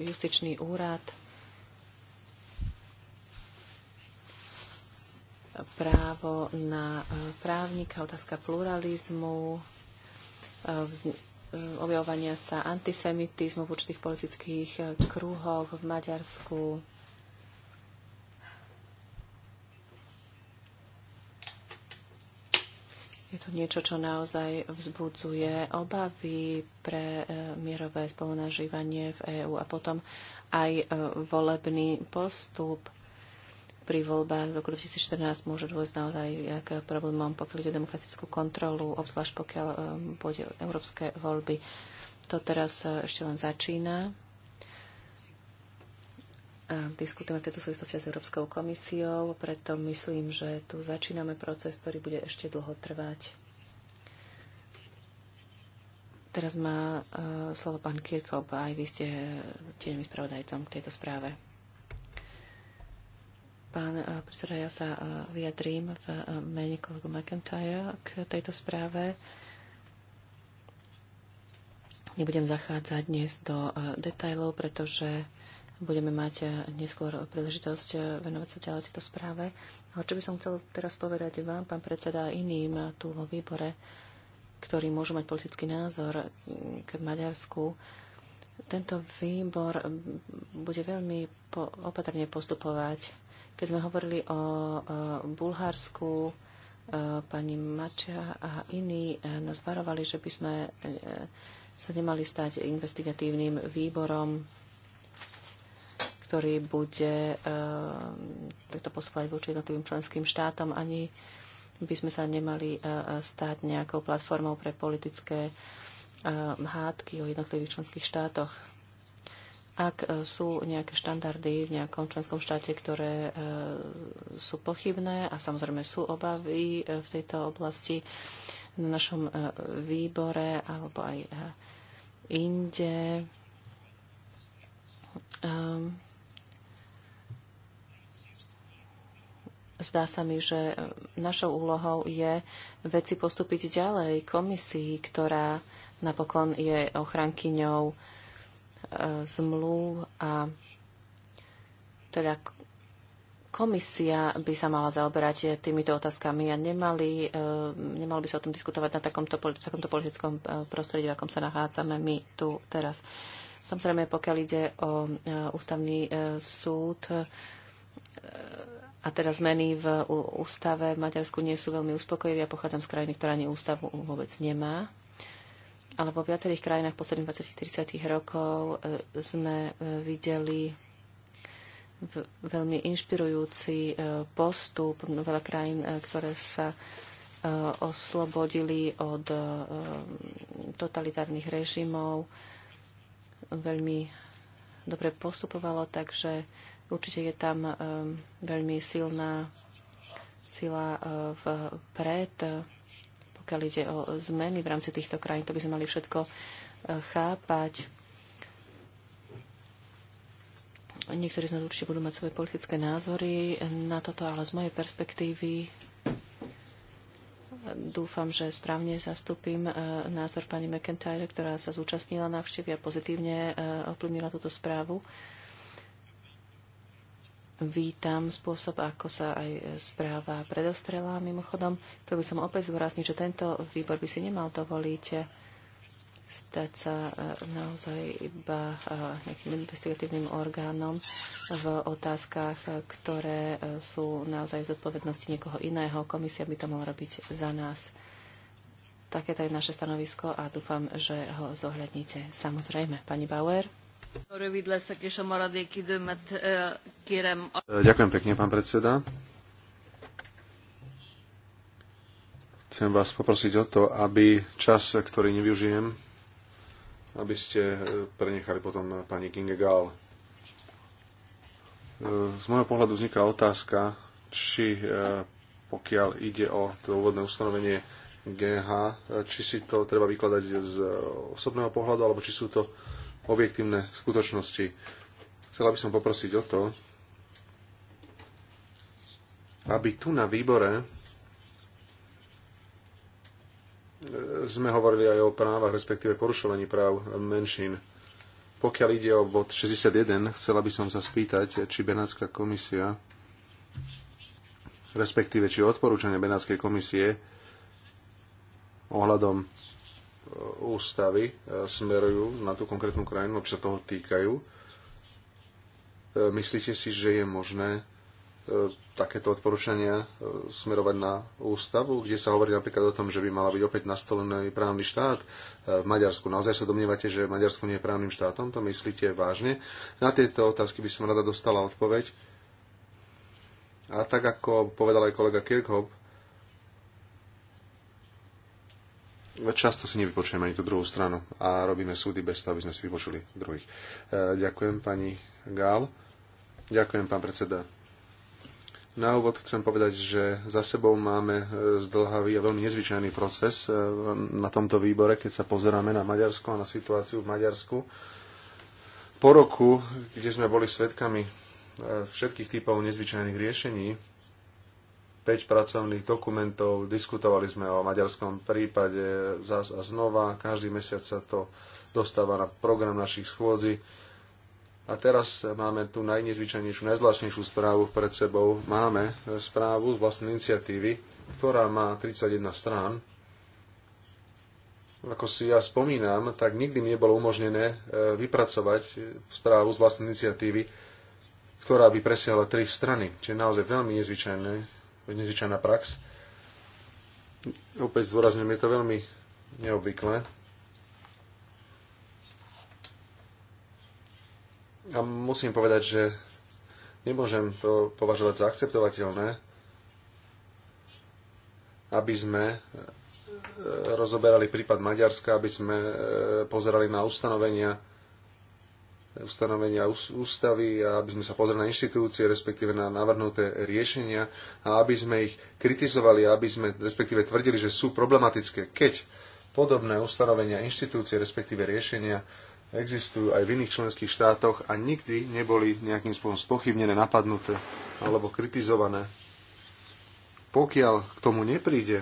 justičný úrad, právo na právnika, otázka pluralizmu, objavovania sa antisemitizmu v určitých politických kruhoch v Maďarsku, Je to niečo, čo naozaj vzbudzuje obavy pre e, mierové spolunažívanie v EÚ a potom aj e, volebný postup pri voľbách v roku 2014 môže dôjsť naozaj k problémom, pokiaľ ide demokratickú kontrolu, obzvlášť pokiaľ e, pôjde európske voľby. To teraz ešte len začína diskutovať tieto súvislosti s Európskou komisiou, preto myslím, že tu začíname proces, ktorý bude ešte dlho trvať. Teraz má uh, slovo pán Kirkop, aj vy ste tiež mi spravodajcom k tejto správe. Pán uh, predseda, ja sa uh, vyjadrím v uh, mene kolegu McIntyre k tejto správe. Nebudem zachádzať dnes do uh, detajlov, pretože budeme mať eh, neskôr príležitosť eh, venovať sa ďalej tejto správe. Ale čo by som chcel teraz povedať vám, pán predseda, a iným eh, tu vo výbore, ktorí môžu mať politický názor mm, k Maďarsku, tento výbor bude veľmi po, opatrne postupovať. Keď sme hovorili o, o Bulharsku, pani Mača a iní nás varovali, že by sme sa nemali stať investigatívnym výborom ktorý bude eh, takto posúvať voči jednotlivým členským štátom. Ani by sme sa nemali eh, stať nejakou platformou pre politické eh, hádky o jednotlivých členských štátoch. Ak sú nejaké štandardy v nejakom členskom štáte, ktoré sú pochybné a samozrejme sú obavy v tejto oblasti na našom výbore alebo aj inde, Um, Zdá sa mi, že e, našou úlohou je veci postúpiť ďalej komisii, ktorá napokon je ochrankyňou e, zmluv a teda komisia by sa mala zaoberať týmito otázkami a nemali, e, nemalo by sa o tom diskutovať na takomto, takomto politickom prostredí, v akom sa nachádzame my tu teraz. Samozrejme, pokiaľ ide o ústavný súd, a teraz zmeny v ústave v Maďarsku nie sú veľmi uspokojivé. Ja pochádzam z krajiny, ktorá ani ústavu vôbec nemá. Ale vo viacerých krajinách posledných 20-30 rokov e, sme e, videli veľmi inšpirujúci e, postup veľa krajín, ktoré sa oslobodili od totalitárnych režimov. Veľmi dobre postupovalo, takže Určite je tam eh, veľmi silná sila eh, vpred, eh, pokiaľ ide o zmeny v rámci týchto krajín. To by sme mali všetko chápať. Niektorí z nás určite budú mať svoje politické názory na toto, ale z mojej perspektívy dúfam, že správne zastúpim názor pani McIntyre, ktorá sa zúčastnila na a pozitívne ovplyvnila túto správu vítam spôsob, ako sa aj správa predostrela. Mimochodom, to by som opäť zúrazniť, že tento výbor by si nemal dovoliť stať sa e, naozaj iba e, nejakým investigatívnym orgánom v otázkach, ktoré e, sú naozaj zodpovednosti niekoho iného. Komisia by to mala robiť za nás. Takéto je naše stanovisko a dúfam, že ho zohľadníte. Samozrejme, pani Bauer. Ďakujem pekne, pán predseda. Chcem vás poprosiť o to, aby čas, ktorý nevyužijem, aby ste prenechali potom pani Kinge Gál. Z môjho pohľadu vzniká otázka, či pokiaľ ide o to úvodné ustanovenie GH, či si to treba vykladať z osobného pohľadu, alebo či sú to objektívne skutočnosti. Chcela by som poprosiť o to, aby tu na výbore e, sme hovorili aj o právach, respektíve porušovaní práv menšín. Pokiaľ ide o bod 61, chcela by som sa spýtať, či Benátska komisia, respektíve či odporúčania Benátskej komisie ohľadom ústavy e, smerujú na tú konkrétnu krajinu, či sa toho týkajú. E, myslíte si, že je možné e, takéto odporúčania smerovať na ústavu, kde sa hovorí napríklad o tom, že by mala byť opäť nastolený právny štát v Maďarsku. Naozaj sa domnievate, že Maďarsko nie je právnym štátom? To myslíte vážne? Na tieto otázky by som rada dostala odpoveď. A tak ako povedal aj kolega Kirchhoff, často si nevypočujeme ani tú druhú stranu a robíme súdy bez toho, aby sme si vypočuli druhých. E, ďakujem pani Gál. Ďakujem pán predseda. Na úvod chcem povedať, že za sebou máme e, zdlhavý a veľmi nezvyčajný proces e, na tomto výbore, keď sa pozeráme na Maďarsko a na situáciu v Maďarsku. Po roku, kde sme boli svedkami všetkých typov nezvyčajných riešení, 5 pracovných dokumentov, diskutovali sme o maďarskom prípade zás a znova, každý mesiac sa to dostáva na program našich schôdzi. A teraz máme tú najnezvyčajnejšiu, najzvláštnejšiu správu pred sebou. Máme správu z vlastnej iniciatívy, ktorá má 31 strán. Ako si ja spomínam, tak nikdy mi nebolo umožnené e, vypracovať správu z vlastnej iniciatívy, ktorá by presiahla tri strany. Čiže naozaj veľmi nezvyčajné nezvyčajná prax. Opäť zdôrazňujem, je to veľmi neobvyklé. A musím povedať, že nemôžem to považovať za akceptovateľné, aby sme e, rozoberali prípad Maďarska, aby sme e, pozerali na ustanovenia ustanovenia ústavy a aby sme sa pozreli na inštitúcie, respektíve na navrhnuté riešenia a aby sme ich kritizovali, aby sme respektíve tvrdili, že sú problematické, keď podobné ustanovenia inštitúcie, respektíve riešenia existujú aj v iných členských štátoch a nikdy neboli nejakým spôsobom spochybnené, napadnuté alebo kritizované. Pokiaľ k tomu nepríde,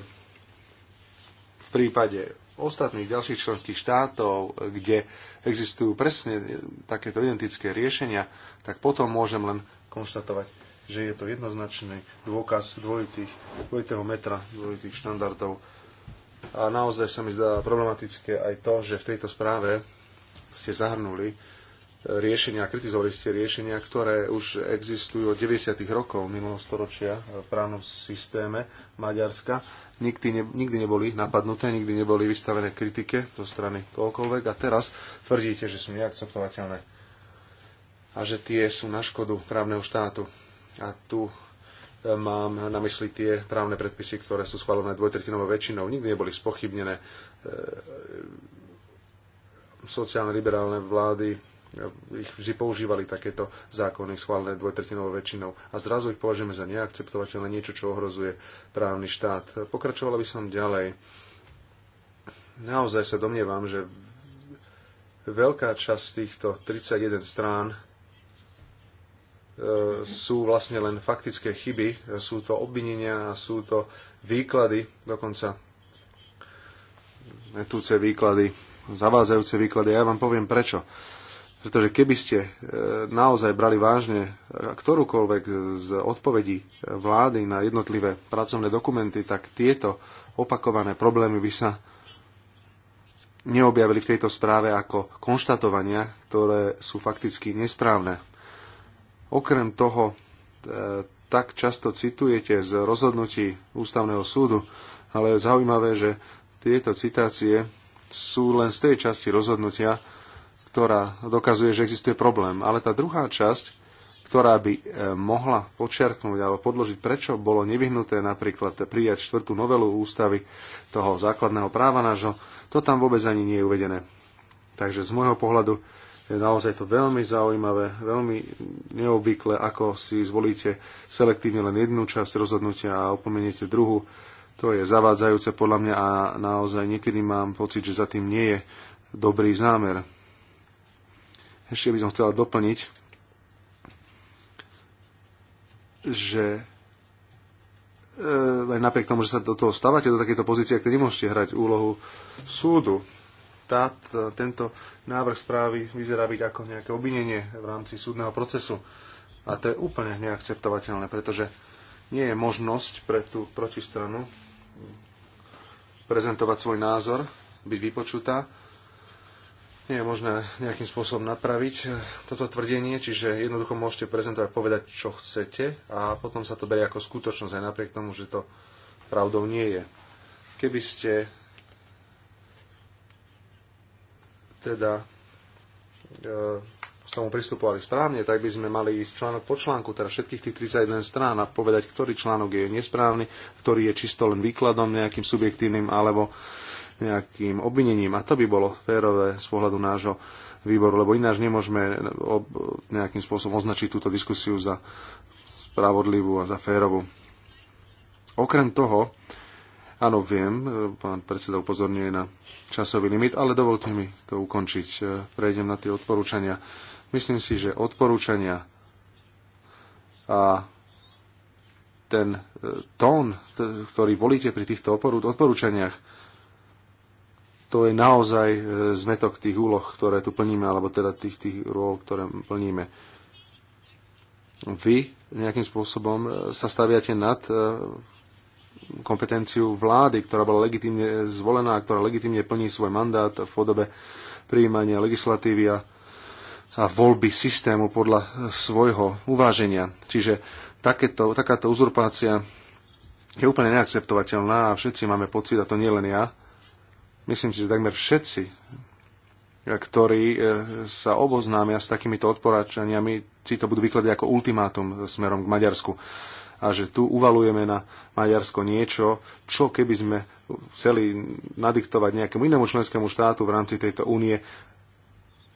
v prípade ostatných ďalších členských štátov, kde existujú presne takéto identické riešenia, tak potom môžem len konštatovať, že je to jednoznačný dôkaz dvojitých, dvojitého metra, dvojitých štandardov. A naozaj sa mi zdá problematické aj to, že v tejto správe ste zahrnuli riešenia, kritizovali ste riešenia, ktoré už existujú od 90. rokov minulého storočia v právnom systéme Maďarska. Nikdy, ne, nikdy neboli napadnuté, nikdy neboli vystavené kritike zo strany kohokoľvek a teraz tvrdíte, že sú neakceptovateľné a že tie sú na škodu právneho štátu. A tu e, mám na mysli tie právne predpisy, ktoré sú schválené dvojtretinovou väčšinou, nikdy neboli spochybnené e, sociálne-liberálne vlády ich vždy používali takéto zákony schválené dvojtretinovou väčšinou a zrazu ich považujeme za neakceptovateľné, niečo, čo ohrozuje právny štát. Pokračovala by som ďalej. Naozaj sa domnievam, že veľká časť týchto 31 strán e, sú vlastne len faktické chyby, sú to obvinenia, a sú to výklady, dokonca netúce výklady, zavádzajúce výklady. Ja vám poviem prečo pretože keby ste e, naozaj brali vážne ktorúkoľvek z odpovedí e, vlády na jednotlivé pracovné dokumenty, tak tieto opakované problémy by sa neobjavili v tejto správe ako konštatovania, ktoré sú fakticky nesprávne. Okrem toho, e, tak často citujete z rozhodnutí Ústavného súdu, ale je zaujímavé, že tieto citácie sú len z tej časti rozhodnutia, ktorá dokazuje, že existuje problém. Ale tá druhá časť, ktorá by eh, mohla počiarknúť alebo podložiť, prečo bolo nevyhnuté napríklad prijať štvrtú novelu ústavy toho základného práva nášho, to tam vôbec ani nie je uvedené. Takže z môjho pohľadu je naozaj to veľmi zaujímavé, veľmi neobvykle, ako si zvolíte selektívne len jednu časť rozhodnutia a opomeniete druhú. To je zavádzajúce podľa mňa a naozaj niekedy mám pocit, že za tým nie je dobrý zámer. Ešte by som chcela doplniť, že eh, aj napriek tomu, že sa do toho stávate, do takéto pozície, ak nemôžete hrať úlohu súdu, tá, tento návrh správy vyzerá byť ako nejaké obvinenie v rámci súdneho procesu. A to je úplne neakceptovateľné, pretože nie je možnosť pre tú protistranu prezentovať svoj názor, byť vypočutá nie je možné nejakým spôsobom napraviť eh, toto tvrdenie, čiže jednoducho môžete prezentovať, povedať, čo chcete a potom sa to berie ako skutočnosť aj napriek tomu, že to pravdou nie je. Keby ste teda k eh, tomu pristupovali správne, tak by sme mali ísť článok po článku, teda všetkých tých 31 strán a povedať, ktorý článok je nesprávny, ktorý je čisto len výkladom nejakým subjektívnym, alebo nejakým obvinením. A to by bolo férové z pohľadu nášho výboru, lebo ináč nemôžeme nejakým spôsobom označiť túto diskusiu za spravodlivú a za férovú. Okrem toho, áno, viem, pán predseda upozorňuje na časový limit, ale dovolte mi to ukončiť. Prejdem na tie odporúčania. Myslím si, že odporúčania a ten e, tón, ktorý volíte pri týchto odporúčaniach, to je naozaj e, zmetok tých úloh, ktoré tu plníme, alebo teda tých, tých rôl, ktoré plníme. Vy nejakým spôsobom e, sa staviate nad e, kompetenciu vlády, ktorá bola legitimne zvolená, ktorá legitimne plní svoj mandát v podobe prijímania legislatívy a, a voľby systému podľa svojho uváženia. Čiže takéto, takáto uzurpácia je úplne neakceptovateľná a všetci máme pocit, a to nie len ja, Myslím si, že takmer všetci, eh, ktorí eh, sa oboznámia s takýmito odporáčaniami, si to budú vykladať ako ultimátum smerom k Maďarsku. A že tu uvalujeme na Maďarsko niečo, čo keby sme chceli nadiktovať nejakému inému členskému štátu v rámci tejto únie,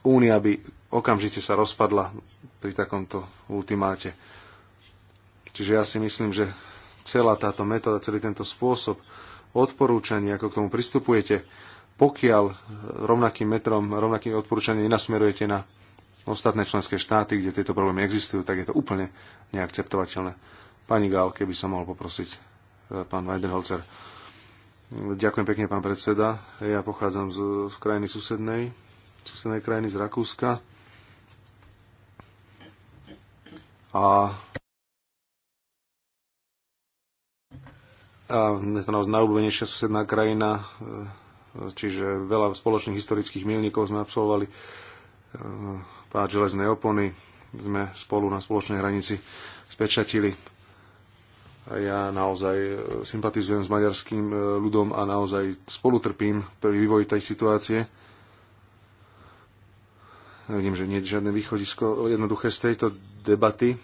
únia by okamžite sa rozpadla pri takomto ultimáte. Čiže ja si myslím, že celá táto metóda, celý tento spôsob odporúčaní, ako k tomu pristupujete, pokiaľ rovnakým metrom, rovnakým odporúčaním nenasmerujete na ostatné členské štáty, kde tieto problémy existujú, tak je to úplne neakceptovateľné. Pani Gál, keby som mohol poprosiť, e, pán Weiderholzer. Ďakujem pekne, pán predseda. Ja pochádzam z, z krajiny susednej, susednej krajiny z Rakúska. A a je to naozaj najobľúbenejšia susedná krajina, e, čiže veľa spoločných historických milníkov sme absolvovali, e, pád železnej opony sme spolu na spoločnej hranici spečatili. A ja naozaj e, sympatizujem s maďarským ľudom a naozaj spolutrpím pri vývoji tej situácie. Ja vidím, že nie je žiadne východisko jednoduché z tejto debaty.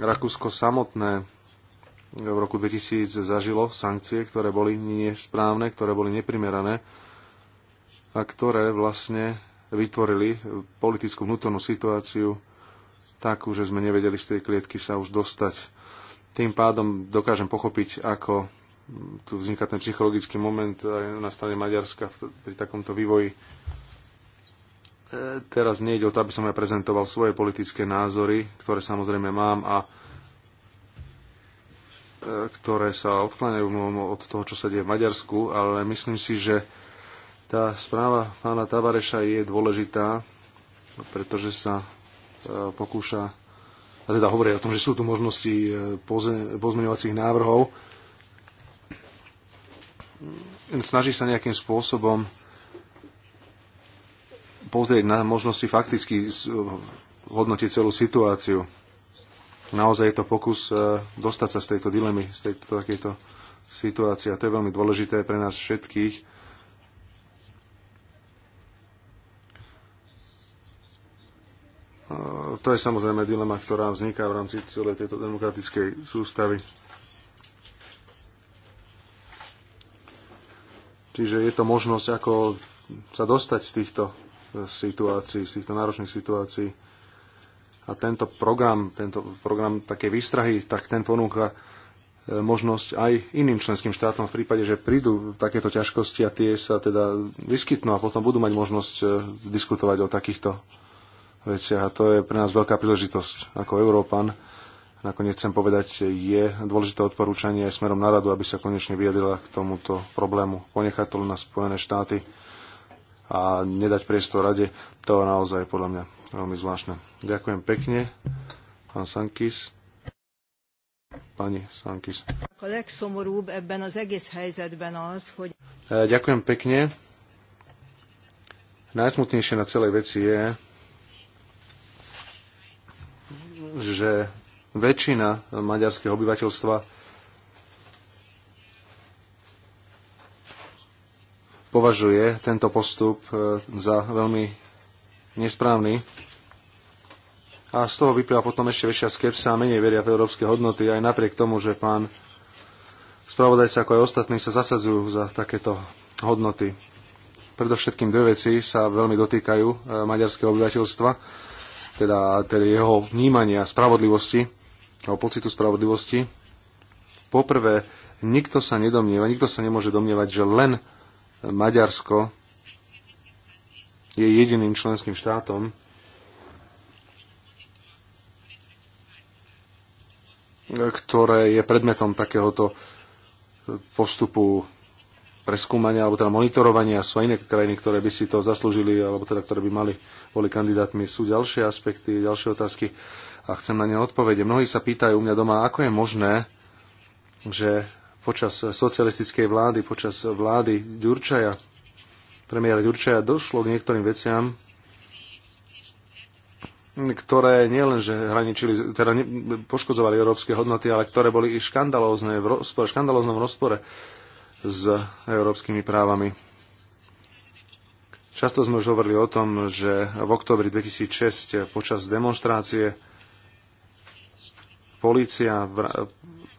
Rakúsko samotné v roku 2000 zažilo sankcie, ktoré boli nesprávne, ktoré boli neprimerané a ktoré vlastne vytvorili politickú vnútornú situáciu takú, že sme nevedeli z tej klietky sa už dostať. Tým pádom dokážem pochopiť, ako tu vzniká ten psychologický moment aj na strane Maďarska pri takomto vývoji. E, teraz nejde o to, aby som ja prezentoval svoje politické názory, ktoré samozrejme mám a ktoré sa odkláňajú od toho, čo sa deje v Maďarsku, ale myslím si, že tá správa pána Tavareša je dôležitá, pretože sa e, pokúša, a teda hovorí o tom, že sú tu možnosti e, pozmeňovacích návrhov, snaží sa nejakým spôsobom pozrieť na možnosti fakticky hodnotiť celú situáciu naozaj je to pokus e, dostať sa z tejto dilemy, z tejto takéto situácie. A to je veľmi dôležité pre nás všetkých. E, to je samozrejme dilema, ktorá vzniká v rámci celej tejto demokratickej sústavy. Čiže je to možnosť, ako sa dostať z týchto e, situácií, z týchto náročných situácií. A tento program, tento program také výstrahy, tak ten ponúka e, možnosť aj iným členským štátom v prípade, že prídu takéto ťažkosti a tie sa teda vyskytnú a potom budú mať možnosť e, diskutovať o takýchto veciach. A to je pre nás veľká príležitosť ako Európan. Nakoniec chcem povedať, je dôležité odporúčanie aj smerom na radu, aby sa konečne vyjadrila k tomuto problému. Ponechať to na Spojené štáty a nedať priestor rade, to je naozaj podľa mňa veľmi zvláštne. Ďakujem pekne, pán Sankis. Pani Sankis. E, ďakujem pekne. Najsmutnejšie na celej veci je, že väčšina maďarského obyvateľstva považuje tento postup e, za veľmi nesprávny. A z toho vyplýva potom ešte väčšia skepsa a menej veria v európske hodnoty, aj napriek tomu, že pán spravodajca ako aj ostatní sa zasadzujú za takéto hodnoty. Predovšetkým dve veci sa veľmi dotýkajú e, maďarského obyvateľstva, teda, teda jeho vnímania spravodlivosti, alebo pocitu spravodlivosti. Poprvé, nikto sa nedomnieva, nikto sa nemôže domnievať, že len Maďarsko je jediným členským štátom, ktoré je predmetom takéhoto postupu preskúmania alebo teda monitorovania. Sú aj iné krajiny, ktoré by si to zaslúžili alebo teda ktoré by mali, boli kandidátmi. Sú ďalšie aspekty, ďalšie otázky a chcem na ne odpovede. Mnohí sa pýtajú u mňa doma, ako je možné, že počas socialistickej vlády, počas vlády Ďurčaja, premiéra Ďurčaja, došlo k niektorým veciam, ktoré nielenže hraničili, teda ne, poškodzovali európske hodnoty, ale ktoré boli i škandalózne v rozpore, škandalóznom rozpore s európskymi právami. Často sme už hovorili o tom, že v oktobri 2006 počas demonstrácie policia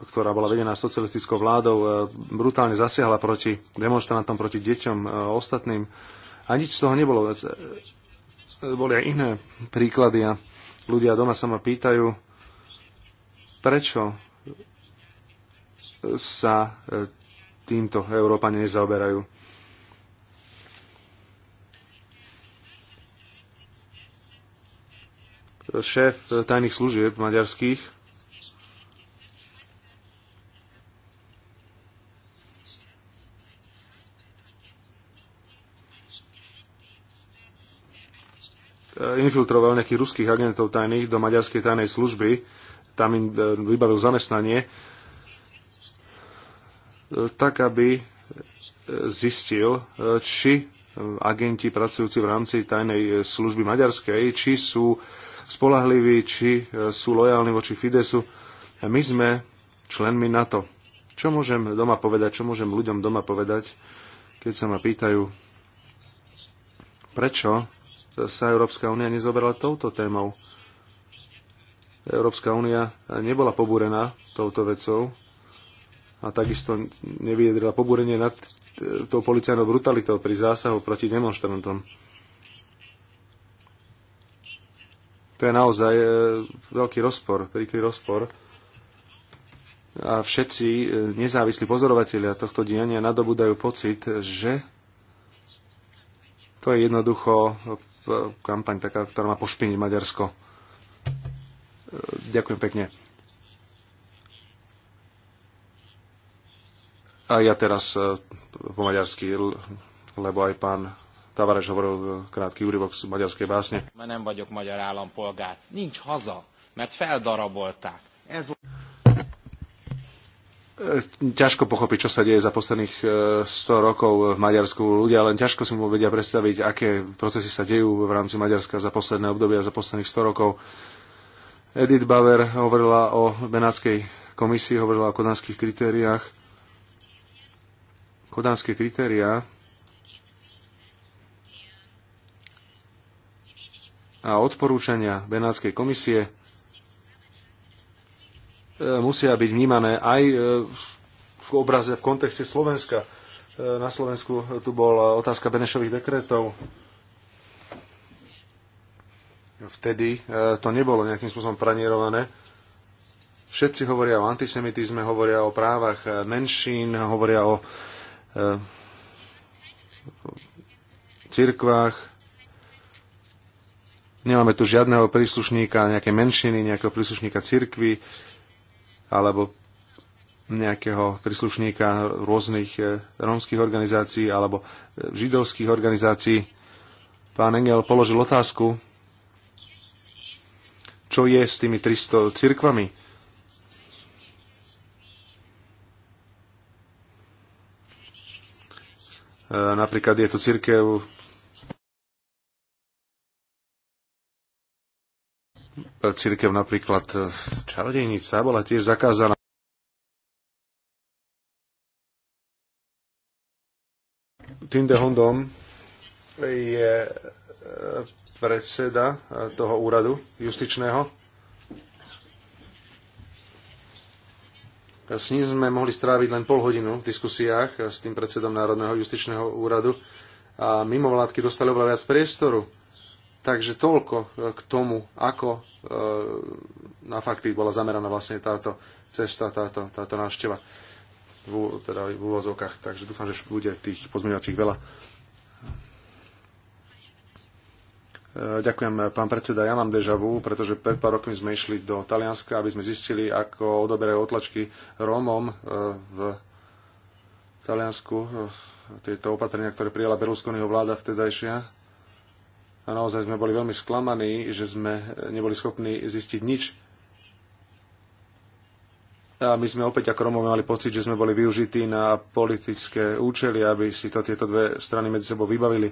ktorá bola vedená socialistickou vládou, e, brutálne zasiahla proti demonstrantom, proti deťom, e, ostatným. A nič z toho nebolo. E, boli aj iné príklady a ľudia doma sa ma pýtajú, prečo sa týmto Európa nezaoberajú. Šéf tajných služieb maďarských Eh, infiltroval nejakých ruských agentov tajných do maďarskej tajnej služby, tam im eh, vybavil zamestnanie, eh, tak aby zistil, či agenti pracujúci v rámci tajnej služby maďarskej, či sú spolahliví, či sú lojálni voči Fidesu. My sme členmi NATO. Čo môžem doma povedať, čo môžem ľuďom doma povedať, keď sa ma pýtajú, prečo sa Európska únia nezoberala touto témou. Európska únia nebola pobúrená touto vecou a takisto nevyjadrila pobúrenie nad e, tou policajnou brutalitou pri zásahu proti demonstrantom. To je naozaj e, veľký rozpor, príkry rozpor. A všetci e, nezávislí pozorovatelia tohto diania nadobúdajú pocit, že to je jednoducho e, kampaň taká, ktorá má pošpiniť Maďarsko. E, ďakujem pekne. A ja teraz e, po maďarsky, lebo aj pán Tavares hovoril krátky úryvok z maďarskej básne. Nem vagyok magyar állampolgár. Nincs haza, mert feldarabolták E, ťažko pochopiť, čo sa deje za posledných 100 e, rokov v Maďarsku. Ľudia len ťažko si mu vedia predstaviť, aké procesy sa dejú v rámci Maďarska za posledné obdobia, za posledných 100 rokov. Edith Bauer hovorila o Benátskej komisii, hovorila o kodanských kritériách. Kodanské kritériá a odporúčania Benátskej komisie E, musia byť vnímané aj e, v obraze, v kontexte Slovenska. E, na Slovensku tu bola otázka Benešových dekretov. Vtedy to nebolo nejakým spôsobom pranierované. Všetci hovoria o antisemitizme, hovoria o právach menšín, hovoria o cirkvách. Nemáme tu žiadneho príslušníka nejakej menšiny, nejakého príslušníka cirkvy alebo nejakého príslušníka rôznych eh, rómskych organizácií alebo eh, židovských organizácií. Pán Engel položil otázku, čo je s tými 300 cirkvami. Eh, napríklad je to cirkev církev napríklad e, čarodejnica bola tiež zakázaná. Tinde Hondom je e, predseda e, toho úradu justičného. S ním sme mohli stráviť len pol hodinu v diskusiách s tým predsedom Národného justičného úradu a mimovládky dostali oveľa viac priestoru. Takže toľko k tomu, ako E, na fakty bola zameraná vlastne táto cesta, táto, táto návšteva v, teda v úvozovkách. Takže dúfam, že bude tých pozmeňovacích veľa. E, ďakujem, pán predseda. Ja mám deja vu, pretože pred pár rokmi sme išli do Talianska, aby sme zistili, ako odoberajú otlačky Rómom e, v Taliansku. Tieto opatrenia, ktoré prijala Berlusconiho vláda vtedajšia, a naozaj sme boli veľmi sklamaní, že sme neboli schopní zistiť nič. A my sme opäť ako Romov mali pocit, že sme boli využití na politické účely, aby si to tieto dve strany medzi sebou vybavili.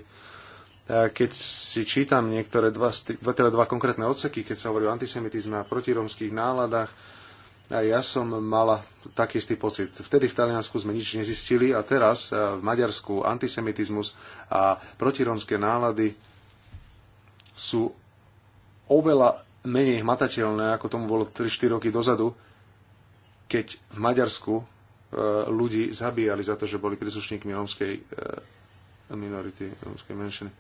A keď si čítam niektoré dva, dva, teda dva konkrétne odseky, keď sa hovorí o antisemitizme a protiromských náladách, a ja som mala taký istý pocit. Vtedy v Taliansku sme nič nezistili a teraz v Maďarsku antisemitizmus a protirómske nálady sú oveľa menej hmatateľné, ako tomu bolo 3-4 roky dozadu, keď v Maďarsku e, ľudí zabíjali za to, že boli príslušníkmi e, minority, homskej menšiny.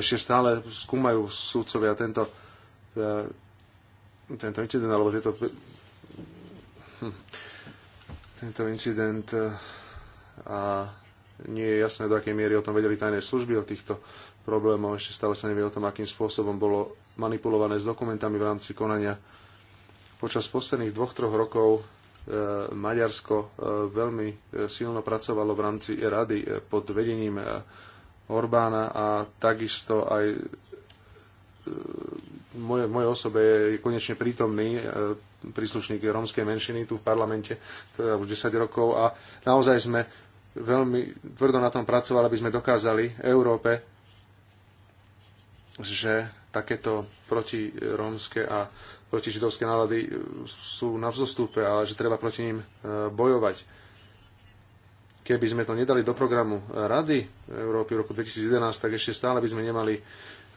Ešte stále skúmajú súdcovia tento, e, tento incident, alebo tieto, hm, tento incident e, a nie je jasné, do akej miery o tom vedeli tajné služby, o týchto problémov. Ešte stále sa nevie o tom, akým spôsobom bolo manipulované s dokumentami v rámci konania. Počas posledných dvoch, troch rokov e, Maďarsko e, veľmi e, silno pracovalo v rámci rady pod vedením Orbána a takisto aj moje, moje osobe je konečne prítomný príslušník romskej menšiny tu v parlamente, teda už 10 rokov a naozaj sme veľmi tvrdo na tom pracovali, aby sme dokázali Európe že takéto protirómske a protižidovské nálady sú na vzostupe, ale že treba proti ním e, bojovať. Keby sme to nedali do programu e, Rady Európy v roku 2011, tak ešte stále by sme nemali e,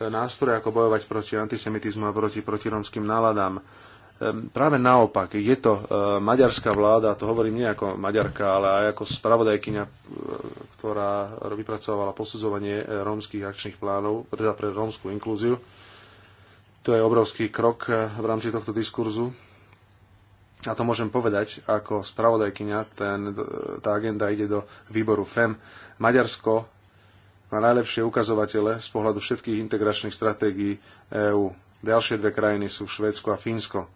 nástroje, ako bojovať proti antisemitizmu a proti protirómskym náladám Práve naopak, je to e, maďarská vláda, to hovorím nie ako maďarka, ale aj ako spravodajkyňa, e, ktorá vypracovala posudzovanie e, rómskych akčných plánov, teda pre rómskú inklúziu. To je obrovský krok v rámci tohto diskurzu. A to môžem povedať, ako spravodajkyňa, ten, tá agenda ide do výboru FEM. Maďarsko má najlepšie ukazovatele z pohľadu všetkých integračných stratégií EÚ. Ďalšie dve krajiny sú Švédsko a Fínsko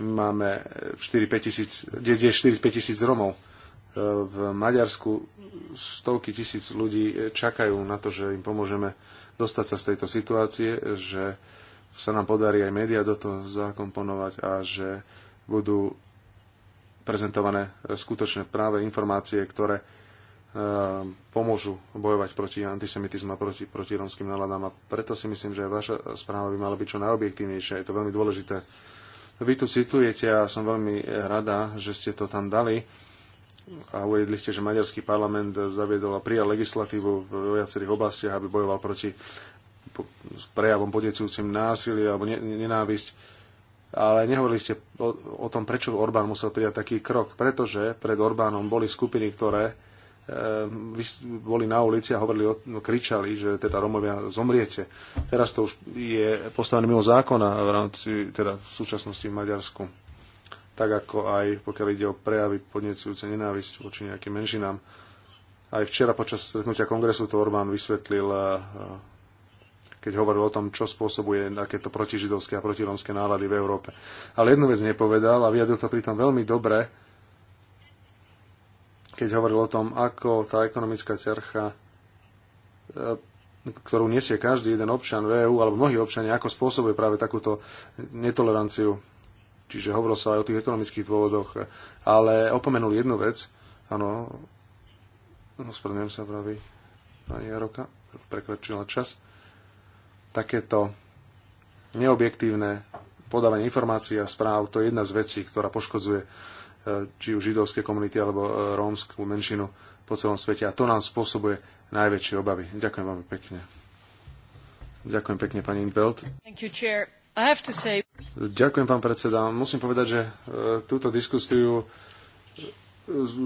Máme 4-5 tisíc, 4-5 tisíc Romov. E, v Maďarsku stovky tisíc ľudí e, čakajú na to, že im pomôžeme dostať sa z tejto situácie, že sa nám podarí aj médiá do toho zakomponovať a že budú prezentované e, skutočné práve informácie, ktoré pomôžu bojovať proti antisemitizmu a proti, proti romským náladám. A preto si myslím, že aj vaša správa by mala byť čo najobjektívnejšia. Je to veľmi dôležité vy tu citujete a som veľmi eh, rada, že ste to tam dali a uvedli ste, že maďarský parlament zaviedol a prijal legislatívu v viacerých oblastiach, aby bojoval proti prejavom podiecujúcim násilie alebo nenávisť. Ale nehovorili ste o, o tom, prečo Orbán musel prijať taký krok. Pretože pred Orbánom boli skupiny, ktoré Ehm, boli na ulici a hovorili, no, kričali, že teda Romovia zomriete. Teraz to už je postavené mimo zákona v rámci teda v súčasnosti v Maďarsku. Tak ako aj pokiaľ ide o prejavy podnecujúce nenávisť voči nejakým menšinám. Aj včera počas stretnutia kongresu to Orbán vysvetlil, e, keď hovoril o tom, čo spôsobuje takéto protižidovské a protiromské nálady v Európe. Ale jednu vec nepovedal a vyjadil to pritom veľmi dobre, keď hovoril o tom, ako tá ekonomická ťarcha, e, ktorú nesie každý jeden občan v EU, alebo mnohí občania, ako spôsobuje práve takúto netoleranciu. Čiže hovorilo sa aj o tých ekonomických dôvodoch, ale opomenul jednu vec, áno, ospravedlňujem sa praví pani Jaroka, prekročila čas, takéto neobjektívne podávanie informácií a správ, to je jedna z vecí, ktorá poškodzuje či už židovské komunity alebo e, rómskú menšinu po celom svete. A to nám spôsobuje najväčšie obavy. Ďakujem veľmi pekne. Ďakujem pekne, pani Intveld. Say... Ďakujem, pán predseda. Musím povedať, že e, túto diskusiu e,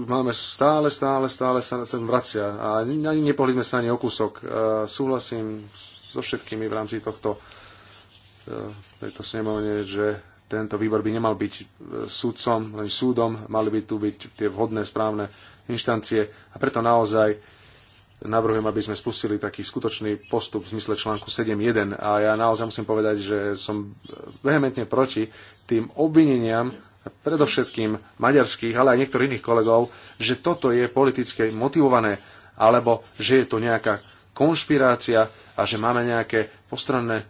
máme stále, stále, stále sa sem vracia a ani nepohli sme sa ani o kúsok. Súhlasím so všetkými v rámci tohto tejto snemovne, že tento výbor by nemal byť e, súdcom, len súdom, mali by tu byť tie vhodné, správne inštancie a preto naozaj navrhujem, aby sme spustili taký skutočný postup v zmysle článku 7.1 a ja naozaj musím povedať, že som vehementne proti tým obvineniam, predovšetkým maďarských, ale aj niektorých iných kolegov, že toto je politicky motivované, alebo že je to nejaká konšpirácia a že máme nejaké postranné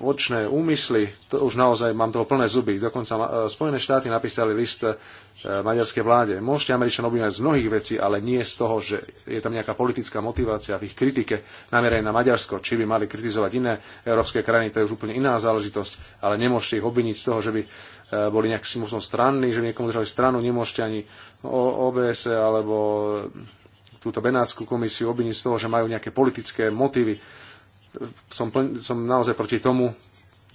vočné úmysly, to už naozaj mám toho plné zuby. Dokonca e, Spojené štáty napísali list e, maďarskej vláde. Môžete Američanov obvinať z mnohých vecí, ale nie z toho, že je tam nejaká politická motivácia v ich kritike namierenej na Maďarsko. Či by mali kritizovať iné európske krajiny, to je už úplne iná záležitosť, ale nemôžete ich obviniť z toho, že by e, boli nejakým spôsobom stranní, že by niekomu držali stranu, nemôžete ani OBS alebo túto Benátskú komisiu obviniť z toho, že majú nejaké politické motívy som, som naozaj proti tomu,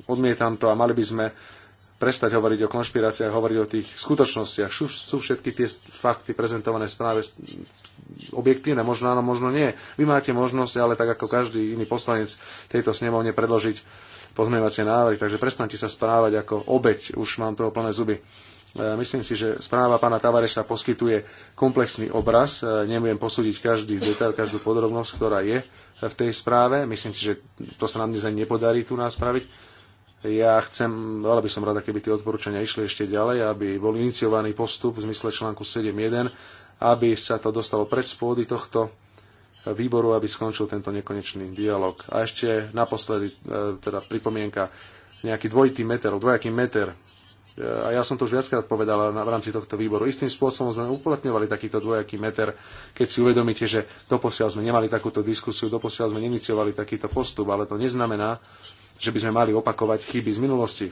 odmietam to a mali by sme prestať hovoriť o konšpiráciách, hovoriť o tých skutočnostiach. Sú, sú všetky tie fakty prezentované v správe objektívne, možno áno, možno nie. Vy máte možnosť, ale tak ako každý iný poslanec tejto snemovne predložiť pozmeňovacie návrhy, takže prestante sa správať ako obeď, už mám toho plné zuby. E, myslím si, že správa pána Tavareša poskytuje komplexný obraz. E, Neviem posúdiť každý detail, každú podrobnosť, ktorá je v tej správe. Myslím si, že to sa nám dnes ani nepodarí tu nás spraviť. Ja chcem, ale by som rada, keby tie odporúčania išli ešte ďalej, aby bol iniciovaný postup v zmysle článku 7.1, aby sa to dostalo preč z pôdy tohto výboru, aby skončil tento nekonečný dialog. A ešte naposledy, e, teda pripomienka, nejaký dvojitý meter, dvojaký meter a ja som to už viackrát povedal v rámci tohto výboru, istým spôsobom sme uplatňovali takýto dvojaký meter, keď si uvedomíte, že doposiaľ sme nemali takúto diskusiu, doposiaľ sme iniciovali takýto postup, ale to neznamená, že by sme mali opakovať chyby z minulosti.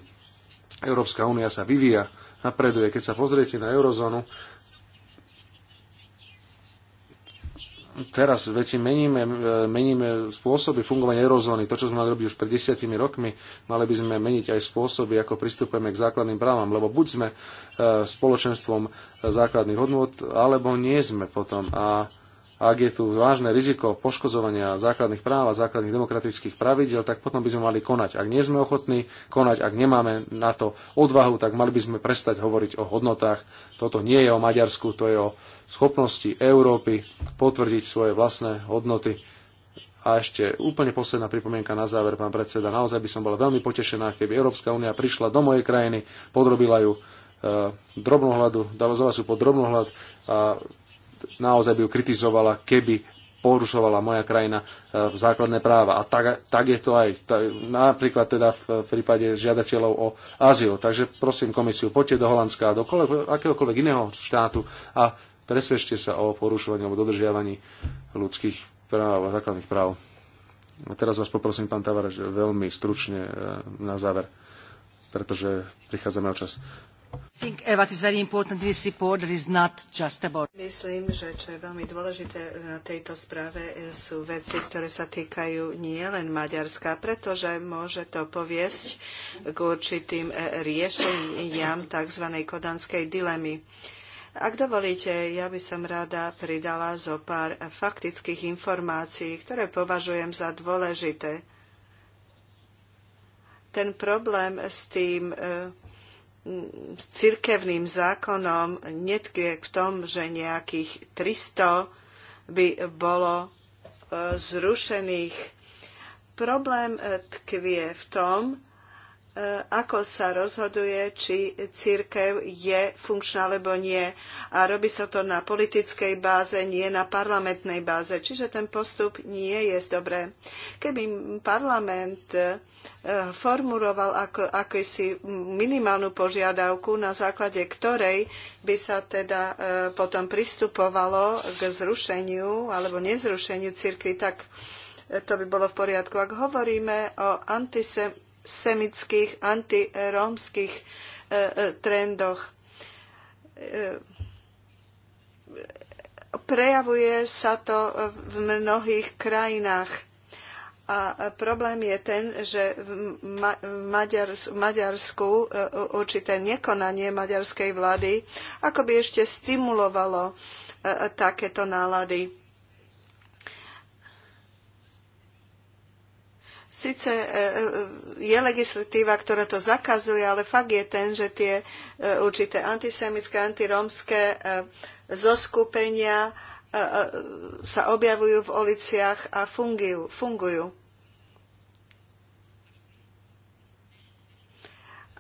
Európska únia sa vyvíja, napreduje. Keď sa pozriete na eurozónu, teraz veci meníme, e, meníme spôsoby fungovania eurozóny. To, čo sme mali robiť už pred desiatimi rokmi, mali by sme meniť aj spôsoby, ako pristupujeme k základným právam, lebo buď sme e, spoločenstvom e, základných hodnôt, alebo nie sme potom. A ak je tu vážne riziko poškozovania základných práv a základných demokratických pravidel, tak potom by sme mali konať. Ak nie sme ochotní konať, ak nemáme na to odvahu, tak mali by sme prestať hovoriť o hodnotách. Toto nie je o Maďarsku, to je o schopnosti Európy potvrdiť svoje vlastné hodnoty. A ešte úplne posledná pripomienka na záver, pán predseda. Naozaj by som bola veľmi potešená, keby Európska únia prišla do mojej krajiny, podrobila ju eh, drobnohľadu, dala zrazu pod drobnohľad a naozaj by ju kritizovala, keby porušovala moja krajina e, základné práva. A tak, tak je to aj tak, napríklad teda v prípade žiadateľov o azyl. Takže prosím komisiu, poďte do Holandska a do kole, akéhokoľvek iného štátu a presvedčte sa o porušovaní alebo dodržiavaní ľudských práv a základných práv. A teraz vás poprosím, pán Tavaraš, veľmi stručne e, na záver, pretože prichádzame o čas. Myslím, že čo je veľmi dôležité na tejto správe e, sú veci, ktoré sa týkajú nielen Maďarska, pretože môže to poviesť k určitým e, riešeniam tzv. kodanskej dilemy. Ak dovolíte, ja by som rada pridala zo pár faktických informácií, ktoré považujem za dôležité. Ten problém s tým e, cirkevným zákonom netkie v tom, že nejakých 300 by bolo e, zrušených. Problém e, tkvie v tom, E, ako sa rozhoduje, či církev je funkčná alebo nie. A robí sa to na politickej báze, nie na parlamentnej báze. Čiže ten postup nie je dobré. Keby parlament e, formuloval ako, akýsi minimálnu požiadavku, na základe ktorej by sa teda e, potom pristupovalo k zrušeniu alebo nezrušeniu cirkvi, tak to by bolo v poriadku. Ak hovoríme o antisem, antisemických, antirómskych e, e, trendoch. E, prejavuje sa to v mnohých krajinách. A problém je ten, že v Maďarsku určité nekonanie maďarskej vlády akoby ešte stimulovalo takéto nálady Sice e, e, je legislatíva, ktorá to zakazuje, ale fakt je ten, že tie e, určité antisemické, antirómske zoskupenia sa objavujú v uliciach a fungujú. fungujú.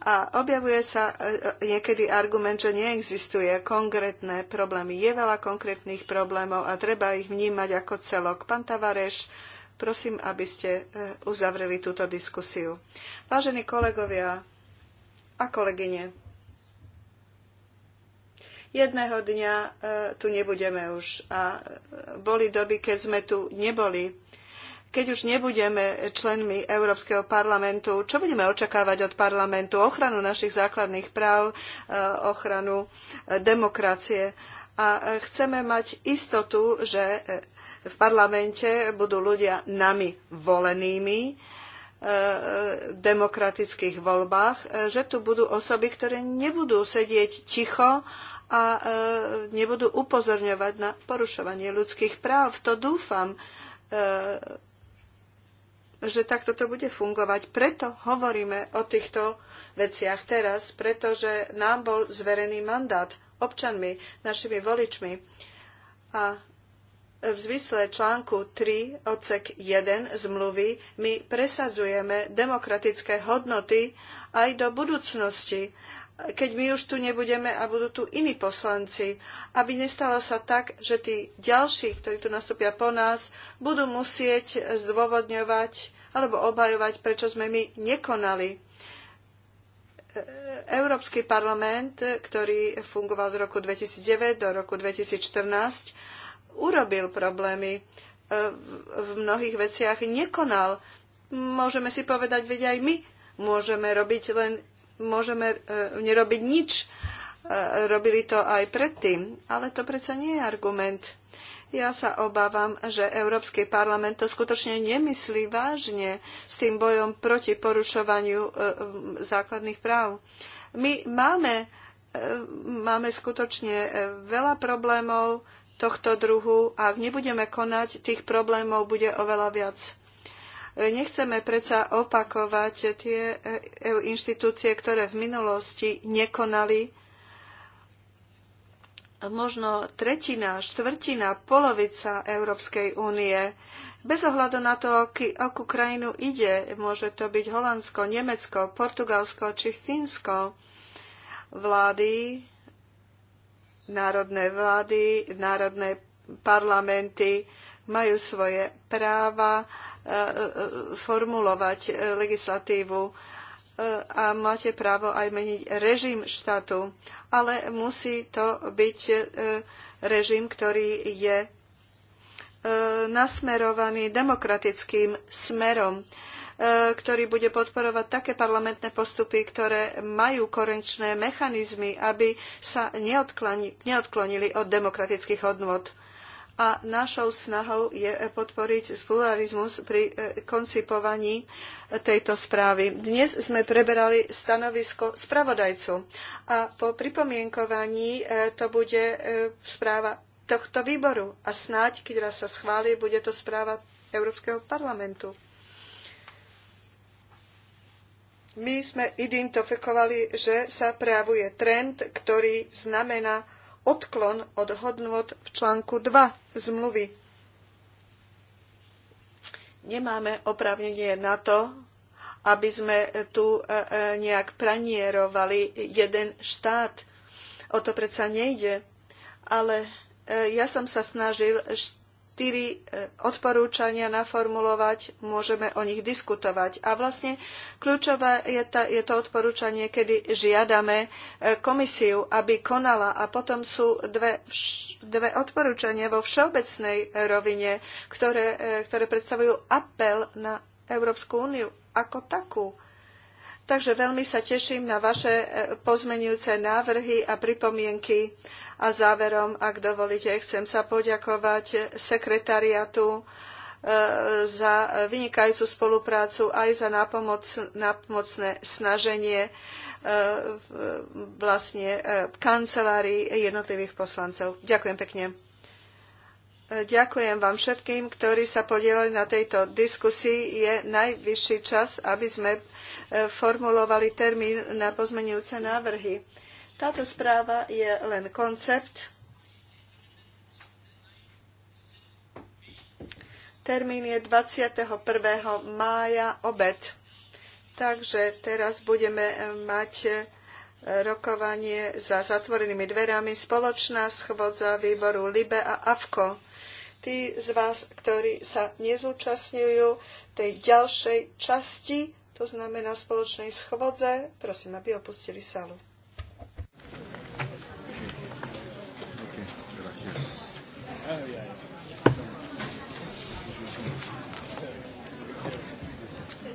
A objavuje sa niekedy argument, že neexistuje konkrétne problémy. Je veľa konkrétnych problémov a treba ich vnímať ako celok. Pán Tavareš Prosím, aby ste e, uzavreli túto diskusiu. Vážení kolegovia a kolegyne, jedného dňa e, tu nebudeme už. A e, boli doby, keď sme tu neboli. Keď už nebudeme členmi Európskeho parlamentu, čo budeme očakávať od parlamentu? Ochranu našich základných práv, ochranu demokracie a e, chceme mať istotu, že e, v parlamente budú ľudia nami volenými e, demokratických voľbách, že tu budú osoby, ktoré nebudú sedieť ticho a nebudú upozorňovať na porušovanie ľudských práv. To dúfam, že takto to bude fungovať. Preto hovoríme o týchto veciach teraz, pretože nám bol zverený mandát občanmi, našimi voličmi. A v zmysle článku 3 odsek 1 zmluvy my presadzujeme demokratické hodnoty aj do budúcnosti, keď my už tu nebudeme a budú tu iní poslanci, aby nestalo sa tak, že tí ďalší, ktorí tu nastúpia po nás, budú musieť zdôvodňovať alebo obhajovať, prečo sme my nekonali. Európsky parlament, ktorý fungoval od roku 2009 do roku 2014, urobil problémy. E, v mnohých veciach nekonal. Môžeme si povedať, veď aj my môžeme robiť len, môžeme e, nerobiť nič. E, robili to aj predtým, ale to predsa nie je argument. Ja sa obávam, že Európsky parlament to skutočne nemyslí vážne s tým bojom proti porušovaniu e, základných práv. My máme, e, máme skutočne e, veľa problémov tohto druhu a ak nebudeme konať, tých problémov bude oveľa viac nechceme predsa opakovať tie inštitúcie, ktoré v minulosti nekonali možno tretina, štvrtina, polovica Európskej únie. Bez ohľadu na to, akú krajinu ide, môže to byť Holandsko, Nemecko, Portugalsko či Fínsko, vlády, národné vlády, národné parlamenty majú svoje práva e, e, e, formulovať legislatívu a máte právo aj meniť režim štátu, ale musí to byť e, režim, ktorý je e, nasmerovaný demokratickým smerom, e, ktorý bude podporovať také parlamentné postupy, ktoré majú korenčné mechanizmy, aby sa neodklonili od demokratických hodnot a našou snahou je podporiť pluralizmus pri e, koncipovaní e, tejto správy. Dnes sme preberali stanovisko spravodajcu a po pripomienkovaní e, to bude správa tohto výboru a snáď, keď raz sa schváli, bude to správa Európskeho parlamentu. My sme identifikovali, že sa prejavuje trend, ktorý znamená odklon od hodnot v článku 2 zmluvy. Nemáme oprávnenie na to, aby sme tu e, e, nejak pranierovali jeden štát. O to predsa nejde. Ale e, ja som sa snažil štyri e, odporúčania naformulovať, môžeme o nich diskutovať. A vlastne kľúčové je, ta, je to odporúčanie, kedy žiadame e, komisiu, aby konala a potom sú dve, dve odporúčania vo všeobecnej rovine, ktoré, e, ktoré predstavujú apel na Európsku úniu ako takú Takže veľmi sa teším na vaše e, pozmenujúce návrhy a pripomienky. A záverom, ak dovolíte, chcem sa poďakovať sekretariatu e, za vynikajúcu spoluprácu aj za nápomoc, nápomocné snaženie e, vlastne kancelárii jednotlivých poslancov. Ďakujem pekne. Ďakujem vám všetkým, ktorí sa podielali na tejto diskusii. Je najvyšší čas, aby sme formulovali termín na pozmenujúce návrhy. Táto správa je len koncept. Termín je 21. mája obed. Takže teraz budeme mať eh, rokovanie za zatvorenými dverami, spoločná schôdza výboru LIBE a AFKO. Tí z vás, ktorí sa nezúčastňujú tej ďalšej časti to znamená spoločnej schôdze. Prosím, aby opustili salu.